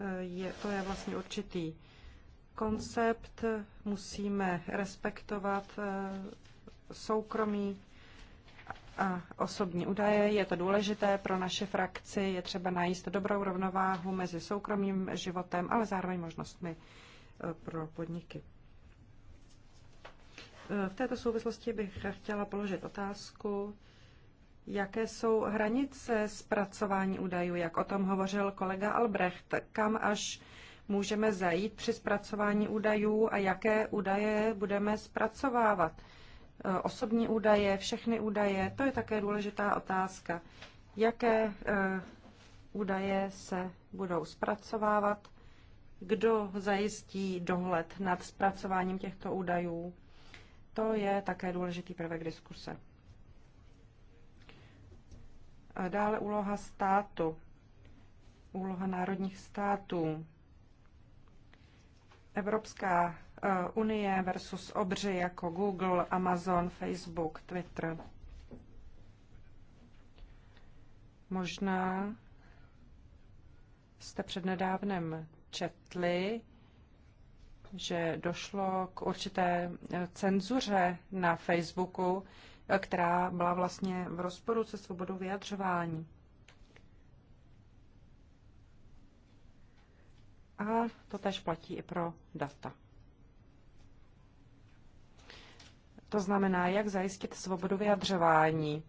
eh, je, to je vlastně určitý koncept, musíme respektovat eh, soukromí a osobní údaje. Je to důležité pro naše frakci, je třeba najít dobrou rovnováhu mezi soukromým životem, ale zároveň možnostmi e, pro podniky. E, v této souvislosti bych chtěla položit otázku, jaké jsou hranice zpracování údajů, jak o tom hovořil kolega Albrecht, kam až můžeme zajít při zpracování údajů a jaké údaje budeme zpracovávat E, osobní údaje, všechny údaje. To je také důležitá otázka. Jaké e, údaje se budou zpracovávat, kdo zajistí dohled nad zpracováním těchto údajů. To je také důležitý prvek diskuse. Dále úloha státu, úloha národních států. Evropská Eh, Unie versus obři jako Google, Amazon, Facebook, Twitter. Možná jste přednedávnem četli, že došlo k určité eh, cenzuře na Facebooku, eh, která byla vlastně v rozporu se svobodou vyjadřování. A to tež platí i pro data. To znamená, jak zajistit svobodu vyjadřování.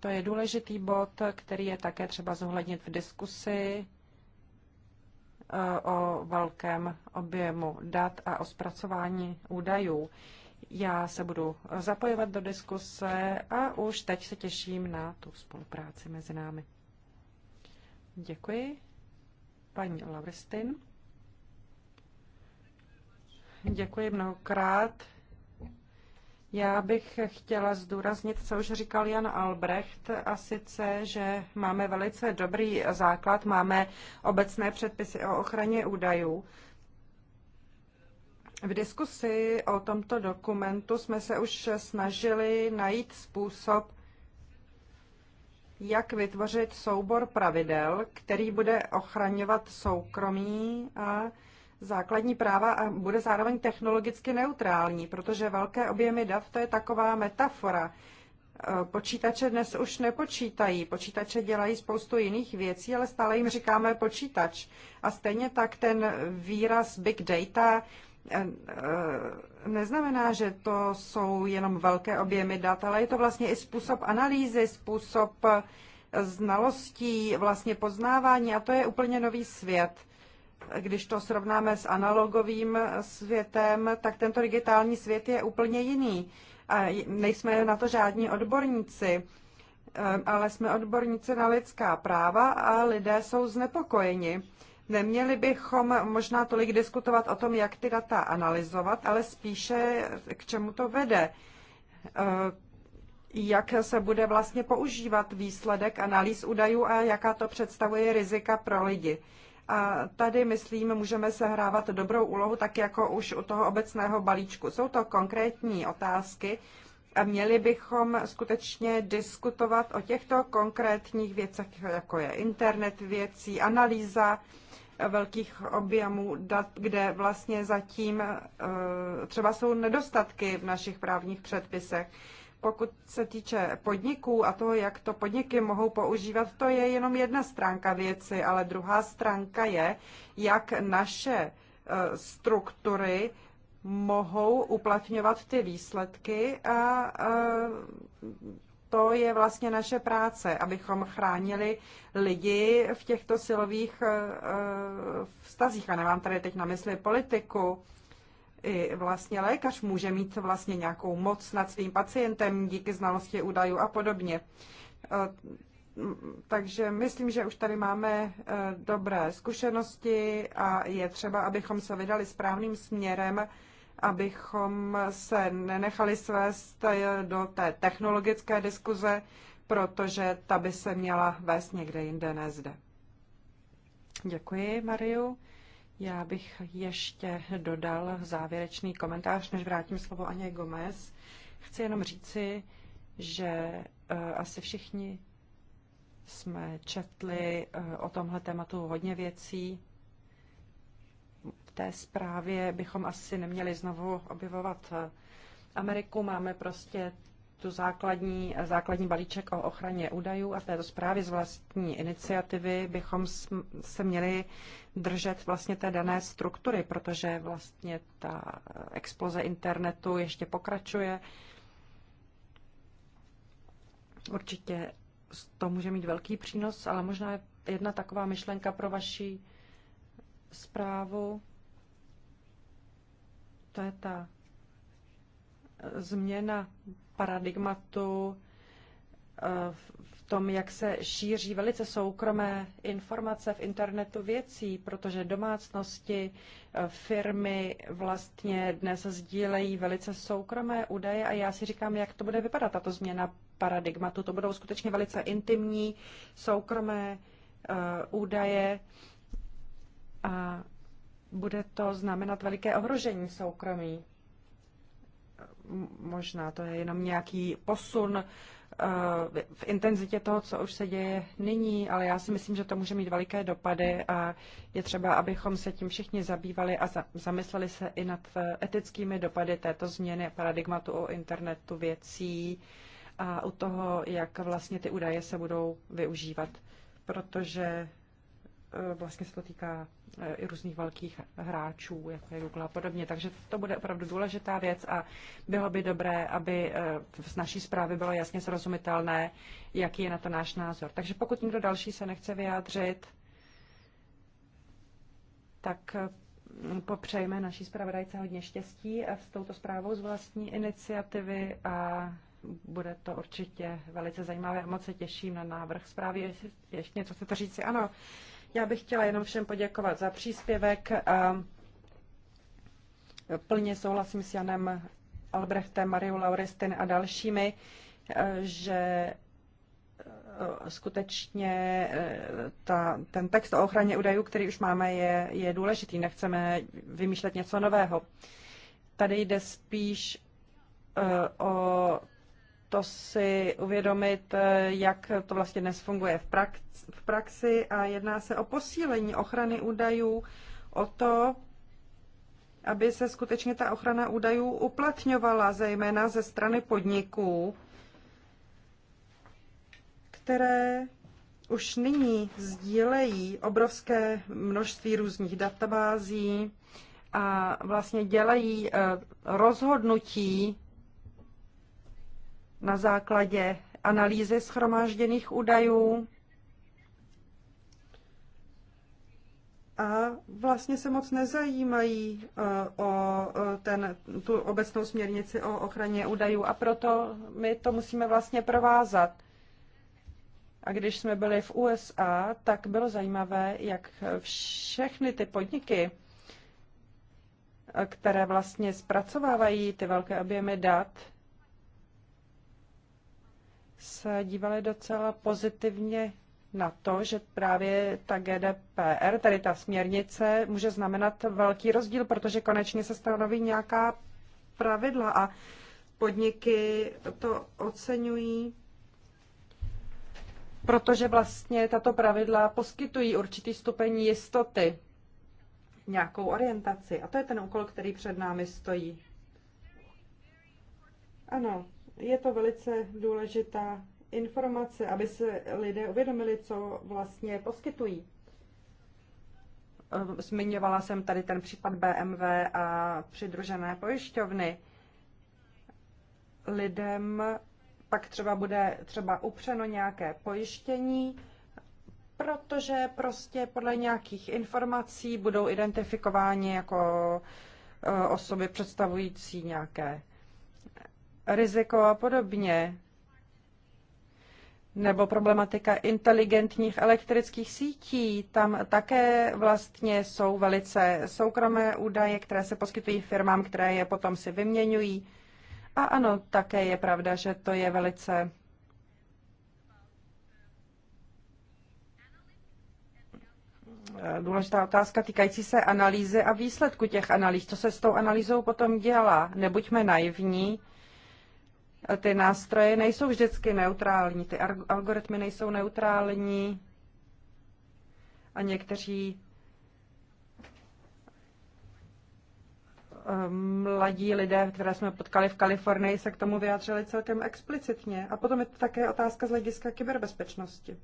To je důležitý bod, který je také třeba zohlednit v diskusi eh, o velkém objemu dat a o zpracování údajů. Já se budu zapojovat do diskuse a už teď se těším na tu spolupráci mezi námi. Děkuji. Paní Lauristin. Děkuji mnohokrát. Já bych chtěla zdůraznit, co už říkal Jan Albrecht, a sice, že máme velice dobrý základ, máme obecné předpisy o ochraně údajů. V diskusi o tomto dokumentu jsme se už snažili najít způsob, jak vytvořit soubor pravidel, který bude ochraňovat soukromí a základní práva a bude zároveň technologicky neutrální, protože velké objemy dat to je taková metafora. E, počítače dnes už nepočítají, počítače dělají spoustu jiných věcí, ale stále jim říkáme počítač. A stejně tak ten výraz big data e, e, neznamená, že to jsou jenom velké objemy dat, ale je to vlastně i způsob analýzy, způsob znalostí, vlastně poznávání a to je úplně nový svět když to srovnáme s analogovým světem, tak tento digitální svět je úplně jiný. A nejsme na to žádní odborníci, eh, ale jsme odborníci na lidská práva a lidé jsou znepokojeni. Neměli bychom možná tolik diskutovat o tom, jak ty data analyzovat, ale spíše eh, k čemu to vede. Eh, jak se bude vlastně používat výsledek analýz údajů a jaká to představuje rizika pro lidi. A tady, myslím, můžeme sehrávat dobrou úlohu, tak jako už u toho obecného balíčku. Jsou to konkrétní otázky a měli bychom skutečně diskutovat o těchto konkrétních věcech, jako je internet věcí, analýza velkých objemů dat, kde vlastně zatím eh, třeba jsou nedostatky v našich právních předpisech pokud se týče podniků a toho, jak to podniky mohou používat, to je jenom jedna stránka věci, ale druhá stránka je, jak naše e, struktury mohou uplatňovat ty výsledky a e, to je vlastně naše práce, abychom chránili lidi v těchto silových e, vztazích. A nemám tady teď na mysli politiku, i vlastně lékař může mít vlastně nějakou moc nad svým pacientem díky znalosti údajů a podobně. E, takže myslím, že už tady máme e, dobré zkušenosti a je třeba, abychom se vydali správným směrem, abychom se nenechali svést e, do té technologické diskuze, protože ta by se měla vést někde jinde, ne zde. Děkuji, Mariu. Já bych ještě dodal závěrečný komentář, než vrátím slovo Aně Gomez. Chci jenom říci, že eh, asi všichni jsme četli eh, o tomhle tématu hodně věcí. V té zprávě bychom asi neměli znovu objevovat eh, Ameriku. Máme prostě tu základní, základní balíček o ochraně údajů a této zprávy z vlastní iniciativy bychom se měli držet vlastně té dané struktury, protože vlastně ta exploze internetu ještě pokračuje. Určitě to může mít velký přínos, ale možná jedna taková myšlenka pro vaši zprávu. To je ta změna paradigmatu eh, v tom, jak se šíří velice soukromé informace v internetu věcí, protože domácnosti, eh, firmy vlastně dnes sdílejí velice soukromé údaje a já si říkám, jak to bude vypadat, tato změna paradigmatu. To budou skutečně velice intimní, soukromé eh, údaje a bude to znamenat veliké ohrožení soukromí možná to je jenom nějaký posun eh, v intenzitě toho, co už se děje nyní, ale já si myslím, že to může mít veliké dopady a je třeba, abychom se tím všichni zabývali a zamysleli se i nad eh, etickými dopady této změny paradigmatu o internetu věcí a u toho, jak vlastně ty údaje se budou využívat, protože eh, vlastně se to týká Eh, i různých velkých hráčů, jako je Google a podobně. Takže to bude opravdu důležitá věc a bylo by dobré, aby eh, z naší zprávy bylo jasně srozumitelné, jaký je na to náš názor. Takže pokud někdo další se nechce vyjádřit, tak eh, popřejme naší zpravodajce hodně štěstí s touto zprávou z vlastní iniciativy a bude to určitě velice zajímavé. Moc se těším na návrh zprávy. Ještě něco chcete říct? Ano, já bych chtěla jenom všem poděkovat za příspěvek a plně souhlasím s Janem Albrechtem, Mariu Lauristin a dalšími, že eh, skutečně eh, ta, ten text o ochraně údajů, který už máme, je, je důležitý. Nechceme vymýšlet něco nového. Tady jde spíš eh, o to si uvědomit, eh, jak to vlastně dnes funguje v, prax, v praxi a jedná se o posílení ochrany údajů, o to, aby se skutečně ta ochrana údajů uplatňovala, zejména ze strany podniků, které už nyní sdílejí obrovské množství různých databází a vlastně dělají eh, rozhodnutí na základě analýzy schromážděných údajů. A vlastně se moc nezajímají eh, o eh, ten, tu obecnou směrnici o ochraně údajů a proto my to musíme vlastně provázat. A když jsme byli v USA, tak bylo zajímavé, jak všechny ty podniky, eh, které vlastně zpracovávají ty velké objemy dat, se dívali docela pozitivně na to, že právě ta GDPR, tedy ta směrnice, může znamenat velký rozdíl, protože konečně se stanoví nějaká pravidla a podniky to oceňují, protože vlastně tato pravidla poskytují určitý stupeň jistoty, nějakou orientaci. A to je ten úkol, který před námi stojí. Ano, je to velice důležitá informace, aby se lidé uvědomili, co vlastně poskytují. Eh, zmiňovala jsem tady ten případ BMW a přidružené pojišťovny. Lidem pak třeba bude třeba upřeno nějaké pojištění, protože prostě podle nějakých informací budou identifikováni jako eh, osoby představující nějaké riziko a podobně. Nebo problematika inteligentních elektrických sítí. Tam také vlastně jsou velice soukromé údaje, které se poskytují firmám, které je potom si vyměňují. A ano, také je pravda, že to je velice důležitá otázka týkající se analýzy a výsledku těch analýz. Co se s tou analýzou potom dělá? Nebuďme naivní ty nástroje nejsou vždycky neutrální, ty algoritmy nejsou neutrální a někteří eh, mladí lidé, které jsme potkali v Kalifornii, se k tomu vyjádřili celkem explicitně. A potom je to také otázka z hlediska kyberbezpečnosti.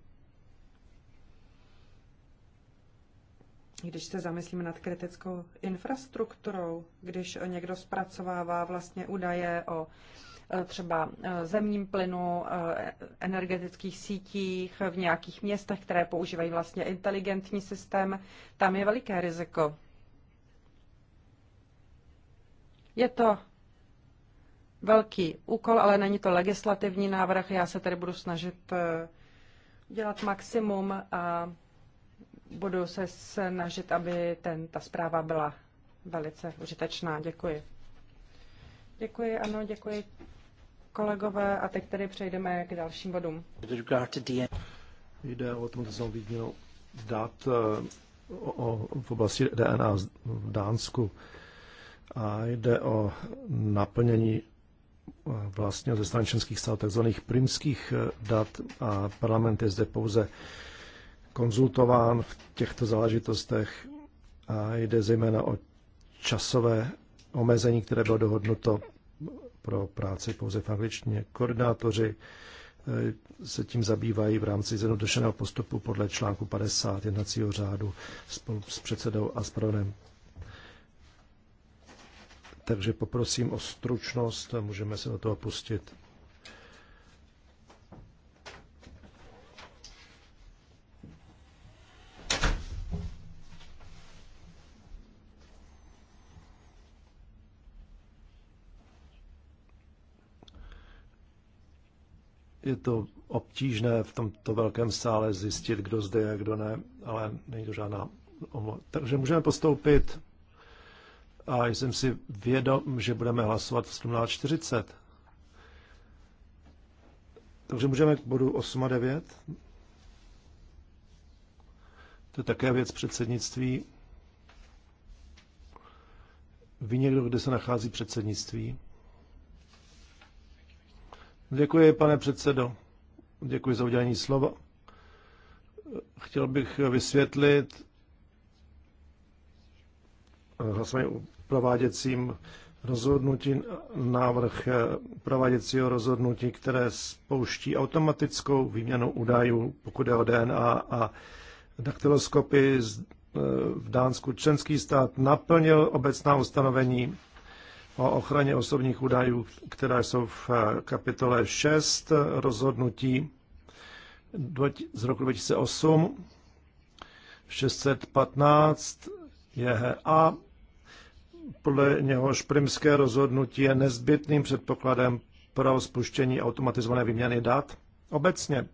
Když se zamyslíme nad kritickou infrastrukturou, když někdo zpracovává vlastně údaje o Eh, třeba eh, zemním plynu, eh, energetických sítích v nějakých městech, které používají vlastně inteligentní systém, tam je veliké riziko. Je to velký úkol, ale není to legislativní návrh. Já se tedy budu snažit dělat maximum a budu se snažit, aby ten, ta zpráva byla velice užitečná. Děkuji. Děkuji, ano, děkuji kolegové, a teď tedy přejdeme k dalším bodům. Jde o tom, jsem viděl dát eh, o, o, v oblasti DNA v Dánsku a jde o naplnění eh, vlastně ze strany členských států tzv. primských eh, dat a parlament je zde pouze konzultován v těchto záležitostech a jde zejména o časové omezení, které bylo dohodnuto pro práci pouze v angličtině. Koordinátoři eh, se tím zabývají v rámci zjednodušeného postupu podle článku 50 jednacího řádu spolu s předsedou a s pronem. Takže poprosím o stručnost a můžeme se do toho pustit. je to obtížné v tomto velkém sále zjistit, kdo zde je, kdo ne, ale není to žádná omluva. Takže můžeme postoupit a jsem si vědom, že budeme hlasovat v 17.40. Takže můžeme k bodu 8 a 9. To je také věc předsednictví. Ví někdo, kde se nachází předsednictví? Děkuji, pane předsedo. Děkuji za udělení slova. Chtěl bych vysvětlit hlasování o prováděcím rozhodnutí, návrh prováděcího rozhodnutí, které spouští automatickou výměnu údajů, pokud je o DNA a daktyloskopy v Dánsku. Členský stát naplnil obecná ustanovení o ochraně osobních údajů, která jsou v eh, kapitole 6 rozhodnutí z roku 2008 615 je a podle něhož primské rozhodnutí je nezbytným předpokladem pro spuštění automatizované výměny dat obecně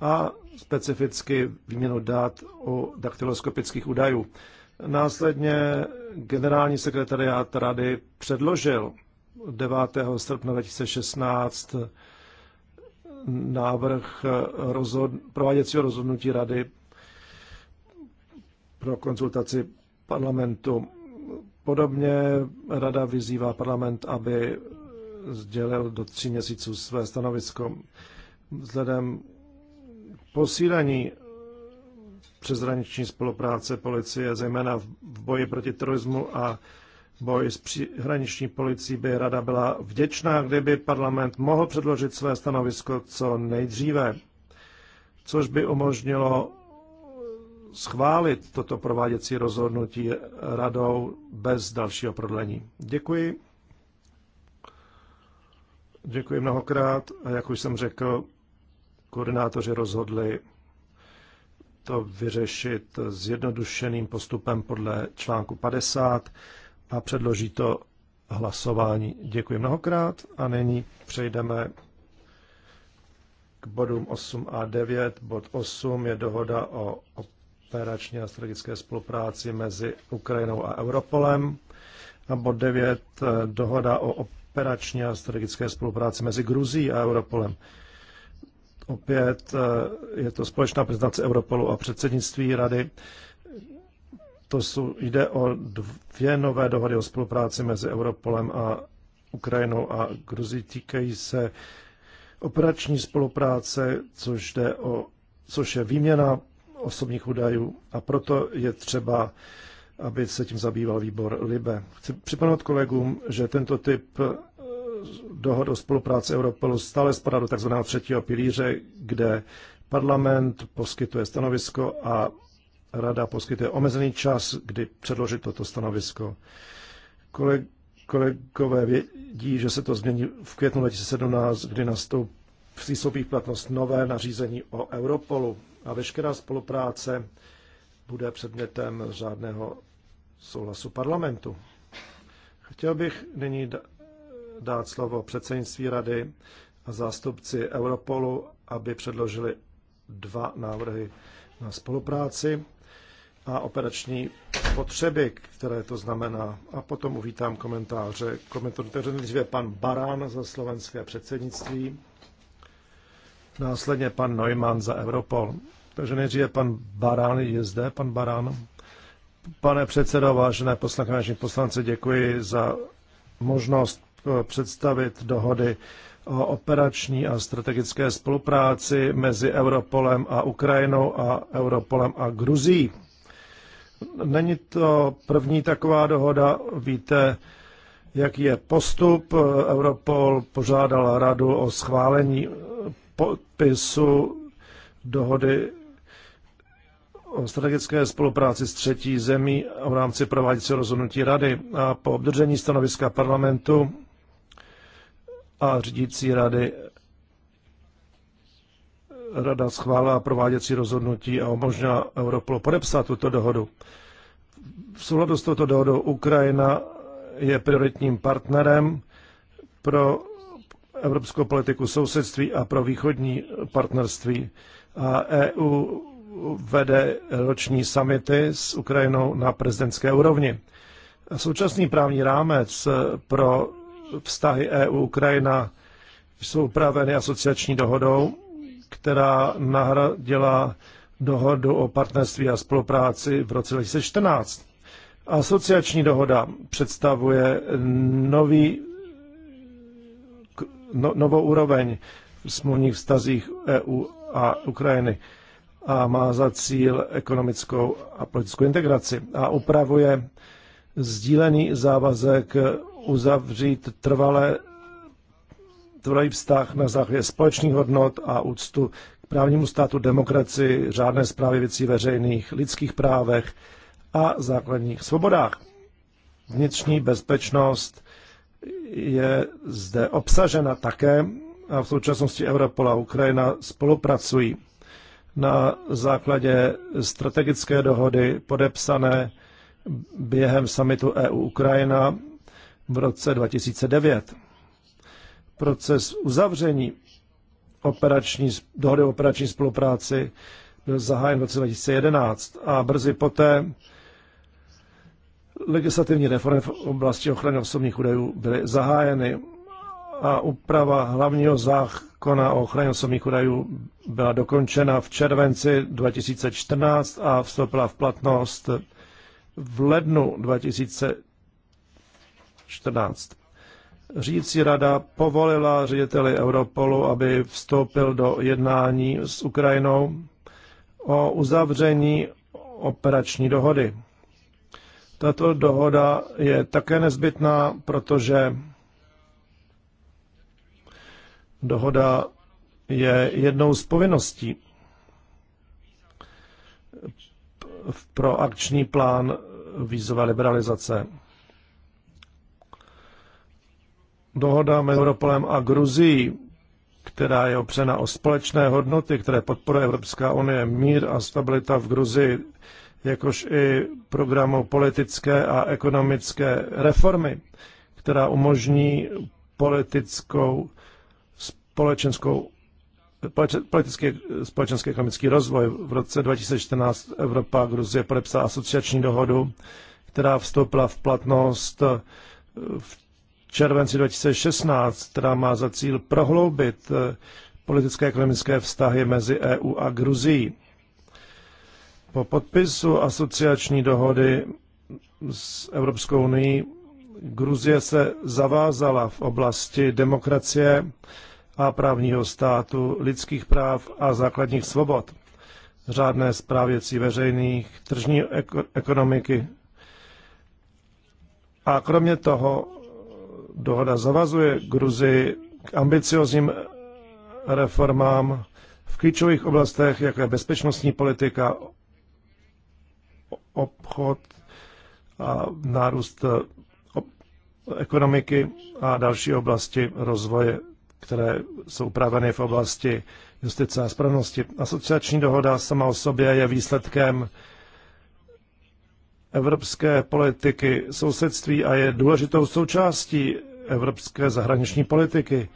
a specificky výměnu dat o daktyloskopických údajů. Následně generální sekretariát rady předložil 9. srpna 2016 návrh rozhod, prováděcího rozhodnutí rady pro konzultaci parlamentu. Podobně rada vyzývá parlament, aby sdělil do tří měsíců své stanovisko. Vzhledem posílení přezraniční spolupráce policie, zejména v boji proti terorismu a boji s příhraniční policií by rada byla vděčná, kdyby parlament mohl předložit své stanovisko co nejdříve, což by umožnilo schválit toto prováděcí rozhodnutí radou bez dalšího prodlení. Děkuji. Děkuji mnohokrát a jak už jsem řekl, koordinátoři rozhodli to vyřešit zjednodušeným postupem podle článku 50 a předloží to hlasování. Děkuji mnohokrát a nyní přejdeme k bodům 8 a 9. Bod 8 je dohoda o operační a strategické spolupráci mezi Ukrajinou a Europolem. A bod 9 dohoda o operační a strategické spolupráci mezi Gruzí a Europolem. Opět eh, je to společná prezentace Europolu a předsednictví rady. To jsou, jde o dvě nové dohody o spolupráci mezi Europolem a Ukrajinou a Gruzí. Týkají se operační spolupráce, což, jde o, což je výměna osobních údajů a proto je třeba, aby se tím zabýval výbor LIBE. Chci připomenout kolegům, že tento typ dohod o spolupráci Europolu stále spadá do tzv. třetího pilíře, kde parlament poskytuje stanovisko a rada poskytuje omezený čas, kdy předložit toto stanovisko. Kolegové vědí, že se to změní v květnu 2017, kdy nastoupí v platnost nové nařízení o Europolu a veškerá spolupráce bude předmětem řádného souhlasu parlamentu. Chtěl bych nyní dát slovo předsednictví rady a zástupci Europolu, aby předložili dva návrhy na spolupráci a operační potřeby, které to znamená. A potom uvítám komentáře. Komentáře nejdříve pan Barán za slovenské předsednictví, následně pan Neumann za Europol. Takže nejdříve pan Barán je zde, pan Barán. Pane předsedo, vážené poslanky, vážení poslanci, děkuji za možnost představit dohody o operační a strategické spolupráci mezi Europolem a Ukrajinou a Europolem a Gruzí. Není to první taková dohoda, víte, jaký je postup. Europol požádal radu o schválení podpisu dohody o strategické spolupráci s třetí zemí v rámci prováděcího rozhodnutí rady. A po obdržení stanoviska parlamentu a řídící rady rada schválila prováděcí rozhodnutí a umožnila Europol podepsat tuto dohodu. V souladu s touto dohodou Ukrajina je prioritním partnerem pro evropskou politiku sousedství a pro východní partnerství. A EU vede roční samity s Ukrajinou na prezidentské úrovni. Současný právní rámec pro vztahy EU-Ukrajina jsou upraveny asociační dohodou, která nahradila dohodu o partnerství a spolupráci v roce 2014. Asociační dohoda představuje nový, no, novou úroveň v smluvních vztazích EU a Ukrajiny a má za cíl ekonomickou a politickou integraci a upravuje sdílený závazek uzavřít trvalé, trvalý vztah na základě společných hodnot a úctu k právnímu státu, demokracii, řádné zprávy věcí veřejných, lidských právech a základních svobodách. Vnitřní bezpečnost je zde obsažena také a v současnosti Europol a Ukrajina spolupracují na základě strategické dohody podepsané během samitu EU-Ukrajina v roce 2009. Proces uzavření operační, dohody o operační spolupráci byl zahájen v roce 2011 a brzy poté legislativní reformy v oblasti ochrany osobních údajů byly zahájeny a úprava hlavního zákona o ochraně osobních údajů byla dokončena v červenci 2014 a vstoupila v platnost v lednu 2014. 14. Řídící rada povolila řediteli Europolu, aby vstoupil do jednání s Ukrajinou o uzavření operační dohody. Tato dohoda je také nezbytná, protože dohoda je jednou z povinností pro akční plán vízové liberalizace. dohoda mezi Europolem a Gruzií, která je opřena o společné hodnoty, které podporuje Evropská unie, mír a stabilita v Gruzii, jakož i programu politické a ekonomické reformy, která umožní politickou, společenskou, politický, společenský ekonomický rozvoj. V roce 2014 Evropa a Gruzie podepsala asociační dohodu, která vstoupila v platnost v červenci 2016, která má za cíl prohloubit eh, politické a ekonomické vztahy mezi EU a Gruzií. Po podpisu asociační dohody s Evropskou unii Gruzie se zavázala v oblasti demokracie a právního státu, lidských práv a základních svobod, řádné zprávěcí veřejných, tržní ekonomiky. A kromě toho dohoda zavazuje Gruzi k ambiciozním reformám v klíčových oblastech, jako je bezpečnostní politika, obchod a nárůst eh, ekonomiky a další oblasti rozvoje, které jsou upraveny v oblasti justice a spravedlnosti. Asociační dohoda sama o sobě je výsledkem evropské politiky sousedství a je důležitou součástí evropské zahraniční politiky,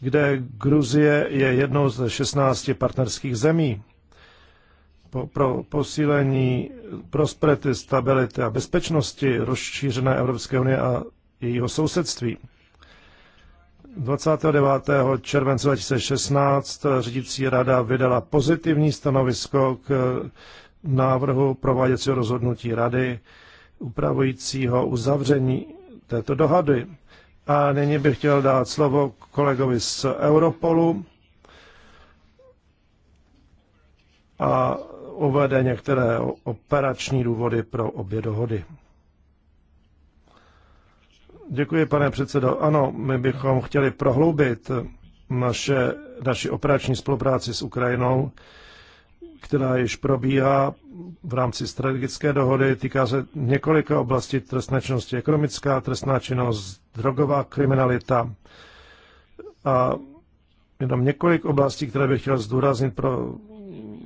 kde Gruzie je jednou ze 16 partnerských zemí. Pro posílení prosperity, stability a bezpečnosti rozšířené Evropské unie a jejího sousedství. 29. července 2016 řídící rada vydala pozitivní stanovisko k návrhu prováděcího rozhodnutí rady upravujícího uzavření této dohady. A nyní bych chtěl dát slovo kolegovi z Europolu a uvede některé operační důvody pro obě dohody. Děkuji, pane předsedo. Ano, my bychom chtěli prohloubit naše, naši operační spolupráci s Ukrajinou která již probíhá v rámci strategické dohody. Týká se několika oblastí trestné činnosti. Ekonomická trestná činnost, drogová kriminalita a jenom několik oblastí, které bych chtěl zdůraznit pro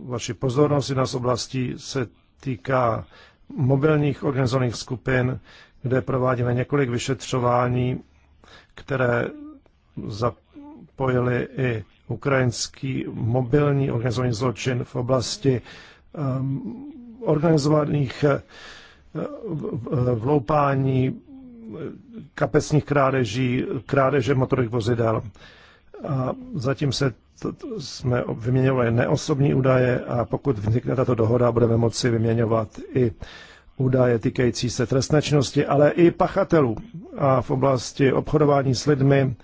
vaši pozornost. Jedna z oblastí se týká mobilních organizovaných skupin, kde provádíme několik vyšetřování, které zapojily i ukrajinský mobilní organizovaný zločin v oblasti um, organizovaných eh, vloupání, eh, kapesních krádeží, krádeže motorových vozidel. A zatím se to, to jsme vyměňovali neosobní údaje a pokud vznikne tato dohoda, budeme moci vyměňovat i údaje týkající se trestné činnosti, ale i pachatelů. A v oblasti obchodování s lidmi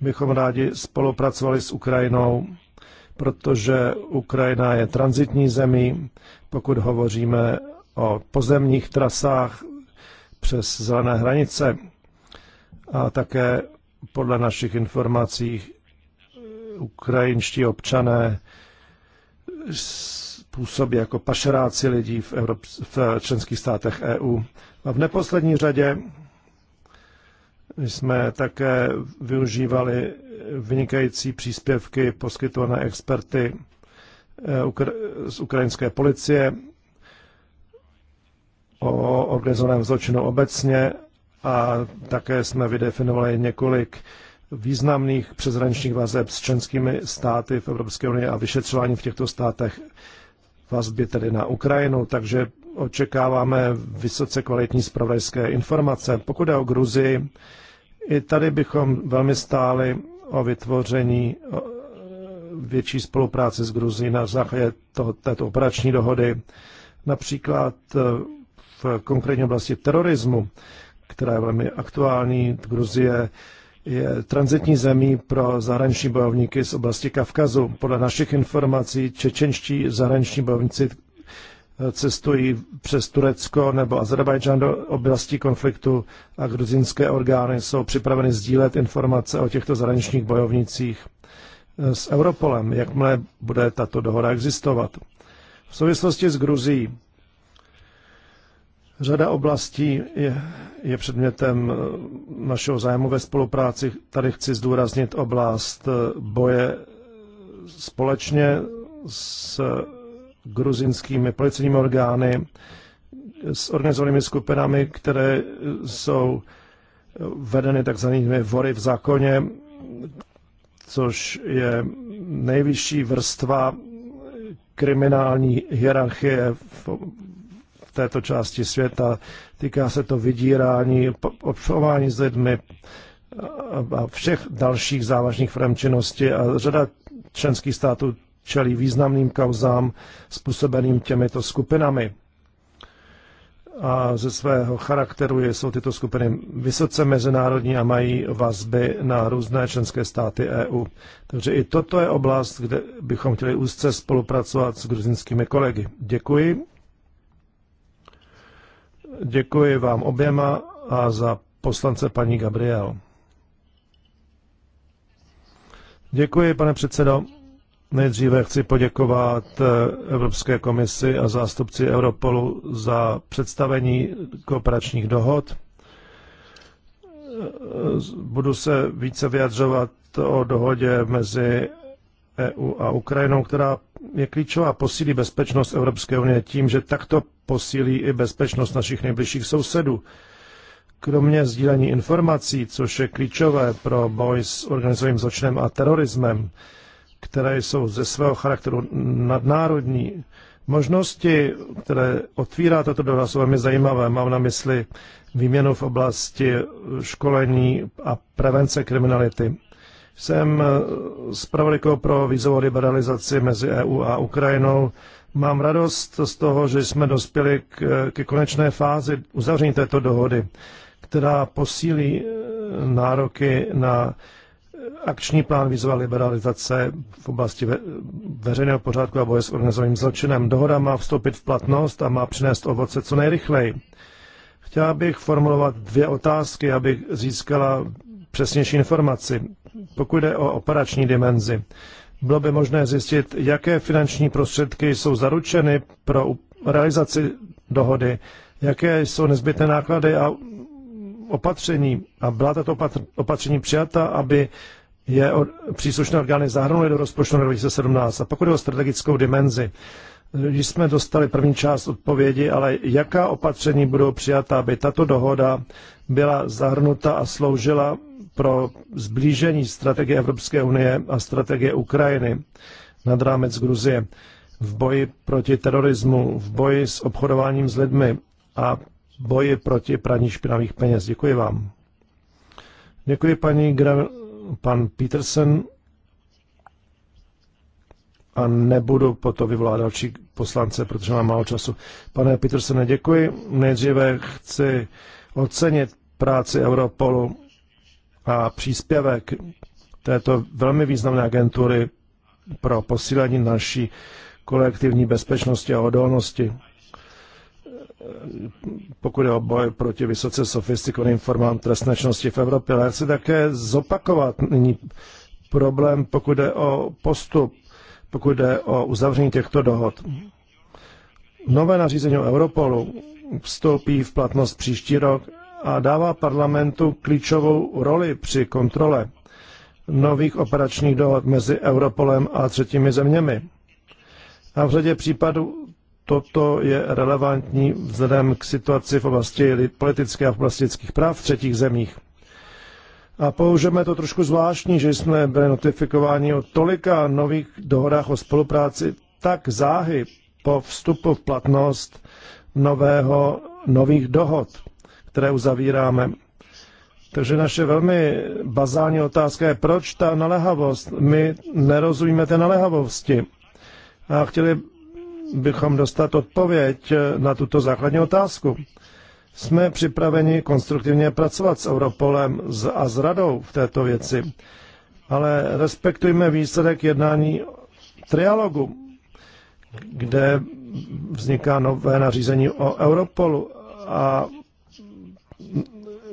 bychom rádi spolupracovali s Ukrajinou, protože Ukrajina je transitní zemí, pokud hovoříme o pozemních trasách přes zelené hranice. A také podle našich informací ukrajinští občané působí jako pašeráci lidí v, Evrop- v členských státech EU. A v neposlední řadě jsme také využívali vynikající příspěvky poskytované experty eh, z ukrajinské policie o organizovaném zločinu obecně a také jsme vydefinovali několik významných přezraničních vazeb s členskými státy v Evropské unii a vyšetřování v těchto státech vazby tedy na Ukrajinu, takže očekáváme vysoce kvalitní spravodajské informace. Pokud je o Gruzii, i tady bychom velmi stáli o vytvoření větší spolupráce s Gruzí na základě této operační dohody, například e, v konkrétní oblasti terorismu, která je velmi aktuální. Gruzie je transitní zemí pro zahraniční bojovníky z oblasti Kavkazu. Podle našich informací čečenští zahraniční bojovníci cestují přes Turecko nebo Azerbajdžán do oblasti konfliktu a gruzínské orgány jsou připraveny sdílet informace o těchto zahraničních bojovnicích s Europolem, jakmile bude tato dohoda existovat. V souvislosti s Gruzí řada oblastí je, je předmětem našeho zájmu ve spolupráci. Tady chci zdůraznit oblast boje společně s gruzinskými policejními orgány, s organizovanými skupinami, které jsou vedeny takzvanými vory v zákoně, což je nejvyšší vrstva kriminální hierarchie v, této části světa. Týká se to vydírání, obchodování s lidmi a všech dalších závažných forem činnosti a řada členských států čelí významným kauzám způsobeným těmito skupinami. A ze svého charakteru jsou tyto skupiny vysoce mezinárodní a mají vazby na různé členské státy EU. Takže i toto je oblast, kde bychom chtěli úzce spolupracovat s gruzinskými kolegy. Děkuji. Děkuji vám oběma a za poslance paní Gabriel. Děkuji, pane předsedo. Nejdříve chci poděkovat eh, Evropské komisi a zástupci Europolu za představení kooperačních dohod. Eh, budu se více vyjadřovat o dohodě mezi EU a Ukrajinou, která je klíčová, posílí bezpečnost Evropské unie tím, že takto posílí i bezpečnost našich nejbližších sousedů. Kromě sdílení informací, což je klíčové pro boj s organizovaným zločinem a terorismem, které jsou ze svého charakteru nadnárodní, možnosti, které otvírá toto dohoda, jsou velmi zajímavé. Mám na mysli výměnu v oblasti školení a prevence kriminality. Jsem zpravodajkou pro vízovou liberalizaci mezi EU a Ukrajinou. Mám radost z toho, že jsme dospěli k, k konečné fázi uzavření této dohody, která posílí nároky na Akční plán výzva liberalizace v oblasti ve, veřejného pořádku a boje s organizovaným zločinem. Dohoda má vstoupit v platnost a má přinést ovoce co nejrychleji. Chtěla bych formulovat dvě otázky, abych získala přesnější informaci. Pokud jde o operační dimenzi, bylo by možné zjistit, jaké finanční prostředky jsou zaručeny pro realizaci dohody, jaké jsou nezbytné náklady a opatření. A byla tato opatření přijata, aby je od, příslušné orgány zahrnuly do rozpočtu na 2017. A pokud je o strategickou dimenzi, když jsme dostali první část odpovědi, ale jaká opatření budou přijata, aby tato dohoda byla zahrnuta a sloužila pro zblížení strategie Evropské unie a strategie Ukrajiny nad rámec Gruzie v boji proti terorismu, v boji s obchodováním s lidmi a boji proti praní špinavých peněz. Děkuji vám. Děkuji paní Gra- pan Peterson a nebudu potom vyvolávat další poslance, protože mám málo času. Pane Petersone, děkuji. Nejdříve chci ocenit práci Europolu a příspěvek této velmi významné agentury pro posílení naší kolektivní bezpečnosti a odolnosti pokud je o boj proti vysoce sofistikovaným formám trestné činnosti v Evropě. Ale chci také zopakovat nyní problém, pokud jde o postup, pokud jde o uzavření těchto dohod. Nové nařízení o Europolu vstoupí v platnost příští rok a dává parlamentu klíčovou roli při kontrole nových operačních dohod mezi Europolem a třetími zeměmi. A v řadě případů toto je relevantní vzhledem k situaci v oblasti politické a v oblasti lidských práv v třetích zemích. A použijeme to trošku zvláštní, že jsme byli notifikováni o tolika nových dohodách o spolupráci tak záhy po vstupu v platnost nového, nových dohod, které uzavíráme. Takže naše velmi bazální otázka je, proč ta naléhavost? My nerozumíme té naléhavosti. A chtěli bychom dostat odpověď na tuto základní otázku. Jsme připraveni konstruktivně pracovat s Europolem a s radou v této věci, ale respektujme výsledek jednání trialogu, kde vzniká nové nařízení o Europolu a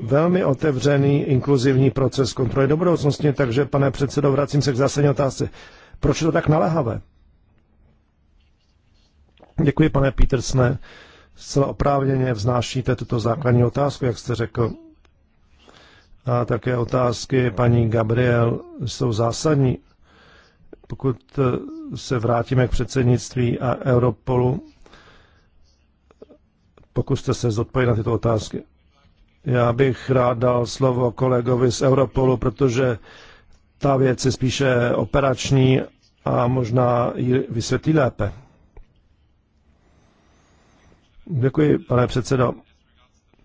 velmi otevřený inkluzivní proces kontroly do budoucnosti, takže pane předsedo, vracím se k zásadní otázce. Proč je to tak naléhavé? Děkuji, pane Petersne. Zcela oprávněně vznášíte tuto základní otázku, jak jste řekl. A také otázky paní Gabriel jsou zásadní. Pokud se vrátíme k předsednictví a Europolu, pokuste se zodpovědět na tyto otázky. Já bych rád dal slovo kolegovi z Europolu, protože ta věc je spíše operační a možná ji vysvětlí lépe. Děkuji, pane předsedo.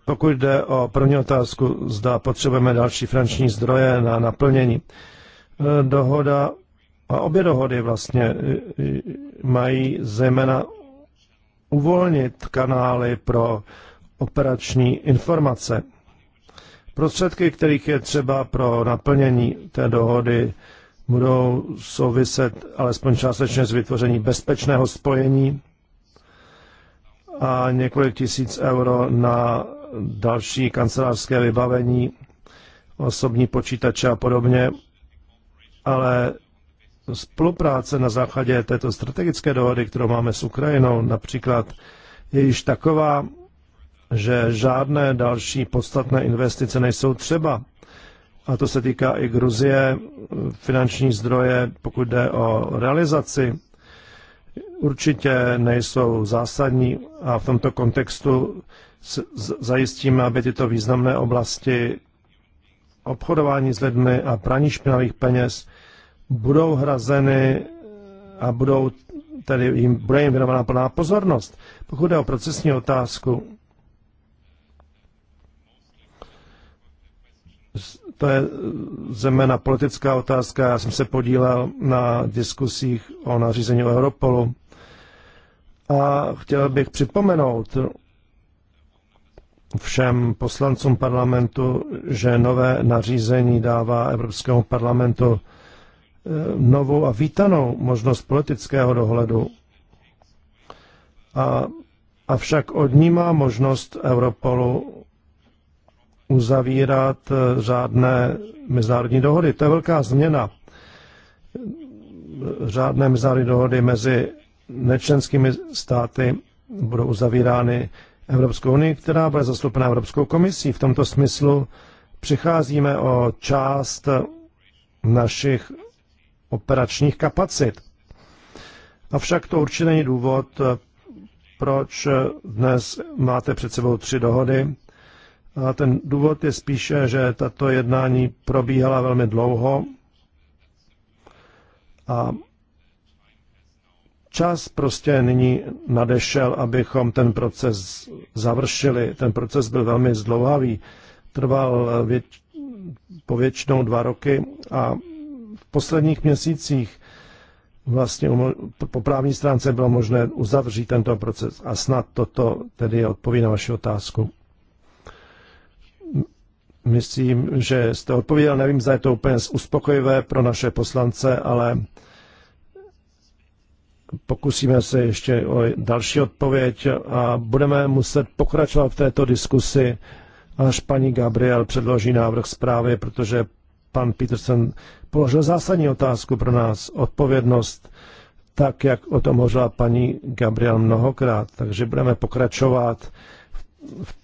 Pokud jde o první otázku, zda potřebujeme další finanční zdroje na naplnění. Eh, dohoda a obě dohody vlastně eh, eh, mají zejména uvolnit kanály pro operační informace. Prostředky, kterých je třeba pro naplnění té dohody, budou souviset alespoň částečně s vytvořením bezpečného spojení a několik tisíc euro na další kancelářské vybavení, osobní počítače a podobně, ale spolupráce na základě této strategické dohody, kterou máme s Ukrajinou například, je již taková, že žádné další podstatné investice nejsou třeba. A to se týká i Gruzie, finanční zdroje, pokud jde o realizaci určitě nejsou zásadní a v tomto kontextu zajistíme, aby tyto významné oblasti obchodování s lidmi a praní špinavých peněz budou hrazeny a budou tedy jim, bude jim věnována plná pozornost. Pokud jde o procesní otázku, to je zeměna politická otázka. Já jsem se podílel na diskusích o nařízení o Europolu a chtěl bych připomenout všem poslancům parlamentu, že nové nařízení dává Evropskému parlamentu e, novou a vítanou možnost politického dohledu. A, avšak odnímá možnost Europolu uzavírat e, řádné mezinárodní dohody. To je velká změna. Řádné mezinárodní dohody mezi nečlenskými státy budou uzavírány Evropskou unii, která bude zastoupena Evropskou komisí. V tomto smyslu přicházíme o část našich operačních kapacit. Avšak to určitě není důvod, proč dnes máte před sebou tři dohody. A ten důvod je spíše, že tato jednání probíhala velmi dlouho a čas prostě nyní nadešel, abychom ten proces završili. Ten proces byl velmi zdlouhavý. Trval věč, povětšinou dva roky a v posledních měsících vlastně po právní stránce bylo možné uzavřít tento proces a snad toto tedy odpoví na vaši otázku. Myslím, že jste odpověděl, nevím, zda je to úplně uspokojivé pro naše poslance, ale pokusíme se ještě o další odpověď a budeme muset pokračovat v této diskusi, až paní Gabriel předloží návrh zprávy, protože pan Peterson položil zásadní otázku pro nás, odpovědnost, tak jak o tom hořila paní Gabriel mnohokrát. Takže budeme pokračovat v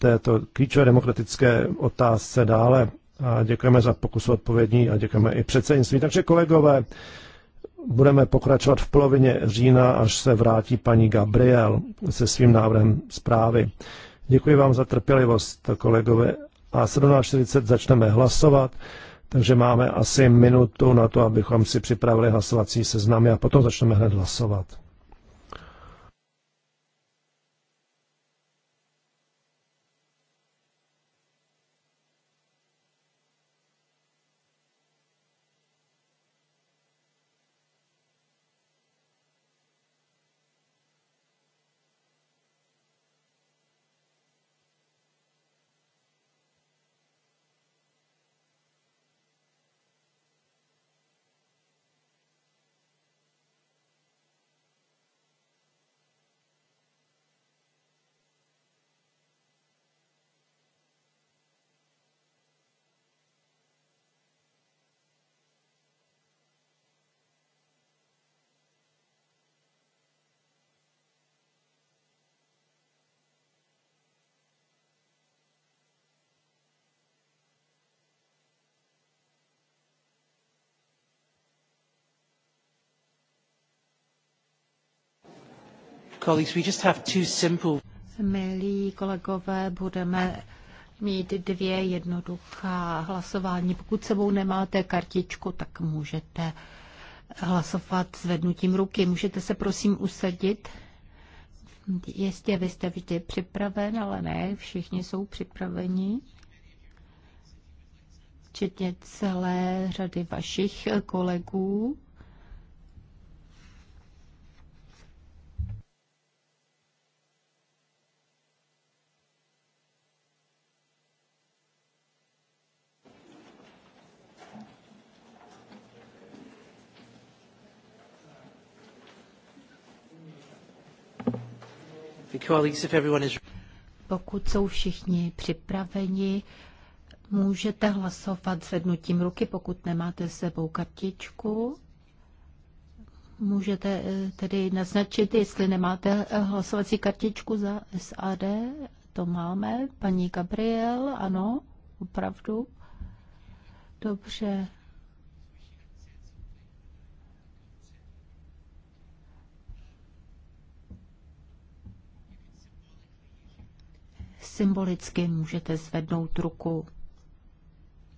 této klíčové demokratické otázce dále. A děkujeme za pokus odpovědní a děkujeme i předsednictví. Takže kolegové, Budeme pokračovat v polovině října, až se vrátí paní Gabriel se svým návrhem zprávy. Děkuji vám za trpělivost, kolegové. A 17.40 začneme hlasovat, takže máme asi minutu na to, abychom si připravili hlasovací seznamy a potom začneme hned hlasovat. colleagues, we just have two simple... Milí kolegové, budeme mít dvě jednoduchá hlasování. Pokud sebou nemáte kartičku, tak můžete hlasovat zvednutím ruky. Můžete se prosím usadit. Jestli vy jste vždy připraven, ale ne, všichni jsou připraveni. Včetně celé řady vašich kolegů. Pokud jsou všichni připraveni, můžete hlasovat zvednutím ruky, pokud nemáte s sebou kartičku. Můžete eh, tedy naznačit, jestli nemáte eh, hlasovací kartičku za SAD. To máme. Paní Gabriel, ano, opravdu. Dobře. symbolicky můžete zvednout ruku.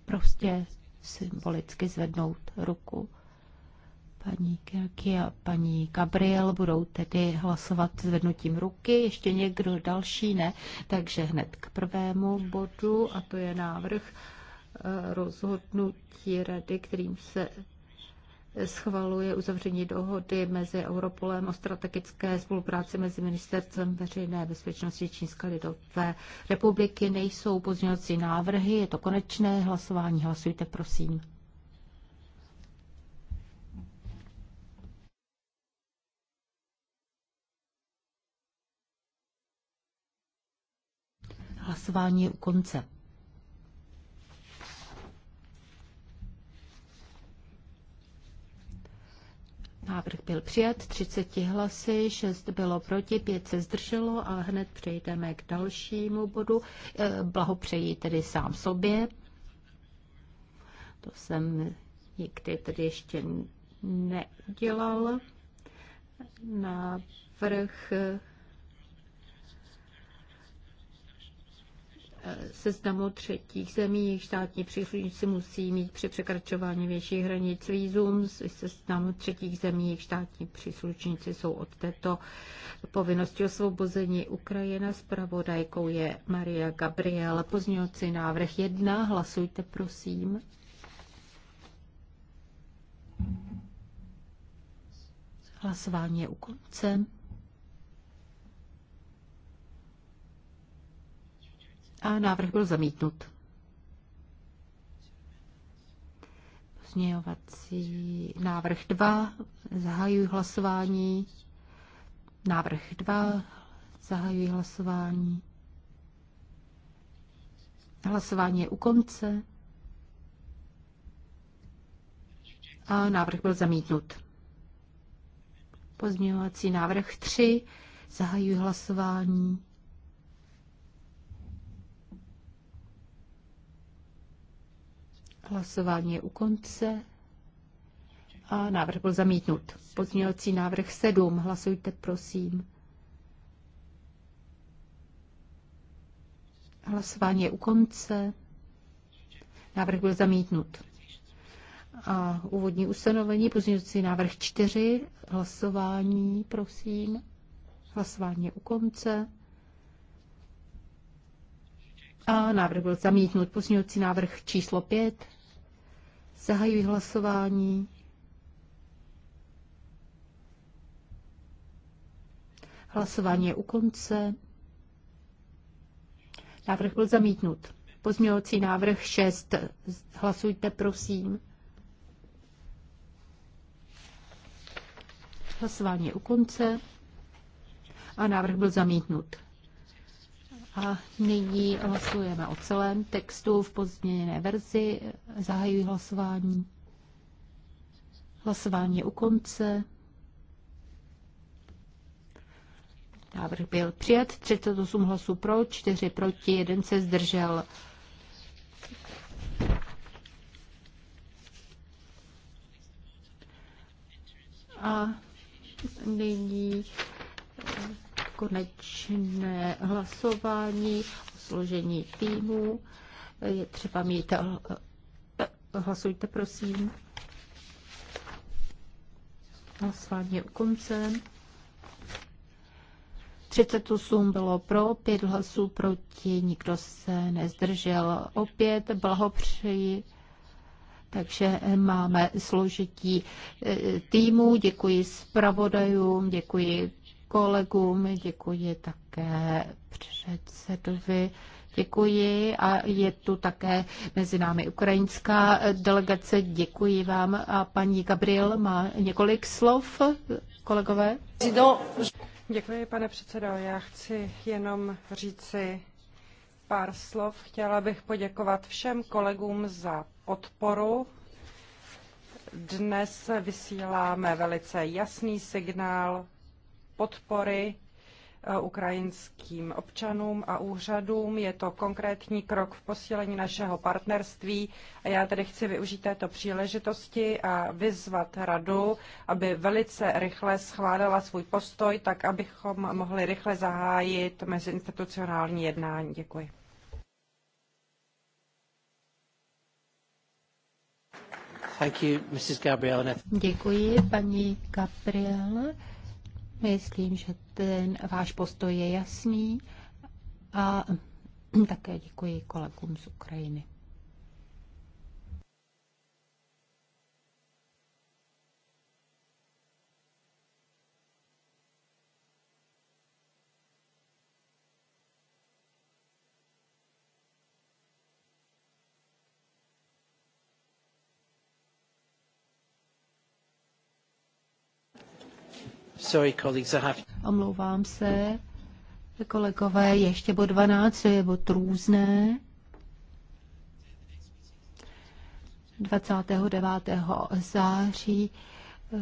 Prostě symbolicky zvednout ruku. Paní Kirky a paní Gabriel budou tedy hlasovat zvednutím ruky. Ještě někdo další ne. Takže hned k prvému bodu, a to je návrh eh, rozhodnutí rady, kterým se schvaluje uzavření dohody mezi Europolem o strategické spolupráci mezi ministerstvem veřejné bezpečnosti Čínské lidové republiky. Nejsou pozměňovací návrhy, je to konečné hlasování. Hlasujte, prosím. Hlasování je u konce. Návrh byl přijat 30 hlasy, 6 bylo proti, 5 se zdrželo a hned přejdeme k dalšímu bodu. Eh, blahopřeji tedy sám sobě. To jsem nikdy tedy ještě neudělal. Návrh seznamu třetích zemí, jejich státní příslušníci musí mít při překračování větších hranic výzum, seznamu třetích zemí, jejich státní příslušníci jsou od této povinnosti osvobození. Ukrajina s pravodajkou je Maria Gabriel. Pozměňovací návrh 1, hlasujte prosím. Hlasování je u konce. A návrh byl zamítnut. Pozměňovací návrh 2. Zahajuji hlasování. Návrh 2. Zahajuji hlasování. Hlasování je u konce. A návrh byl zamítnut. Pozměňovací návrh 3. Zahajuji hlasování. Hlasování je u konce. A návrh byl zamítnut. Pozměňovací návrh 7. Hlasujte, prosím. Hlasování je u konce. Návrh byl zamítnut. A úvodní ustanovení, pozměňovací návrh 4. Hlasování, prosím. Hlasování je u konce. A návrh byl zamítnut. Pozměňovací návrh číslo 5. Zahajuji hlasování. Hlasování je u konce. Návrh byl zamítnut. Pozměňovací návrh 6. Hlasujte, prosím. Hlasování je u konce a návrh byl zamítnut. A nyní hlasujeme o celém textu v pozměněné verzi. Zahajuji hlasování. Hlasování je u konce. Návrh byl přijat. 38 hlasů pro, 4 proti, 1 se zdržel. A nyní konečné hlasování o složení týmu. Je třeba mít. Eh, hlasujte, prosím. Hlasování je u konce. 38 bylo pro, 5 hlasů proti, nikdo se nezdržel. Opět blahopřeji. Takže máme složití eh, týmu. Děkuji zpravodajům, děkuji kolegům, děkuji také předsedovi. Děkuji a je tu také mezi námi ukrajinská delegace. Děkuji vám a paní Gabriel má několik slov, kolegové. Děkuji, pane předsedo. Já chci jenom říci pár slov. Chtěla bych poděkovat všem kolegům za podporu. Dnes vysíláme velice jasný signál podpory eh, ukrajinským občanům a úřadům. Je to konkrétní krok v posílení našeho partnerství a já tedy chci využít této příležitosti a vyzvat radu, aby velice rychle schválila svůj postoj, tak abychom mohli rychle zahájit meziinstitucionální jednání. Děkuji. Thank you, Mrs. Děkuji, paní Gabriela. Myslím, že ten váš postoj je jasný a také děkuji kolegům z Ukrajiny. sorry, colleagues, I have... Omlouvám se, kolegové, ještě bod 12, je bod různé. 29. září eh,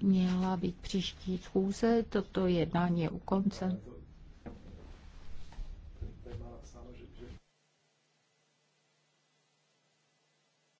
měla být příští schůze, toto jednání je u konce.